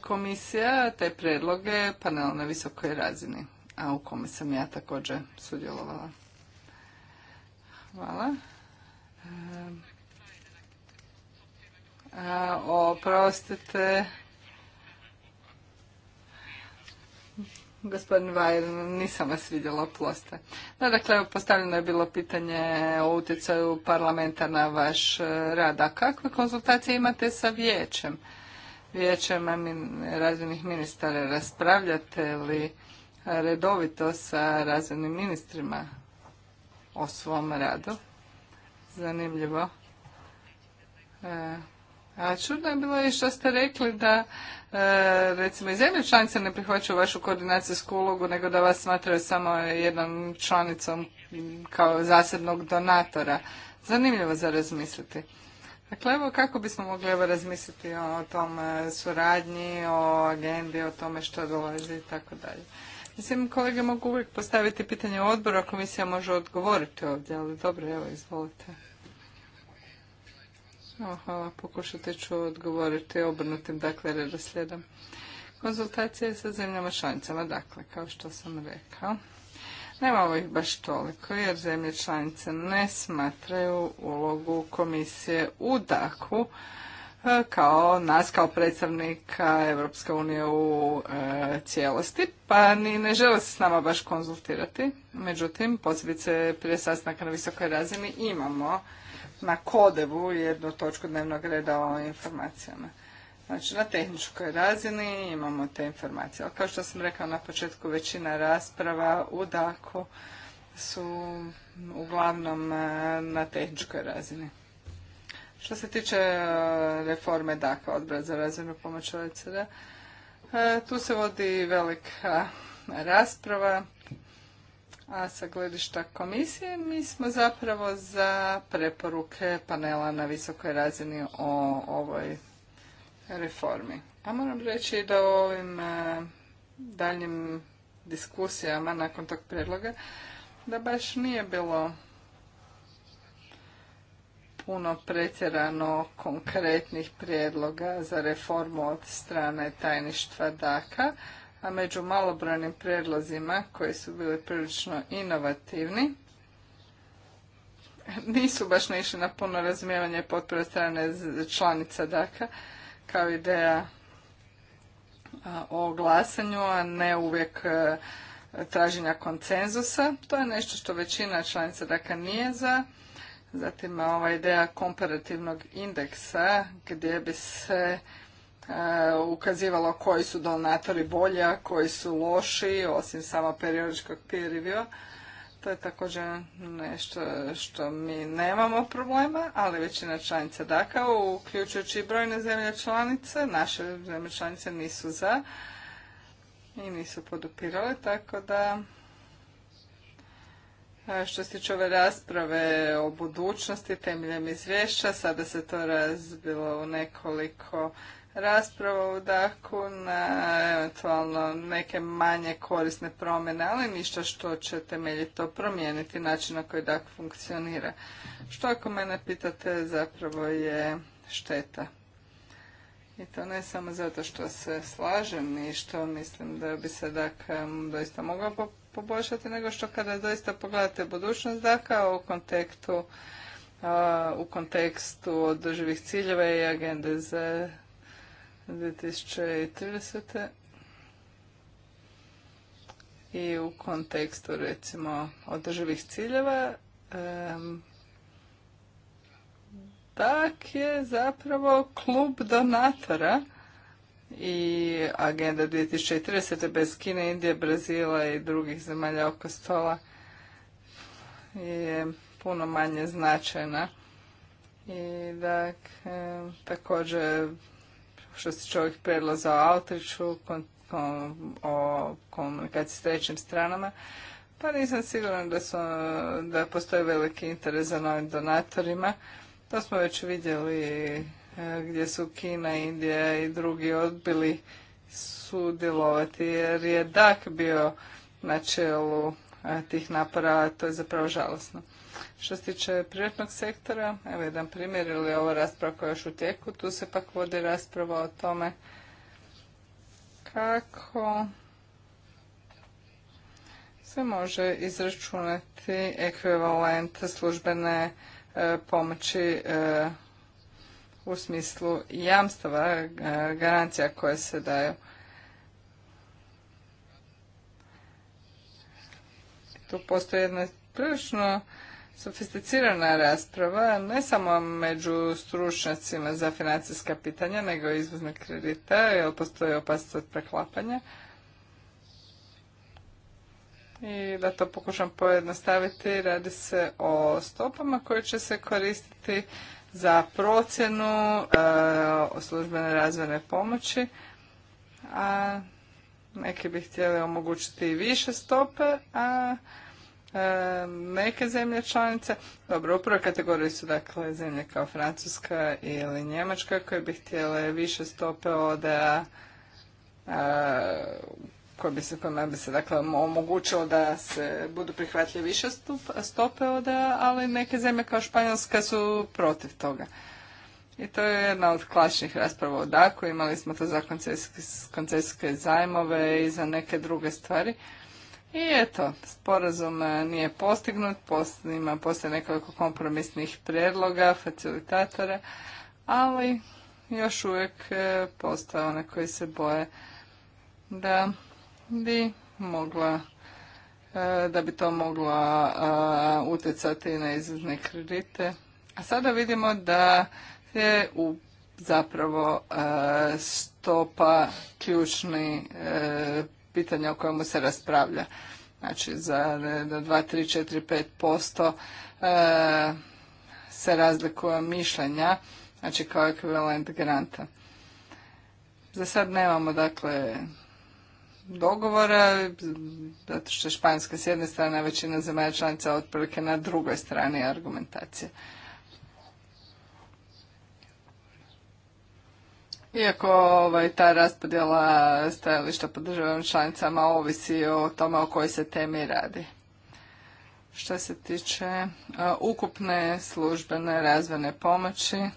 komisija te predloge panel na visokoj razini, a u kome sam ja također sudjelovala. Hvala. E, e, oprostite. Gospodin Vajer, nisam vas vidjela ploste. No, dakle, postavljeno je bilo pitanje o utjecaju parlamenta na vaš e, rad. A kakve konzultacije imate sa vijećem? Vijećem razvojnih ministara raspravljate li redovito sa razvojnim ministrima? o svom radu. Zanimljivo. E, a čudno je bilo i što ste rekli da e, recimo i zemlje članice ne prihvaćaju vašu koordinacijsku ulogu nego da vas smatraju samo jednom članicom kao zasebnog donatora. Zanimljivo za razmisliti. Dakle, evo kako bismo mogli evo razmisliti o tom e, suradnji, o agendi, o tome što dolazi i tako dalje. Mislim, kolege mogu uvijek postaviti pitanje a komisija može odgovoriti ovdje, ali dobro, evo, izvolite. Aha, pokušati ću odgovoriti obrnutim, dakle, redoslijedom. Konzultacije sa zemljama članicama, dakle, kao što sam rekao. Nema ovih baš toliko, jer zemlje članice ne smatraju ulogu komisije u daku, kao nas kao predstavnika Evropske unije u e, cijelosti, pa ni ne žele se s nama baš konzultirati. Međutim, posebice prije sastanaka na visokoj razini imamo na kodevu jednu točku dnevnog reda o informacijama. Znači, na tehničkoj razini imamo te informacije. Ali kao što sam rekao na početku, većina rasprava u DAKU su uglavnom e, na tehničkoj razini. Što se tiče e, reforme dakle, odbora za razvojnu pomoć OECD, e, tu se vodi velika e, rasprava, a sa gledišta komisije mi smo zapravo za preporuke panela na visokoj razini o ovoj reformi. A moram reći da u ovim daljim diskusijama nakon tog predloga da baš nije bilo puno pretjerano konkretnih prijedloga za reformu od strane tajništva DAKA, a među malobranim prijedlozima koji su bili prilično inovativni, nisu baš naišli na puno razumijevanje potpore strane članica DAKA kao ideja o glasanju, a ne uvijek traženja konsenzusa. To je nešto što većina članica DAKA nije za Zatim e, ova ideja komparativnog indeksa gdje bi se e, ukazivalo koji su donatori bolji, a koji su loši, osim samo periodičkog peer review. To je također nešto što mi nemamo problema, ali većina članica DAKA, uključujući i brojne zemlje članice, naše zemlje članice nisu za i nisu podupirale, tako da što se tiče ove rasprave o budućnosti temeljem izvješća, sada se to razbilo u nekoliko rasprava u Daku na eventualno neke manje korisne promjene, ali ništa što će temeljito promijeniti način na koji Dak funkcionira. Što ako mene pitate zapravo je šteta. I to ne samo zato što se slažem i što mislim da bi se Dak um, doista mogao poboljšati, nego što kada doista pogledate budućnost daka u kontekstu u kontekstu održivih ciljeva i agende za 2030. I u kontekstu recimo održivih ciljeva tak je zapravo klub donatora i agenda 2030. bez Kine, Indije, Brazila i drugih zemalja oko stola je puno manje značajna. I da dakle, također što se čovjek za o kon, o komunikaciji s trećim stranama, pa nisam siguran da, su, da postoji veliki interes za novim donatorima. To smo već vidjeli E, gdje su Kina, Indija i drugi odbili sudjelovati jer je DAK bio na čelu e, tih napora, a to je zapravo žalosno. Što se tiče privatnog sektora, evo jedan primjer, ili je ova rasprava koja je još u tijeku, tu se pak vodi rasprava o tome kako se može izračunati ekvivalent službene e, pomoći u smislu jamstava, e, garancija koje se daju. Tu postoji jedna prilično sofisticirana rasprava, ne samo među stručnjacima za financijska pitanja, nego i izvozne kredita, jer postoji opasnost od preklapanja. I da to pokušam pojednostaviti, radi se o stopama koje će se koristiti za procjenu e, službene razvojne pomoći, a neki bi htjeli omogućiti i više stope, a e, neke zemlje članice, dobro, u prvoj kategoriji su dakle zemlje kao Francuska ili Njemačka koje bi htjele više stope od koje bi se, kojima bi se dakle omogućilo da se budu prihvatljive više stope od, ali neke zemlje kao Španjolska su protiv toga. I to je jedna od klasičnih rasprava o DAKU. Imali smo to za koncesijske, zajmove i za neke druge stvari. I eto, sporazum nije postignut, ima postoje nekoliko kompromisnih prijedloga, facilitatora, ali još uvijek e, postoje one koji se boje da bi mogla e, da bi to mogla e, utjecati na izvozne kredite. A sada vidimo da je u zapravo e, stopa ključni pitanja o kojemu se raspravlja. Znači za 2, 3, 4, 5 posto se razlikuje mišljenja, znači kao ekvivalent granta. Za sad nemamo dakle dogovora, zato što je Španjska s jedne strane, a većina zemalja članica otprilike na drugoj strani argumentacije. Iako ovaj, ta raspodjela stajališta po državnim članicama ovisi o tome o kojoj se temi radi. Što se tiče ukupne službene razvojne pomoći,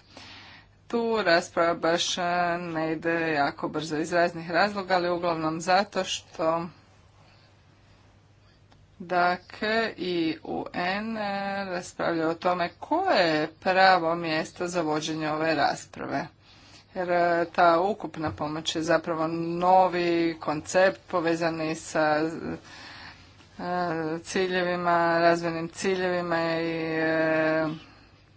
tu rasprava baš e, ne ide jako brzo iz raznih razloga, ali uglavnom zato što Dakle, i UN e, raspravljaju o tome koje je pravo mjesto za vođenje ove rasprave. Jer e, ta ukupna pomoć je zapravo novi koncept povezani sa ciljevima, razvojnim ciljevima i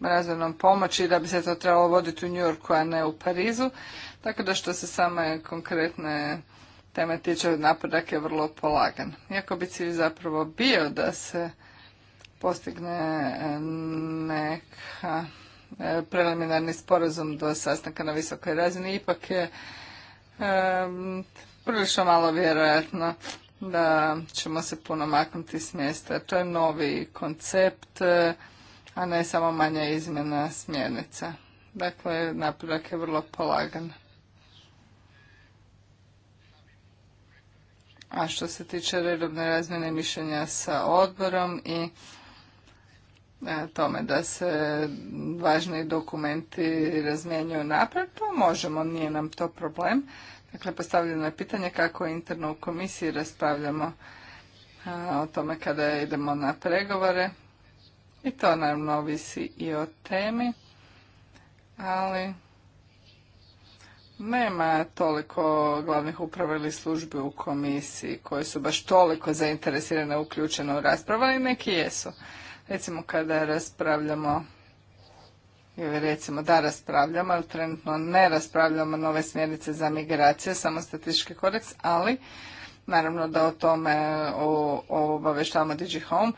razvojnom pomoći da bi se to trebalo voditi u Njurku, a ne u Parizu. Tako da što se same konkretne teme tiče, napredak je vrlo polagan. Iako bi cilj zapravo bio da se postigne e, neka e, preliminarni sporazum do sastanka na visokoj razini, ipak je e, prilično malo vjerojatno da ćemo se puno maknuti s mjesta. To je novi koncept, a ne samo manja izmjena smjernica. Dakle, napredak je vrlo polagan. A što se tiče redobne razmjene mišljenja sa odborom i e, tome da se važni dokumenti razmjenjuju naprijed, pa možemo, nije nam to problem. Dakle, postavljeno je pitanje kako interno u komisiji raspravljamo e, o tome kada idemo na pregovore. I to naravno ovisi i o temi, ali nema toliko glavnih uprava ili službi u komisiji koje su baš toliko zainteresirane uključene u raspravu, ali neki jesu. Recimo kada raspravljamo ili recimo da raspravljamo, ali trenutno ne raspravljamo nove smjernice za migracije, samo statistički kodeks, ali naravno da o tome obavještavamo DigiHome, Home,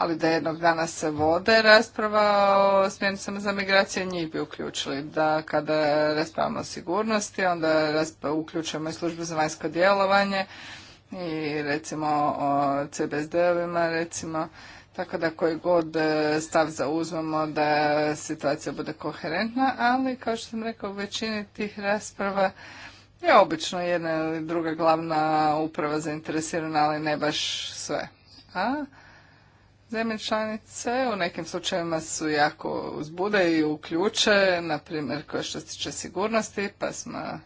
ali da jednog dana se vode rasprava o smjernicama za migracije, njih bi uključili. Da kada raspravamo o sigurnosti, onda uključujemo i službu za vanjsko djelovanje i recimo o CBSD-ovima, recimo, tako da koji god e, stav zauzmemo da situacija bude koherentna, ali kao što sam rekao, u većini tih rasprava je obično jedna ili druga glavna uprava zainteresirana, ali ne baš sve. A Zemlje članice u nekim slučajevima su jako uzbude i uključe, na primjer koje što se tiče sigurnosti, pa smo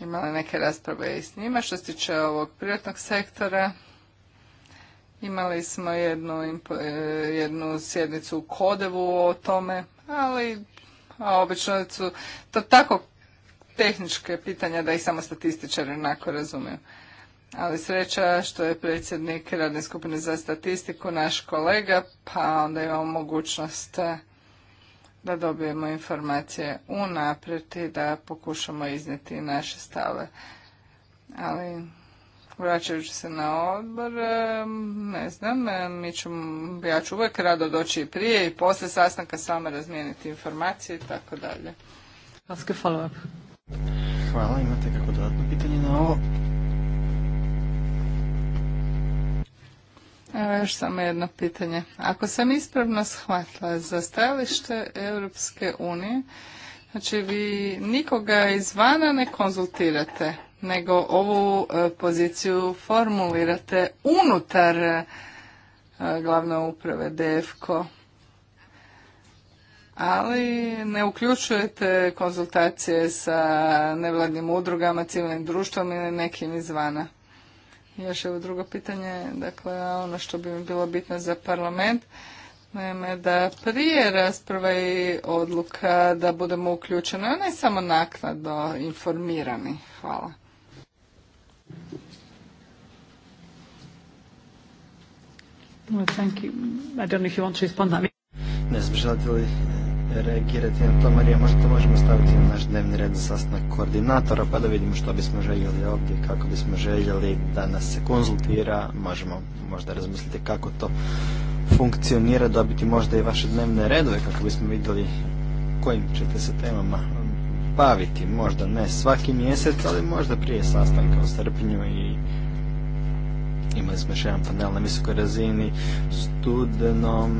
imali neke rasprave i s njima. Što se tiče ovog privatnog sektora, imali smo jednu, e, jednu sjednicu u Kodevu o tome, ali a obično su to tako tehničke pitanja da ih samo statističari onako razumiju ali sreća što je predsjednik radne skupine za statistiku naš kolega, pa onda imamo mogućnost eh, da dobijemo informacije unaprijed i da pokušamo iznijeti naše stave. Ali vraćajući se na odbor, ne znam, mi ćemo, ja ću uvijek rado doći i prije i poslije sastanka s vama razmijeniti informacije i tako dalje. Hvala, imate kako dodatno pitanje na ovo? Evo još samo jedno pitanje. Ako sam ispravno shvatila za stajalište Europske unije, znači vi nikoga izvana ne konzultirate, nego ovu e, poziciju formulirate unutar e, glavne uprave DFKO. Ali ne uključujete konzultacije sa nevladnim udrugama, civilnim društvom ili nekim izvana još evo drugo pitanje, dakle ono što bi mi bilo bitno za parlament, naime da prije rasprave i odluka da budemo uključeni, a ne samo naknadno informirani. Hvala. Well, reagirati na to, Marija, možda to možemo staviti na naš dnevni red za sastanak koordinatora, pa da vidimo što bismo željeli ovdje, kako bismo željeli da nas se konzultira, možemo možda razmisliti kako to funkcionira, dobiti možda i vaše dnevne redove, kako bismo vidjeli kojim ćete se temama baviti, možda ne svaki mjesec, ali možda prije sastanka u srpnju i imali smo još jedan panel na visokoj razini studenom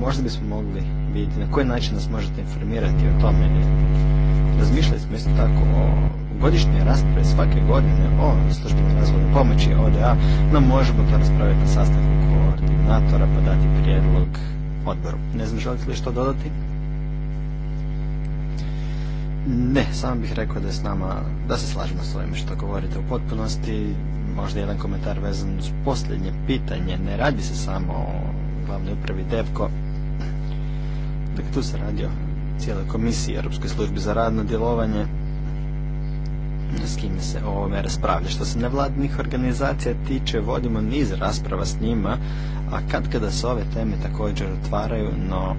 možda bismo mogli vidjeti na koji način nas možete informirati o tome. Razmišljali smo isto tako o godišnje rasprave svake godine o službenoj razvojnoj pomoći ODA, no možemo to raspraviti na sastanku koordinatora pa dati prijedlog odboru. Ne znam, želite li što dodati? Ne, samo bih rekao da je s nama, da se slažemo s ovim što govorite u potpunosti. Možda jedan komentar vezan uz posljednje pitanje. Ne radi se samo o glavnoj upravi DEVKO. Dakle, tu se radi o cijeloj komisiji Europskoj službi za radno djelovanje s kime se o ovome raspravlja. Što se nevladnih organizacija tiče, vodimo niz rasprava s njima, a kad kada se ove teme također otvaraju, no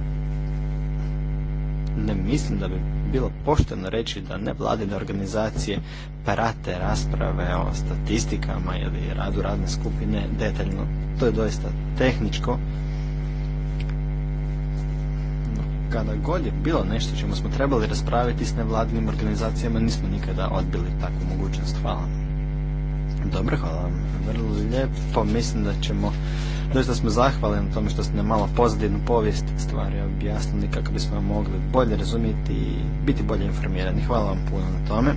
ne mislim da bi bilo pošteno reći da nevladine organizacije prate rasprave o statistikama ili radu radne skupine detaljno. To je doista tehničko, kada god je bilo nešto čemu smo trebali raspraviti s nevladinim organizacijama, nismo nikada odbili takvu mogućnost. Hvala. Dobro, hvala vam. Vrlo lijepo. Mislim da ćemo, doista smo zahvali na tome što ste nam malo pozadinu povijest stvari objasnili kako bismo mogli bolje razumjeti i biti bolje informirani. Hvala vam puno na tome.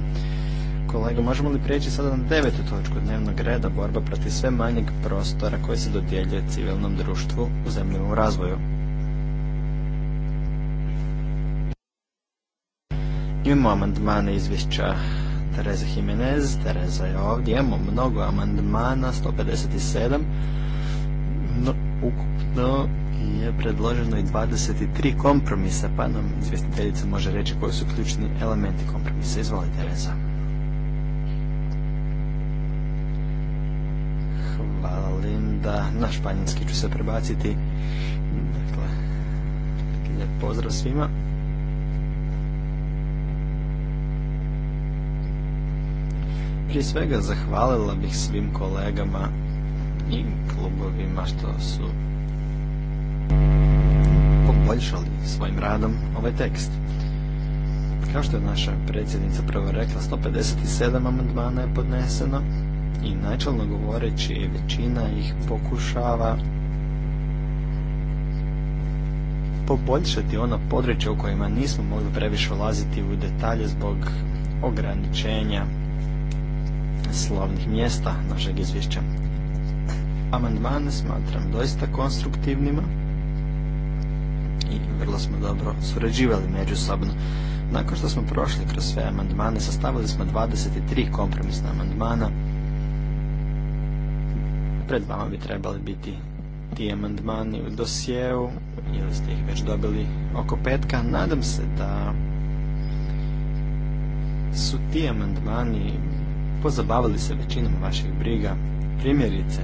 Kolega, možemo li prijeći sada na devetu točku dnevnog reda, borba protiv sve manjeg prostora koji se dodjeljuje civilnom društvu u zemljivom razvoju? Imamo amandmane izvješća Tereza Jimenez, Tereza je ovdje, imamo mnogo amandmana, 157, no, ukupno je predloženo i 23 kompromisa, pa nam izvjestiteljica može reći koji su ključni elementi kompromisa. Izvoli Tereza. Hvala Linda, na španjinski ću se prebaciti. Dakle, lijep pozdrav svima. Prije svega zahvalila bih svim kolegama i klubovima što su poboljšali svojim radom ovaj tekst. Kao što je naša predsjednica prvo rekla, 157 amandmana je podneseno i načelno govoreći većina ih pokušava poboljšati ona područja u kojima nismo mogli previše ulaziti u detalje zbog ograničenja slovnih mjesta našeg izvješća. Amandmane smatram doista konstruktivnima i vrlo smo dobro surađivali međusobno. Nakon što smo prošli kroz sve amandmane, sastavili smo 23 kompromisna amandmana. Pred vama bi trebali biti ti amandmani u dosjeu ili ste ih već dobili oko petka. Nadam se da su ti amandmani pozabavili se većinom vaših briga, primjerice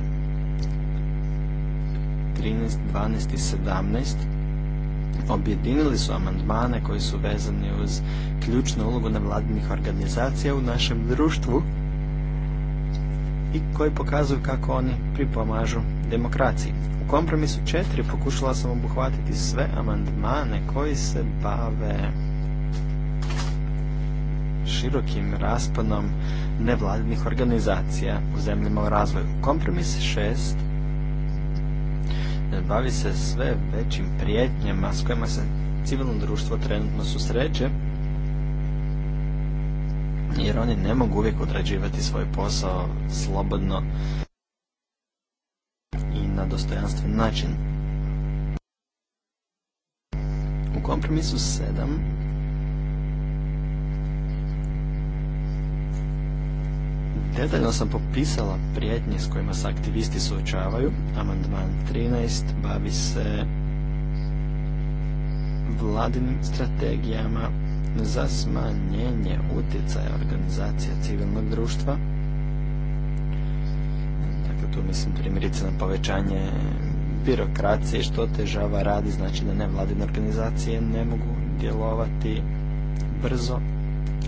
13, 12 i 17 objedinili su amandmane koji su vezani uz ključnu ulogu nevladinih organizacija u našem društvu i koji pokazuju kako oni pripomažu demokraciji. U kompromisu 4 pokušala sam obuhvatiti sve amandmane koji se bave širokim rasponom nevladinih organizacija u zemljama u razvoju. Kompromis 6 e, bavi se sve većim prijetnjama s kojima se civilno društvo trenutno susreće jer oni ne mogu uvijek odrađivati svoj posao slobodno i na dostojanstven način. U kompromisu 7 Detaljno sam popisala prijetnje s kojima se aktivisti suočavaju. Amandman 13 bavi se vladinim strategijama za smanjenje utjecaja organizacija civilnog društva. Dakle, tu mislim primjerice na povećanje birokracije što težava radi, znači da nevladine organizacije ne mogu djelovati brzo,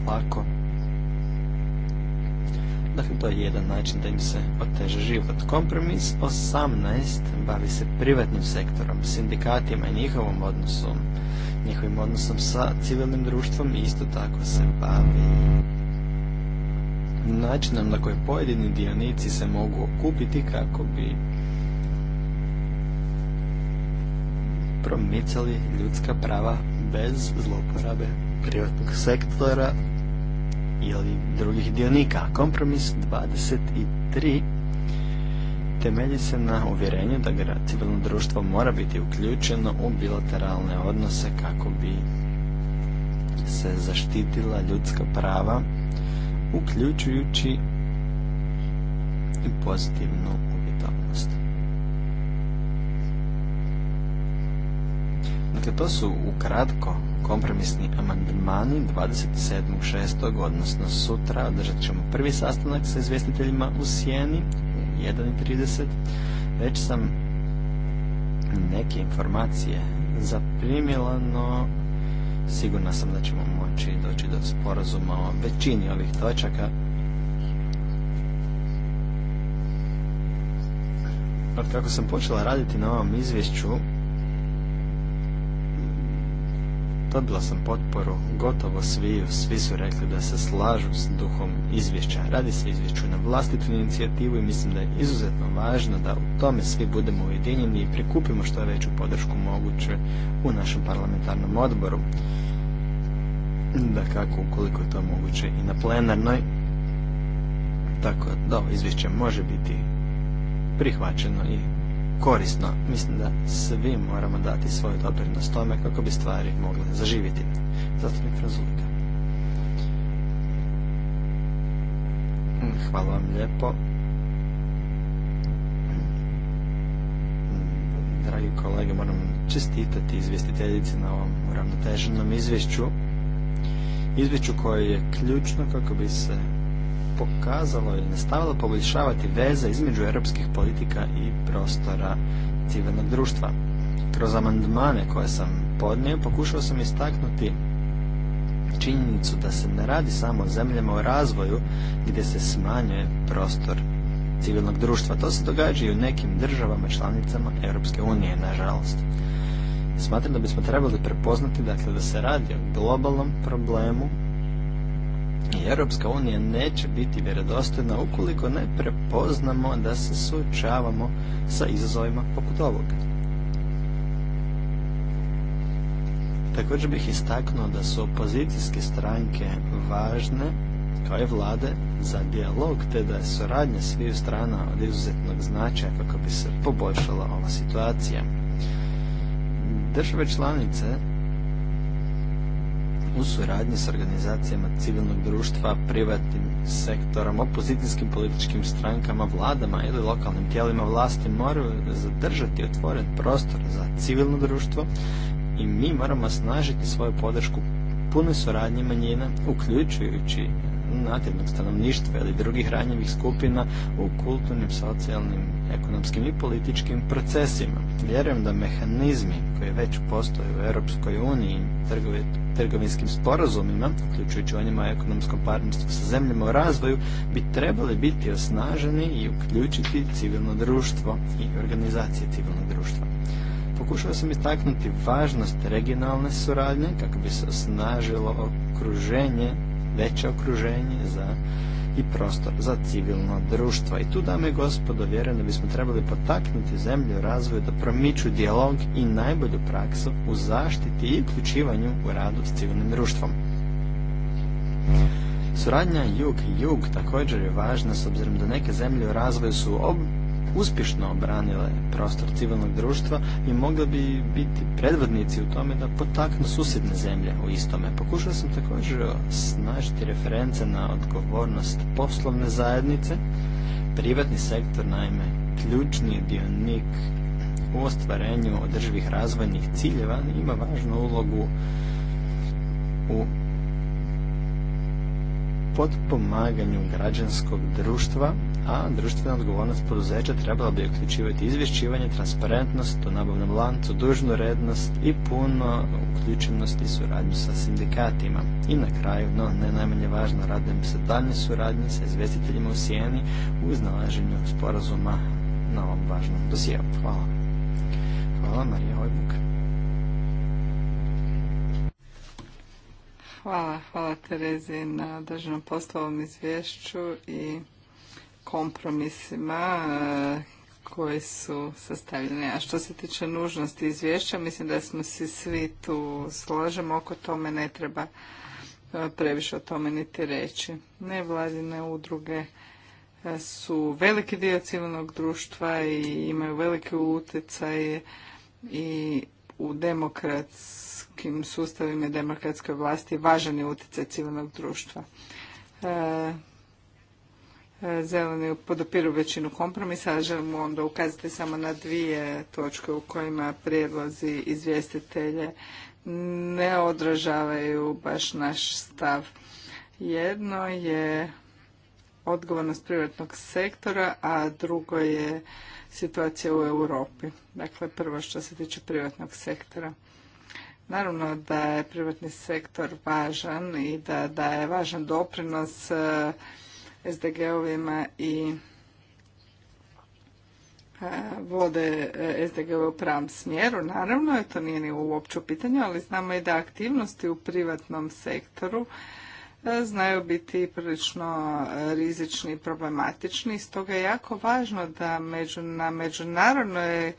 lako Dakle, to je jedan način da im se oteže život. Kompromis 18 bavi se privatnim sektorom, sindikatima i njihovom odnosom, njihovim odnosom sa civilnim društvom i isto tako se bavi načinom na koji pojedini dionici se mogu okupiti kako bi promicali ljudska prava bez zloporabe privatnog sektora ili drugih dionika. Kompromis 23 temelji se na uvjerenju da civilno društvo mora biti uključeno u bilateralne odnose kako bi se zaštitila ljudska prava uključujući i pozitivnu Dakle, to su ukratko kompromisni amandmani 27.6. odnosno sutra održat ćemo prvi sastanak sa izvjestiteljima u Sijeni 1.30. Već sam neke informacije zaprimila, no sigurna sam da ćemo moći doći do sporazuma o većini ovih točaka. Od kako sam počela raditi na ovom izvješću, Dobila sam potporu gotovo sviju, svi su rekli da se slažu s duhom izvješća. Radi se izvješću na vlastitu inicijativu i mislim da je izuzetno važno da u tome svi budemo ujedinjeni i prikupimo što je veću podršku moguće u našem parlamentarnom odboru. Da kako, ukoliko je to moguće i na plenarnoj. Tako da, izvješće može biti prihvaćeno i korisno. Mislim da svi moramo dati svoj doprinos tome kako bi stvari mogle zaživjeti. Zastupnik Franzulika. Mm, hvala vam lijepo. Mm, dragi kolege, moram čestitati izvjestiteljici na ovom uravnoteženom izvješću. Izvješću koje je ključno kako bi se pokazalo ili nastavilo poboljšavati veze između europskih politika i prostora civilnog društva. Kroz amandmane koje sam podnio pokušao sam istaknuti činjenicu da se ne radi samo o zemljama u razvoju gdje se smanjuje prostor civilnog društva. To se događa i u nekim državama članicama Europske unije, nažalost. Smatram da bismo trebali prepoznati dakle, da se radi o globalnom problemu i Europska unija neće biti vjerodostojna ukoliko ne prepoznamo da se suočavamo sa izazovima poput ovoga. Također bih istaknuo da su opozicijske stranke važne, kao i vlade, za dijalog, te da je suradnja sviju strana od izuzetnog značaja kako bi se poboljšala ova situacija. Države članice u suradnji s organizacijama civilnog društva, privatnim sektorom, opozicijskim političkim strankama, vladama ili lokalnim tijelima vlasti moraju zadržati otvoren prostor za civilno društvo i mi moramo snažiti svoju podršku punoj suradnji manjina, uključujući nativnog stanovništva ili drugih ranjivih skupina u kulturnim, socijalnim, ekonomskim i političkim procesima. Vjerujem da mehanizmi koji već postoje u Europskoj uniji i trgovinskim sporazumima, uključujući onima o ekonomskom partnerstvu sa zemljama u razvoju, bi trebali biti osnaženi i uključiti civilno društvo i organizacije civilnog društva. Pokušao sam istaknuti važnost regionalne suradnje kako bi se osnažilo okruženje veće okruženje za i prostor za civilno društvo. I tu, dame i gospodo, vjerujem da bismo trebali potaknuti zemlju u razvoju da promiču dijalog i najbolju praksu u zaštiti i uključivanju u radu s civilnim društvom. Suradnja jug-jug također je važna s obzirom da neke zemlje u razvoju su ob uspješno obranile prostor civilnog društva i mogli bi biti predvodnici u tome da potaknu susjedne zemlje u istome. Pokušao sam također snažiti reference na odgovornost poslovne zajednice. Privatni sektor, naime, ključni dionik u ostvarenju održivih razvojnih ciljeva ima važnu ulogu u potpomaganju građanskog društva, a društvena odgovornost poduzeća trebala bi uključivati izvješćivanje, transparentnost u nabavnom lancu, dužnu rednost i puno uključenost i suradnju sa sindikatima. I na kraju, no ne najmanje važno, radujem se daljne suradnje sa izvjestiteljima u Sijeni u iznalaženju sporazuma na ovom važnom dosijelu. Hvala. Hvala, Marija Hojbuk. Hvala, hvala Terezi na državnom poslovom izvješću i kompromisima eh, koji su sastavljeni. A što se tiče nužnosti izvješća, mislim da smo se svi tu slažemo oko tome, ne treba eh, previše o tome niti reći. Nevladine udruge eh, su veliki dio civilnog društva i imaju veliki utjecaj i u demokrats demokratskim sustavima i demokratskoj vlasti važan je utjecaj civilnog društva. E, e, zeleni podopiru većinu kompromisa, a želimo onda ukazati samo na dvije točke u kojima prijedlozi izvjestitelje ne odražavaju baš naš stav. Jedno je odgovornost privatnog sektora, a drugo je situacija u Europi. Dakle, prvo što se tiče privatnog sektora. Naravno da je privatni sektor važan i da, da je važan doprinos eh, SDG-ovima i eh, vode eh, SDG u pravom smjeru, naravno, to nije ni uopće u pitanju, ali znamo i da aktivnosti u privatnom sektoru znaju biti prilično rizični i problematični, stoga je jako važno da među, na međunarodnoj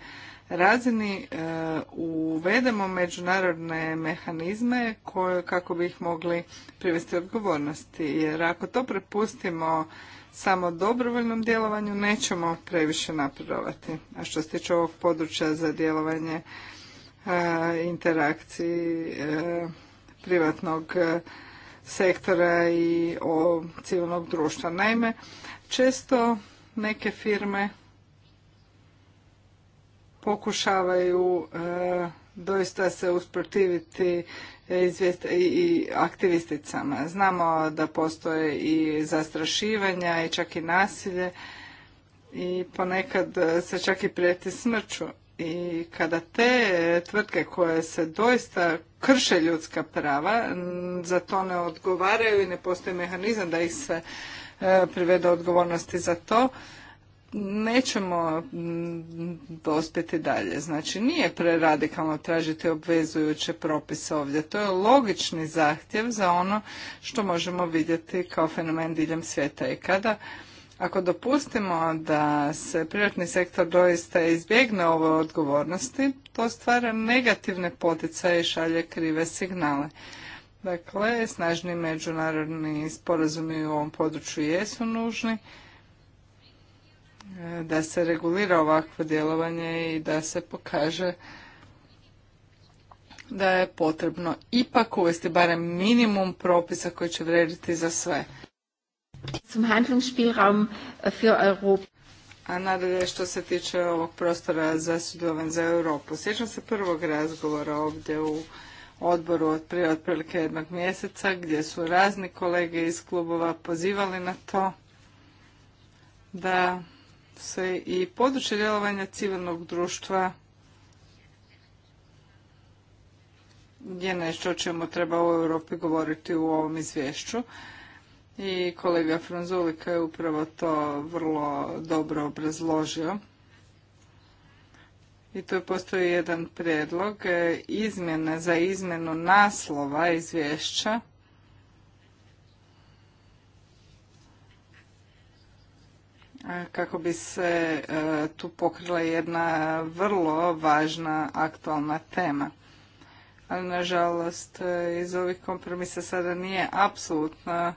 razini e, uvedemo međunarodne mehanizme koje, kako bi ih mogli privesti odgovornosti. Jer ako to prepustimo samo dobrovoljnom djelovanju nećemo previše napredovati. A što se tiče ovog područja za djelovanje e, interakciji e, privatnog sektora i o civilnog društva. Naime, često neke firme pokušavaju e, doista se usprotiviti i aktivisticama. Znamo da postoje i zastrašivanja i čak i nasilje i ponekad se čak i prijeti smrću. I kada te tvrtke koje se doista krše ljudska prava, za to ne odgovaraju i ne postoji mehanizam da ih se e, privede odgovornosti za to, nećemo mm, dospjeti dalje. Znači nije preradikalno tražiti obvezujuće propise ovdje. To je logični zahtjev za ono što možemo vidjeti kao fenomen diljem svijeta. I kada ako dopustimo da se privatni sektor doista izbjegne ove odgovornosti, to stvara negativne poticaje i šalje krive signale. Dakle, snažni međunarodni sporazumi u ovom području jesu nužni, da se regulira ovakvo djelovanje i da se pokaže da je potrebno ipak uvesti barem minimum propisa koji će vrediti za sve. Äh, A nadalje što se tiče ovog prostora za sudjelovanje za Europu. Sjećam se prvog razgovora ovdje u odboru od prije otprilike jednog mjeseca gdje su razni kolege iz klubova pozivali na to da se i područje djelovanja civilnog društva je nešto o čemu treba u Europi govoriti u ovom izvješću. I kolega Franzulika je upravo to vrlo dobro obrazložio. I tu postoji jedan prijedlog e, izmjene za izmjenu naslova izvješća kako bi se e, tu pokrila jedna vrlo važna aktualna tema. Ali nažalost e, iz ovih kompromisa sada nije apsolutno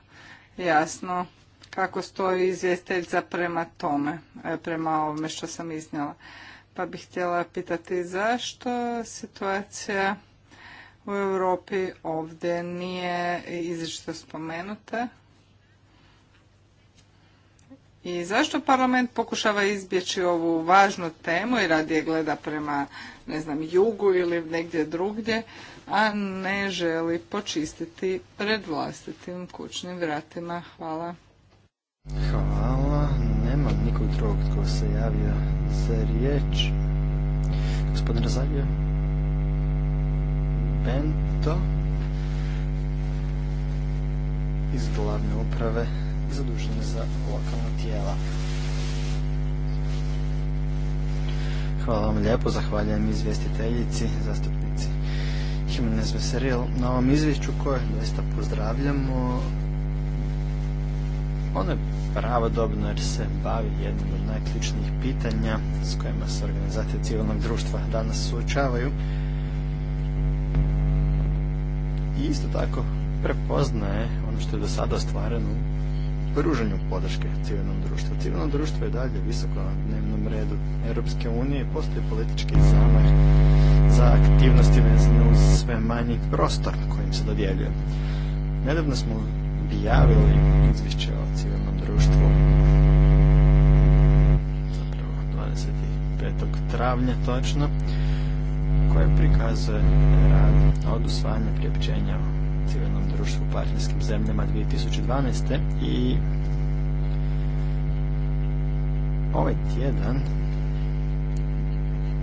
jasno kako stoji za prema tome, e, prema ovome što sam iznijela. Pa bih htjela pitati zašto situacija u Europi ovdje nije izričito spomenuta i zašto parlament pokušava izbjeći ovu važnu temu i radije gleda prema, ne znam, jugu ili negdje drugdje, a ne želi počistiti pred vlastitim kućnim vratima? Hvala. Hvala. Nema nikog drugog tko se javio za riječ. Gospodin Razavio. Bento iz glavne uprave zadužene za lokalna tijela. Hvala vam lijepo, zahvaljujem izvjestiteljici, zastupnici Jimenez Veseril na ovom izvješću koje doista pozdravljamo. Ono je pravodobno jer se bavi jednim od najključnijih pitanja s kojima se organizacije civilnog društva danas suočavaju. I isto tako prepoznaje ono što je do sada ostvareno pružanju podrške civilnom društvu. Civilno društvo je dalje visoko na dnevnom redu Europske unije i postoji politički zamah za aktivnosti vezane uz sve manji prostor kojim se dodjeljuje. Nedavno smo objavili izvješće o civilnom društvu zapravo 25. travnja točno koje prikazuje rad od usvajanja priopćenja civilnom društvu partnerskim zemljama 2012. i ovaj tjedan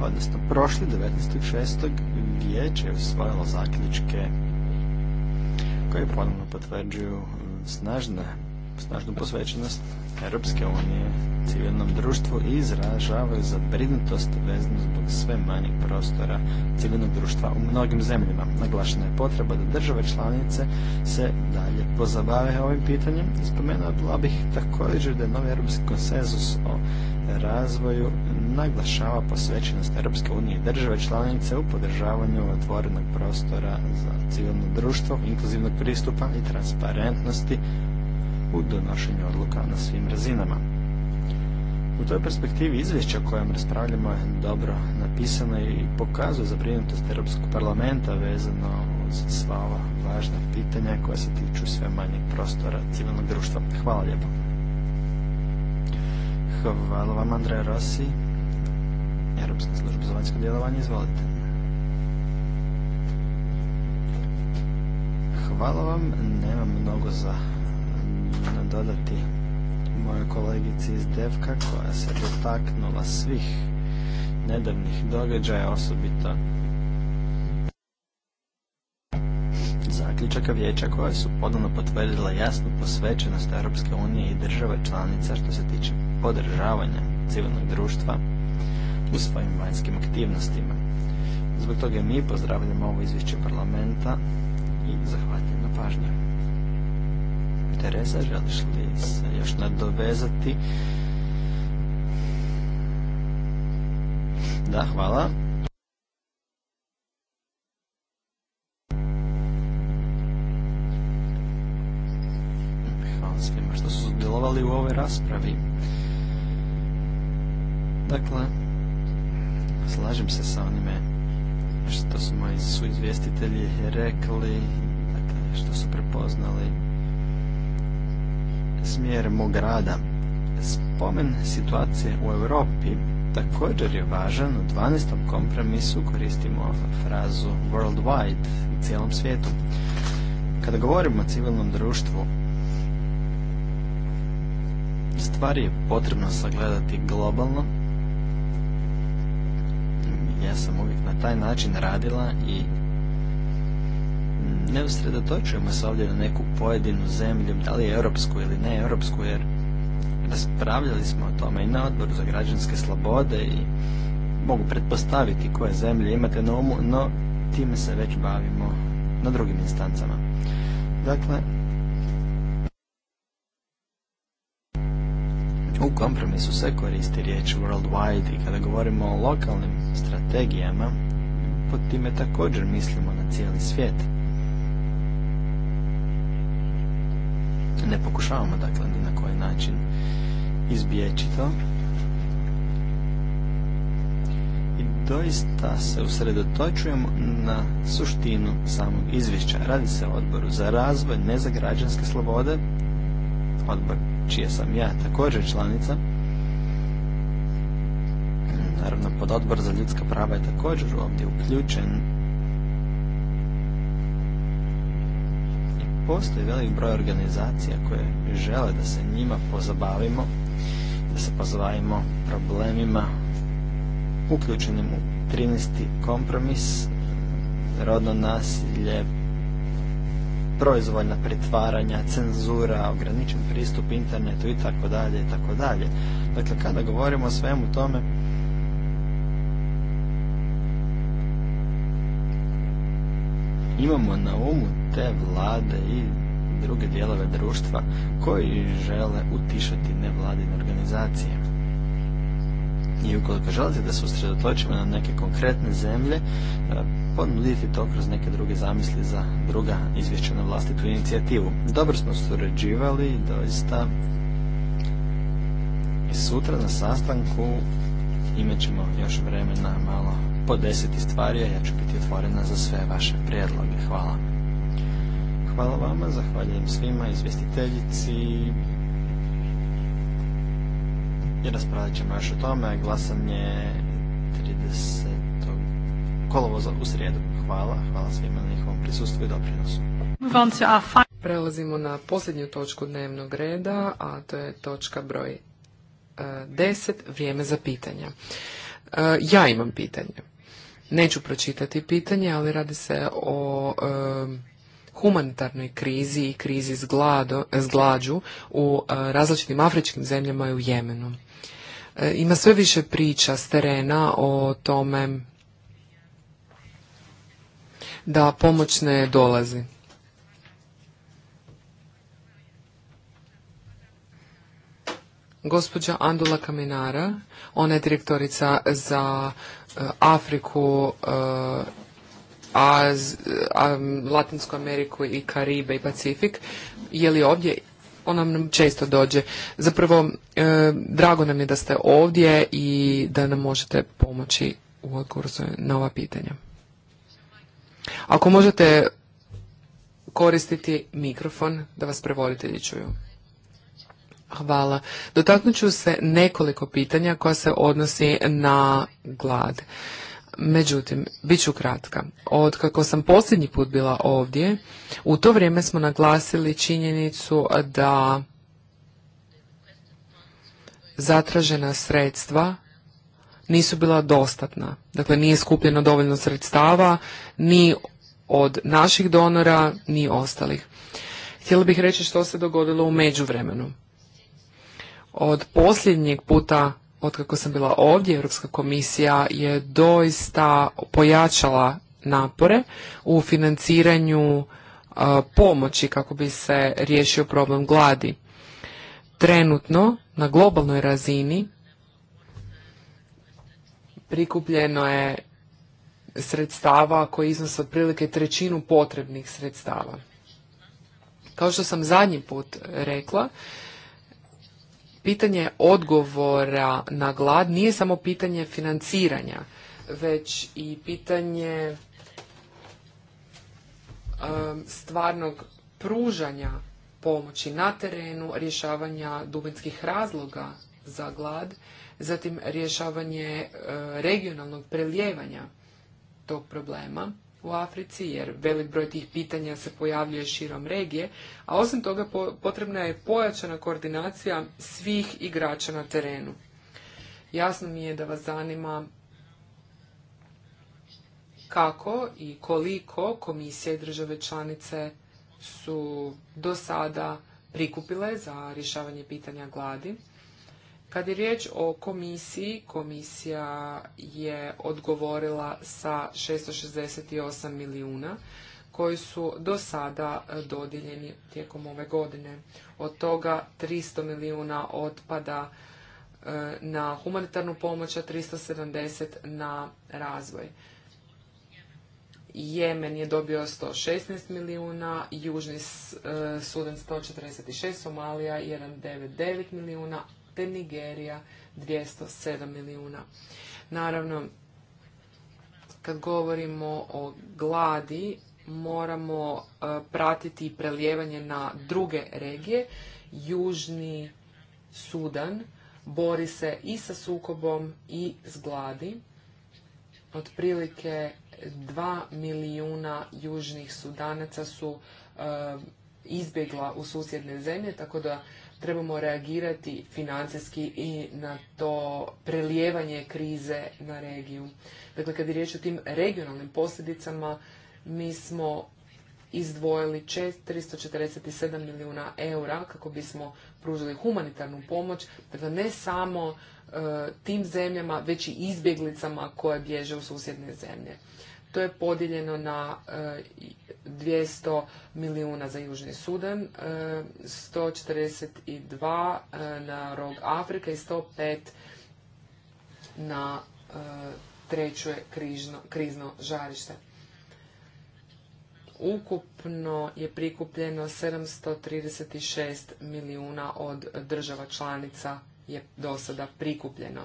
odnosno prošli 19.6. vijeće je usvojilo zaključke koje ponovno potvrđuju snažne snažnu posvećenost Europske unije civilnom društvu i izražavaju zabrinutost vezano zbog sve manjeg prostora civilnog društva u mnogim zemljama. Naglašena je potreba da države članice se dalje pozabave ovim pitanjem. Spomenula bih također da je novi europski konsenzus o razvoju naglašava posvećenost Europske unije i države članice u podržavanju otvorenog prostora za civilno društvo, inkluzivnog pristupa i transparentnosti u donošenju odluka na svim razinama. U toj perspektivi izvješća o kojem raspravljamo je dobro napisano i pokazuje zabrinutost Europskog parlamenta vezano za sva ova važna pitanja koja se tiču sve manjeg prostora civilnog društva. Hvala lijepo. Hvala vam Andrej Rossi, Europska služba za vanjsko djelovanje, izvolite. Hvala vam, nemam mnogo za nadodati moje kolegici iz Devka koja se dotaknula svih nedavnih događaja, osobito zaključaka vijeća koja su podano potvrdila jasnu posvećenost Europske unije i države članica što se tiče podržavanja civilnog društva u svojim vanjskim aktivnostima. Zbog toga mi pozdravljamo ovo izvješće parlamenta i zahvaljujem na pažnju. Teresa, želiš li se još nadovezati? Da, hvala. Hvala svima što su sudjelovali u ovoj raspravi. Dakle, slažem se sa onime što su moji suizvjestitelji rekli, dakle, što su prepoznali smjer mog rada. Spomen situacije u Europi također je važan. U 12. kompromisu koristimo frazu worldwide, u cijelom svijetu. Kada govorimo o civilnom društvu, stvari je potrebno sagledati globalno. Ja sam uvijek na taj način radila i ne usredotočujemo se ovdje na neku pojedinu zemlju, da li je europsku ili ne europsku, jer raspravljali smo o tome i na odboru za građanske slobode i mogu pretpostaviti koje zemlje imate na umu, no time se već bavimo na drugim instancama. Dakle, u kompromisu se koristi riječ worldwide i kada govorimo o lokalnim strategijama, pod time također mislimo na cijeli svijet. Ne pokušavamo dakle ni na koji način izbjeći to. I doista se usredotočujemo na suštinu samog izvješća. Radi se o odboru za razvoj, ne za građanske slobode, odbor čije sam ja također članica. Naravno, pod odbor za ljudska prava je također ovdje uključen postoji velik broj organizacija koje žele da se njima pozabavimo, da se pozabavimo problemima uključenim u 13. kompromis, rodno nasilje, proizvoljna pretvaranja, cenzura, ograničen pristup internetu i tako dalje i tako dalje. Dakle, kada govorimo o svemu tome, imamo na umu te vlade i druge dijelove društva koji žele utišati nevladine organizacije. I ukoliko želite da se usredotočimo na neke konkretne zemlje, e, ponuditi to kroz neke druge zamisli za druga izvješća na vlastitu inicijativu. Dobro smo surađivali, doista i sutra na sastanku imat ćemo još vremena malo deset stvari, a ja ću biti otvorena za sve vaše prijedloge. Hvala. Hvala vama, zahvaljujem svima, izvjestiteljici i raspravit ćemo još o tome. Glasanje 30. kolovoza u srijedu. Hvala, hvala svima na njihovom prisustvu i doprinosu. Prelazimo na posljednju točku dnevnog reda, a to je točka broj 10, e, vrijeme za pitanja. E, ja imam pitanje. Neću pročitati pitanje, ali radi se o humanitarnoj krizi i krizi s, glađu u e, različitim afričkim zemljama i u Jemenu. E, ima sve više priča s terena o tome da pomoć ne dolazi. Gospođa Andula Kaminara, ona je direktorica za Afriku, eh, eh, Latinsku Ameriku i Karibe i Pacifik, je li ovdje ona nam često dođe. Zapravo, eh, drago nam je da ste ovdje i da nam možete pomoći u odgovoru na ova pitanja. Ako možete koristiti mikrofon da vas prevoditelji čuju. Hvala. Dotaknut ću se nekoliko pitanja koja se odnosi na glad. Međutim, bit ću kratka. Od kako sam posljednji put bila ovdje, u to vrijeme smo naglasili činjenicu da zatražena sredstva nisu bila dostatna. Dakle, nije skupljeno dovoljno sredstava ni od naših donora, ni ostalih. Htjela bih reći što se dogodilo u međuvremenu. Od posljednjeg puta od kako sam bila ovdje, Europska komisija je doista pojačala napore u financiranju e, pomoći kako bi se riješio problem gladi. Trenutno na globalnoj razini prikupljeno je sredstava koji iznose otprilike trećinu potrebnih sredstava. Kao što sam zadnji put rekla, pitanje odgovora na glad nije samo pitanje financiranja, već i pitanje stvarnog pružanja pomoći na terenu, rješavanja dubinskih razloga za glad, zatim rješavanje eh, regionalnog prelijevanja tog problema u Africi, jer velik broj tih pitanja se pojavljuje širom regije, a osim toga potrebna je pojačana koordinacija svih igrača na terenu. Jasno mi je da vas zanima kako i koliko komisije države članice su do sada prikupile za rješavanje pitanja gladi kad je riječ o komisiji, komisija je odgovorila sa 668 milijuna koji su do sada dodijeljeni tijekom ove godine. Od toga 300 milijuna otpada e, na humanitarnu pomoć, a 370 na razvoj. Jemen je dobio 116 milijuna, Južni e, Sudan 146, Somalija 199 milijuna, te Nigerija 207 milijuna. Naravno, kad govorimo o gladi, moramo e, pratiti i prelijevanje na druge regije. Južni Sudan bori se i sa sukobom i s gladi. Otprilike 2 milijuna južnih sudanaca su e, izbjegla u susjedne zemlje, tako da trebamo reagirati financijski i na to prelijevanje krize na regiju. Dakle, kad je riječ o tim regionalnim posljedicama, mi smo izdvojili 447 milijuna eura kako bismo pružili humanitarnu pomoć, dakle ne samo e, tim zemljama, već i izbjeglicama koje bježe u susjedne zemlje. To je podijeljeno na 200 e, milijuna za Južni Sudan, 142 e, e, na rog Afrike i 105 na treće križno, krizno žarište. Ukupno je prikupljeno 736 milijuna od država članica je do sada prikupljeno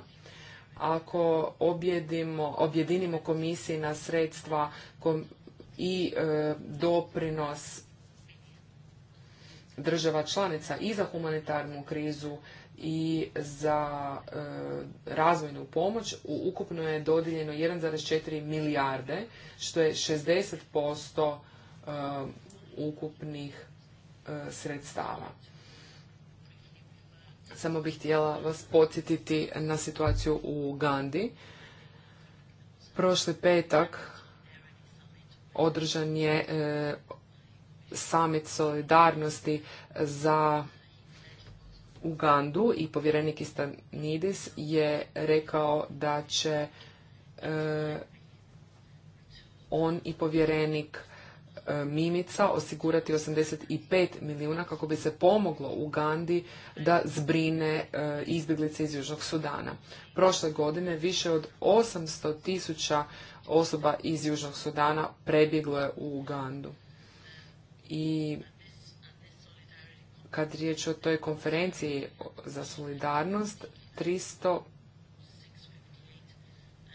ako objedinimo komisiji na sredstva i e, doprinos država članica i za humanitarnu krizu i za e, razvojnu pomoć ukupno je dodijeljeno 1,4 milijarde što je 60% e, ukupnih sredstava. Samo bih htjela vas podsjetiti na situaciju u Ugandi. Prošli petak održan je e, solidarnosti za Ugandu i povjerenik Istanidis je rekao da će e, on i povjerenik E, mimica osigurati 85 milijuna kako bi se pomoglo Ugandi da zbrine e, izbjeglice iz Južnog Sudana. Prošle godine više od 800 tisuća osoba iz Južnog Sudana prebjeglo je u Ugandu. I kad riječ o toj konferenciji za solidarnost, 300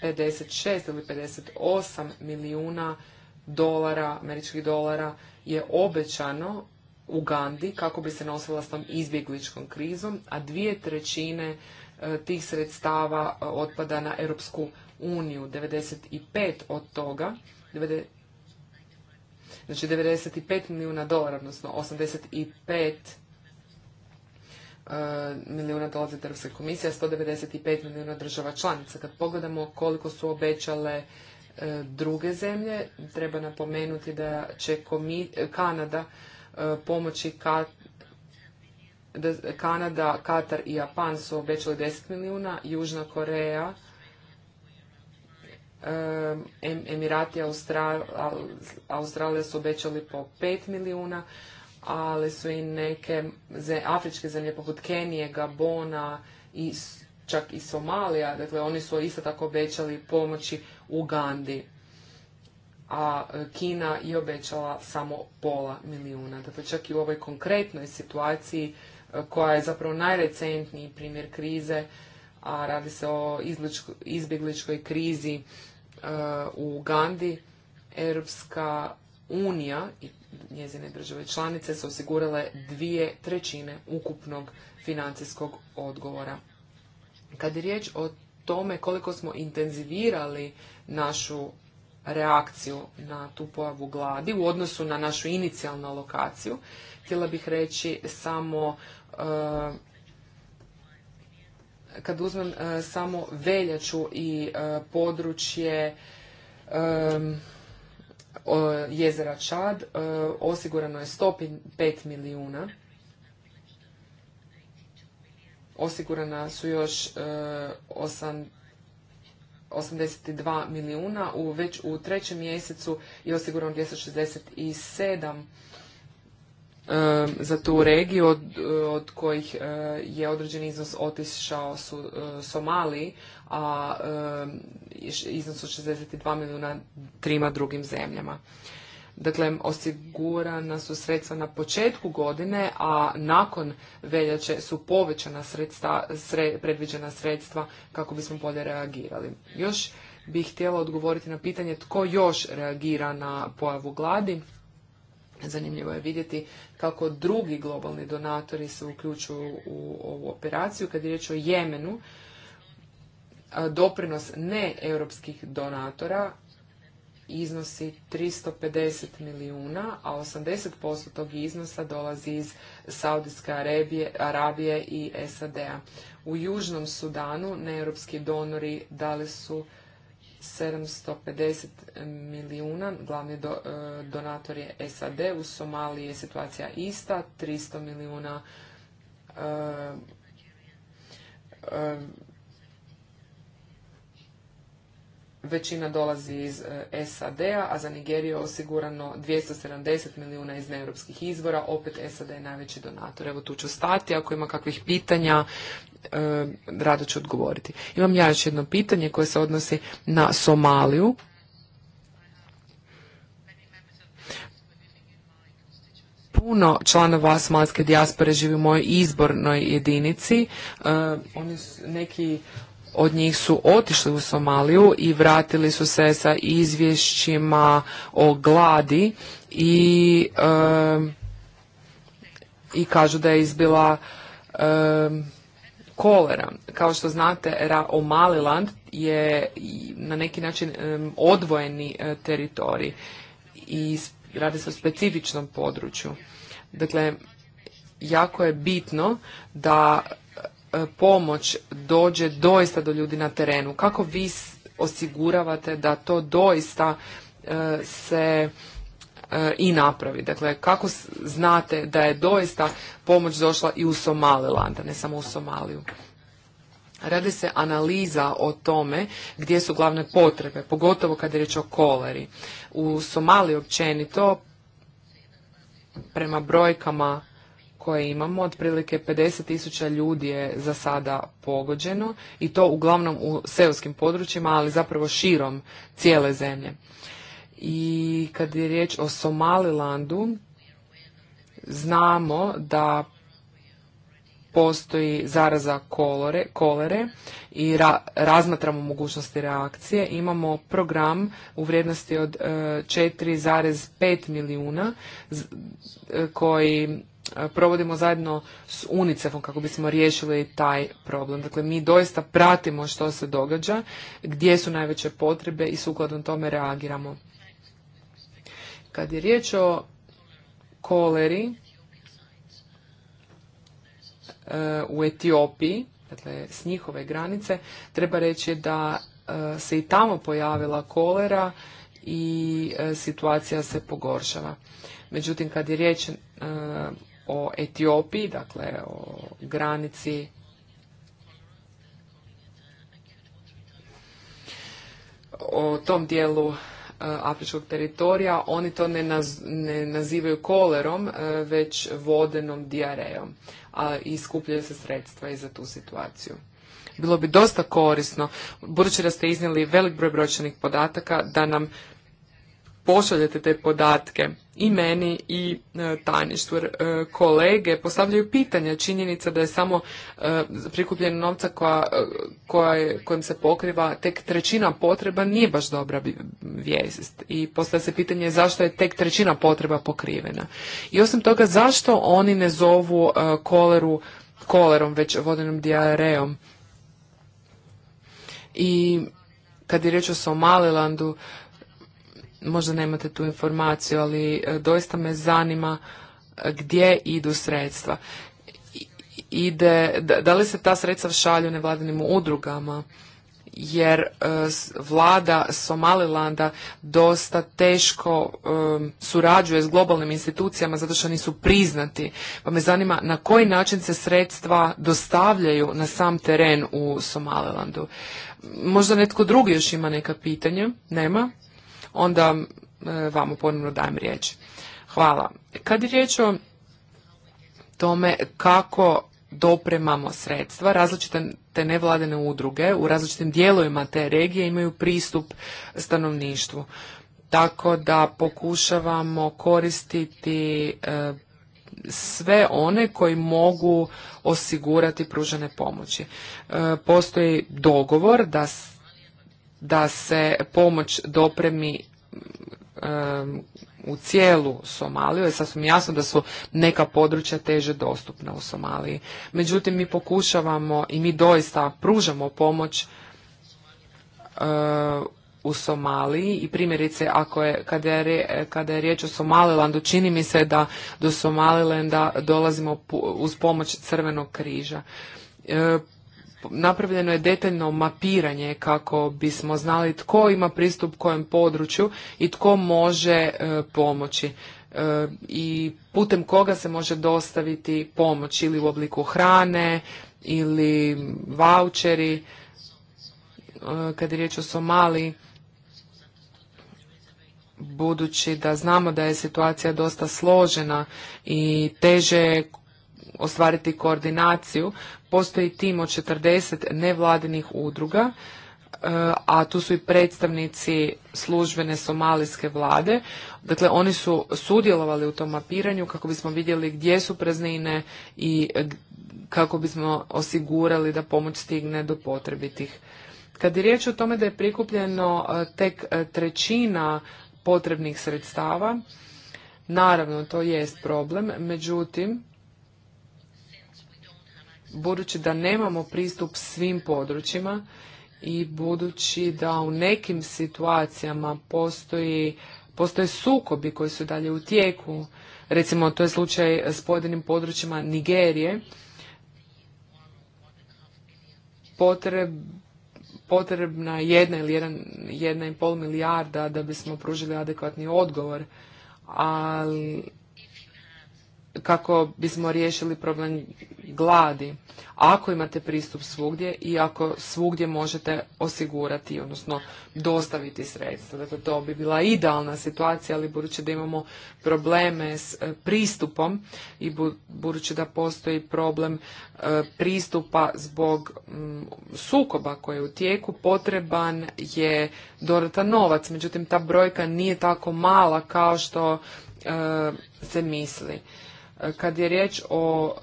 56 ili 58 milijuna dolara, američkih dolara je obećano u Gandhi kako bi se nosila s tom izbjegličkom krizom, a dvije trećine e, tih sredstava e, otpada na Europsku uniju, 95 od toga, znači 95 milijuna dolara, odnosno 85 e, milijuna dolazi Europske komisije, a 195 milijuna država članica. Kad pogledamo koliko su obećale E, druge zemlje. Treba napomenuti da će Kanada e, pomoći Kanada, Katar i Japan su obećali 10 milijuna, Južna Koreja, e, Emirati, Austral, Australija su obećali po 5 milijuna, ali su i neke afričke zemlje poput Kenije, Gabona i čak i Somalija, dakle oni su isto tako obećali pomoći u Ugandi, a e, Kina je obećala samo pola milijuna. Dakle, čak i u ovoj konkretnoj situaciji e, koja je zapravo najrecentniji primjer krize, a radi se o izbjegličkoj krizi e, u Ugandi, Europska unija i njezine države članice su osigurale dvije trećine ukupnog financijskog odgovora. Kad je riječ o tome koliko smo intenzivirali našu reakciju na tu pojavu gladi u odnosu na našu inicijalnu lokaciju, htjela bih reći samo e, kad uzmem e, samo veljaču i e, područje jezera Čad osigurano je 105 milijuna osigurana su još 82 e, milijuna, već u trećem mjesecu je osigurano 267 e, za tu regiju, od, kojih e, je određen iznos otišao su Somaliji, a iznos od 62 milijuna trima drugim zemljama. Dakle, osigurana su sredstva na početku godine, a nakon veljače su povećana sredstva, predviđena sredstva kako bismo bolje reagirali. Još bih htjela odgovoriti na pitanje tko još reagira na pojavu gladi. Zanimljivo je vidjeti kako drugi globalni donatori se uključuju u ovu operaciju. Kad je riječ o Jemenu, doprinos europskih donatora iznosi 350 milijuna, a 80% tog iznosa dolazi iz Saudijske Arabije, i SAD-a. U Južnom Sudanu neeuropski donori dali su 750 milijuna, glavni do, e, donator je SAD, u Somaliji je situacija ista, 300 milijuna e, e, većina dolazi iz eh, SAD-a, a za Nigeriju je osigurano 270 milijuna iz europskih izvora, opet SAD je najveći donator. Evo tu ću stati, ako ima kakvih pitanja, eh, rado ću odgovoriti. Imam ja još jedno pitanje koje se odnosi na Somaliju. puno članova Somalijske dijaspore živi u mojoj izbornoj jedinici. Eh, oni su, neki od njih su otišli u Somaliju i vratili su se sa izvješćima o gladi i, i kažu da je izbila kolera. Kao što znate, Omaliland je na neki način odvojeni e, teritorij i radi se o specifičnom području. Dakle, jako je bitno da E, pomoć dođe doista do ljudi na terenu? Kako vi osiguravate da to doista e, se e, i napravi. Dakle, kako znate da je doista pomoć došla i u Somaliland, ne samo u Somaliju? Radi se analiza o tome gdje su glavne potrebe, pogotovo kad je reč o koleri. U Somaliji općenito, prema brojkama koje imamo, otprilike 50 tisuća ljudi je za sada pogođeno i to uglavnom u seoskim područjima, ali zapravo širom cijele zemlje. I kad je riječ o Somalilandu, znamo da postoji zaraza kolore, kolere i razmatramo mogućnosti reakcije. Imamo program u vrijednosti od 4,5 e, milijuna e, koji provodimo zajedno s UNICEF-om kako bismo riješili taj problem. Dakle, mi doista pratimo što se događa, gdje su najveće potrebe i sukladno tome reagiramo. Kad je riječ o koleri e, u Etiopiji, dakle s njihove granice, treba reći da e, se i tamo pojavila kolera i e, situacija se pogoršava. Međutim, kad je riječ o Etiopiji, dakle o granici o tom dijelu e, afričkog teritorija, oni to ne, nazivaju kolerom, e, već vodenom dijarejom a, i skupljaju se sredstva i za tu situaciju. Bilo bi dosta korisno, budući da ste iznijeli velik broj brojčanih podataka, da nam pošaljete te podatke i meni i e, tajništvu. E, kolege postavljaju pitanja činjenica da je samo e, novca e, koja, je, kojim se pokriva tek trećina potreba nije baš dobra vijest. I postavlja se pitanje zašto je tek trećina potreba pokrivena. I osim toga zašto oni ne zovu e, koleru kolerom, već vodenom diarejom. I kad je riječ o Somalilandu, možda nemate tu informaciju, ali e, doista me zanima e, gdje idu sredstva. Ide, da li se ta sredstva šalju nevladinim udrugama? jer e, vlada Somalilanda dosta teško surađuje s globalnim institucijama zato što nisu priznati. Pa me zanima na koji način se sredstva dostavljaju na sam teren u Somalilandu. Možda netko drugi još ima neka pitanja? Nema? onda e, vam ponovno dajem riječ. Hvala. Kad je riječ o tome kako dopremamo sredstva, različite te nevladene udruge u različitim dijelovima te regije imaju pristup stanovništvu. Tako da pokušavamo koristiti e, sve one koji mogu osigurati pružene pomoći. E, postoji dogovor da da se pomoć dopremi u cijelu Somaliju, je sasvim jasno da su neka područja teže dostupna u Somaliji. Međutim, mi pokušavamo i mi doista pružamo pomoć eh, u Somaliji i primjerice ako je, kada, je, kada je riječ o Somalilandu, čini mi se da do Somalilanda dolazimo uz pomoć Crvenog križa. Eh, napravljeno je detaljno mapiranje kako bismo znali tko ima pristup kojem području i tko može e, pomoći e, i putem koga se može dostaviti pomoć ili u obliku hrane ili vaučeri e, kad je riječ o Somali, budući da znamo da je situacija dosta složena i teže ostvariti koordinaciju. Postoji tim od 40 nevladinih udruga, e, a tu su i predstavnici službene somalijske vlade. Dakle, oni su sudjelovali u tom mapiranju kako bismo vidjeli gdje su praznine i kako bismo osigurali da pomoć stigne do potrebitih. Kad je riječ o tome da je prikupljeno e, tek e, trećina potrebnih sredstava, naravno to jest problem, međutim budući da nemamo pristup svim područjima i budući da u nekim situacijama postoji, postoje sukobi koji su dalje u tijeku, recimo to je slučaj s pojedinim područjima Nigerije, potreb, potrebna jedna ili jedan, jedna i pol milijarda da bismo pružili adekvatni odgovor, ali kako bismo riješili problem gladi. Ako imate pristup svugdje i ako svugdje možete osigurati, odnosno dostaviti sredstva. Dakle, to bi bila idealna situacija, ali budući da imamo probleme s e, pristupom i budući da postoji problem e, pristupa zbog sukoba koji je u tijeku, potreban je dodatan novac. Međutim, ta brojka nije tako mala kao što e, se misli. Kad je riječ o,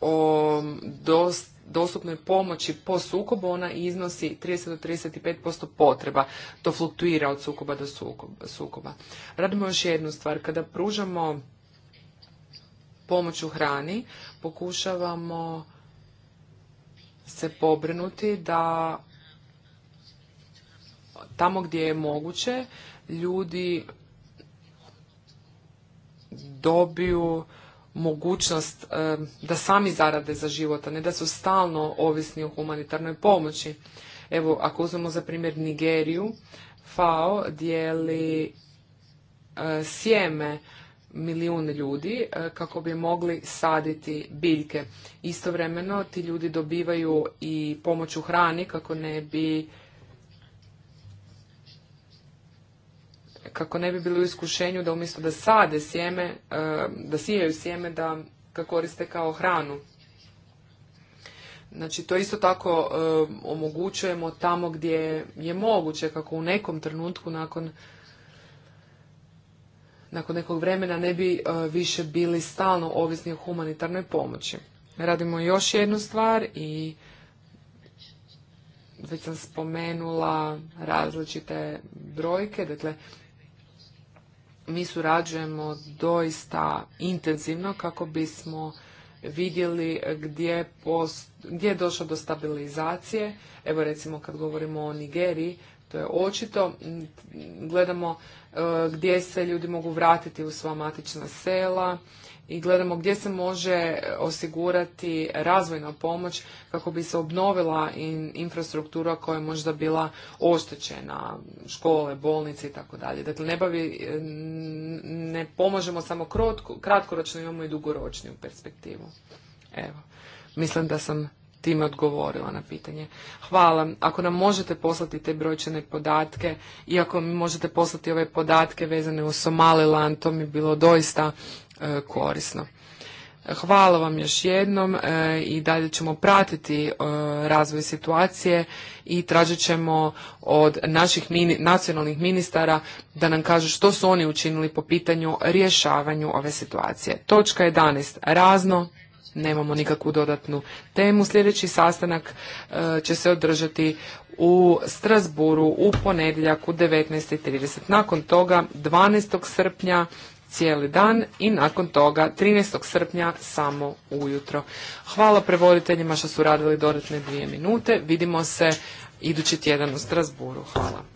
o dost dostupnoj pomoći po sukobu, ona iznosi 30 do 35% potreba. To fluktuira od sukoba do sukoba. Radimo još jednu stvar. Kada pružamo pomoć u hrani, pokušavamo se pobrinuti da tamo gdje je moguće ljudi dobiju mogućnost e, da sami zarade za život, a ne da su stalno ovisni o humanitarnoj pomoći. Evo, ako uzmemo za primjer Nigeriju, FAO dijeli e, sjeme milijun ljudi e, kako bi mogli saditi biljke. Istovremeno ti ljudi dobivaju i pomoć u hrani kako ne bi kako ne bi bili u iskušenju da umjesto da sade sjeme, e, da sijaju sjeme da ga koriste kao hranu. Znači to isto tako e, omogućujemo tamo gdje je moguće kako u nekom trenutku nakon nakon nekog vremena ne bi e, više bili stalno ovisni o humanitarnoj pomoći. Radimo još jednu stvar i već sam spomenula različite brojke, dakle mi surađujemo doista intenzivno kako bismo vidjeli gdje, post, gdje je došlo do stabilizacije. Evo recimo kad govorimo o Nigeriji, to je očito. Gledamo e, gdje se ljudi mogu vratiti u sva matična sela, i gledamo gdje se može osigurati razvojna pomoć kako bi se obnovila infrastruktura koja je možda bila oštećena, škole, bolnice i tako dalje. Dakle, ne, bavi, ne pomažemo samo kratkoročno, imamo i dugoročniju perspektivu. Evo, mislim da sam time odgovorila na pitanje. Hvala. Ako nam možete poslati te brojčane podatke i ako mi možete poslati ove podatke vezane u Somaliland, to mi bilo doista E, korisno. Hvala vam još jednom e, i dalje ćemo pratiti e, razvoj situacije i tražit ćemo od naših nacionalnih ministara da nam kažu što su oni učinili po pitanju rješavanju ove situacije. Točka 11. Razno. Nemamo nikakvu dodatnu temu. Sljedeći sastanak će se održati u Strasburu u ponedjeljak u 19.30. Nakon toga 12. srpnja cijeli dan i nakon toga 13. srpnja samo ujutro. Hvala prevoditeljima što su radili dodatne dvije minute. Vidimo se idući tjedan u Strasburu. Hvala.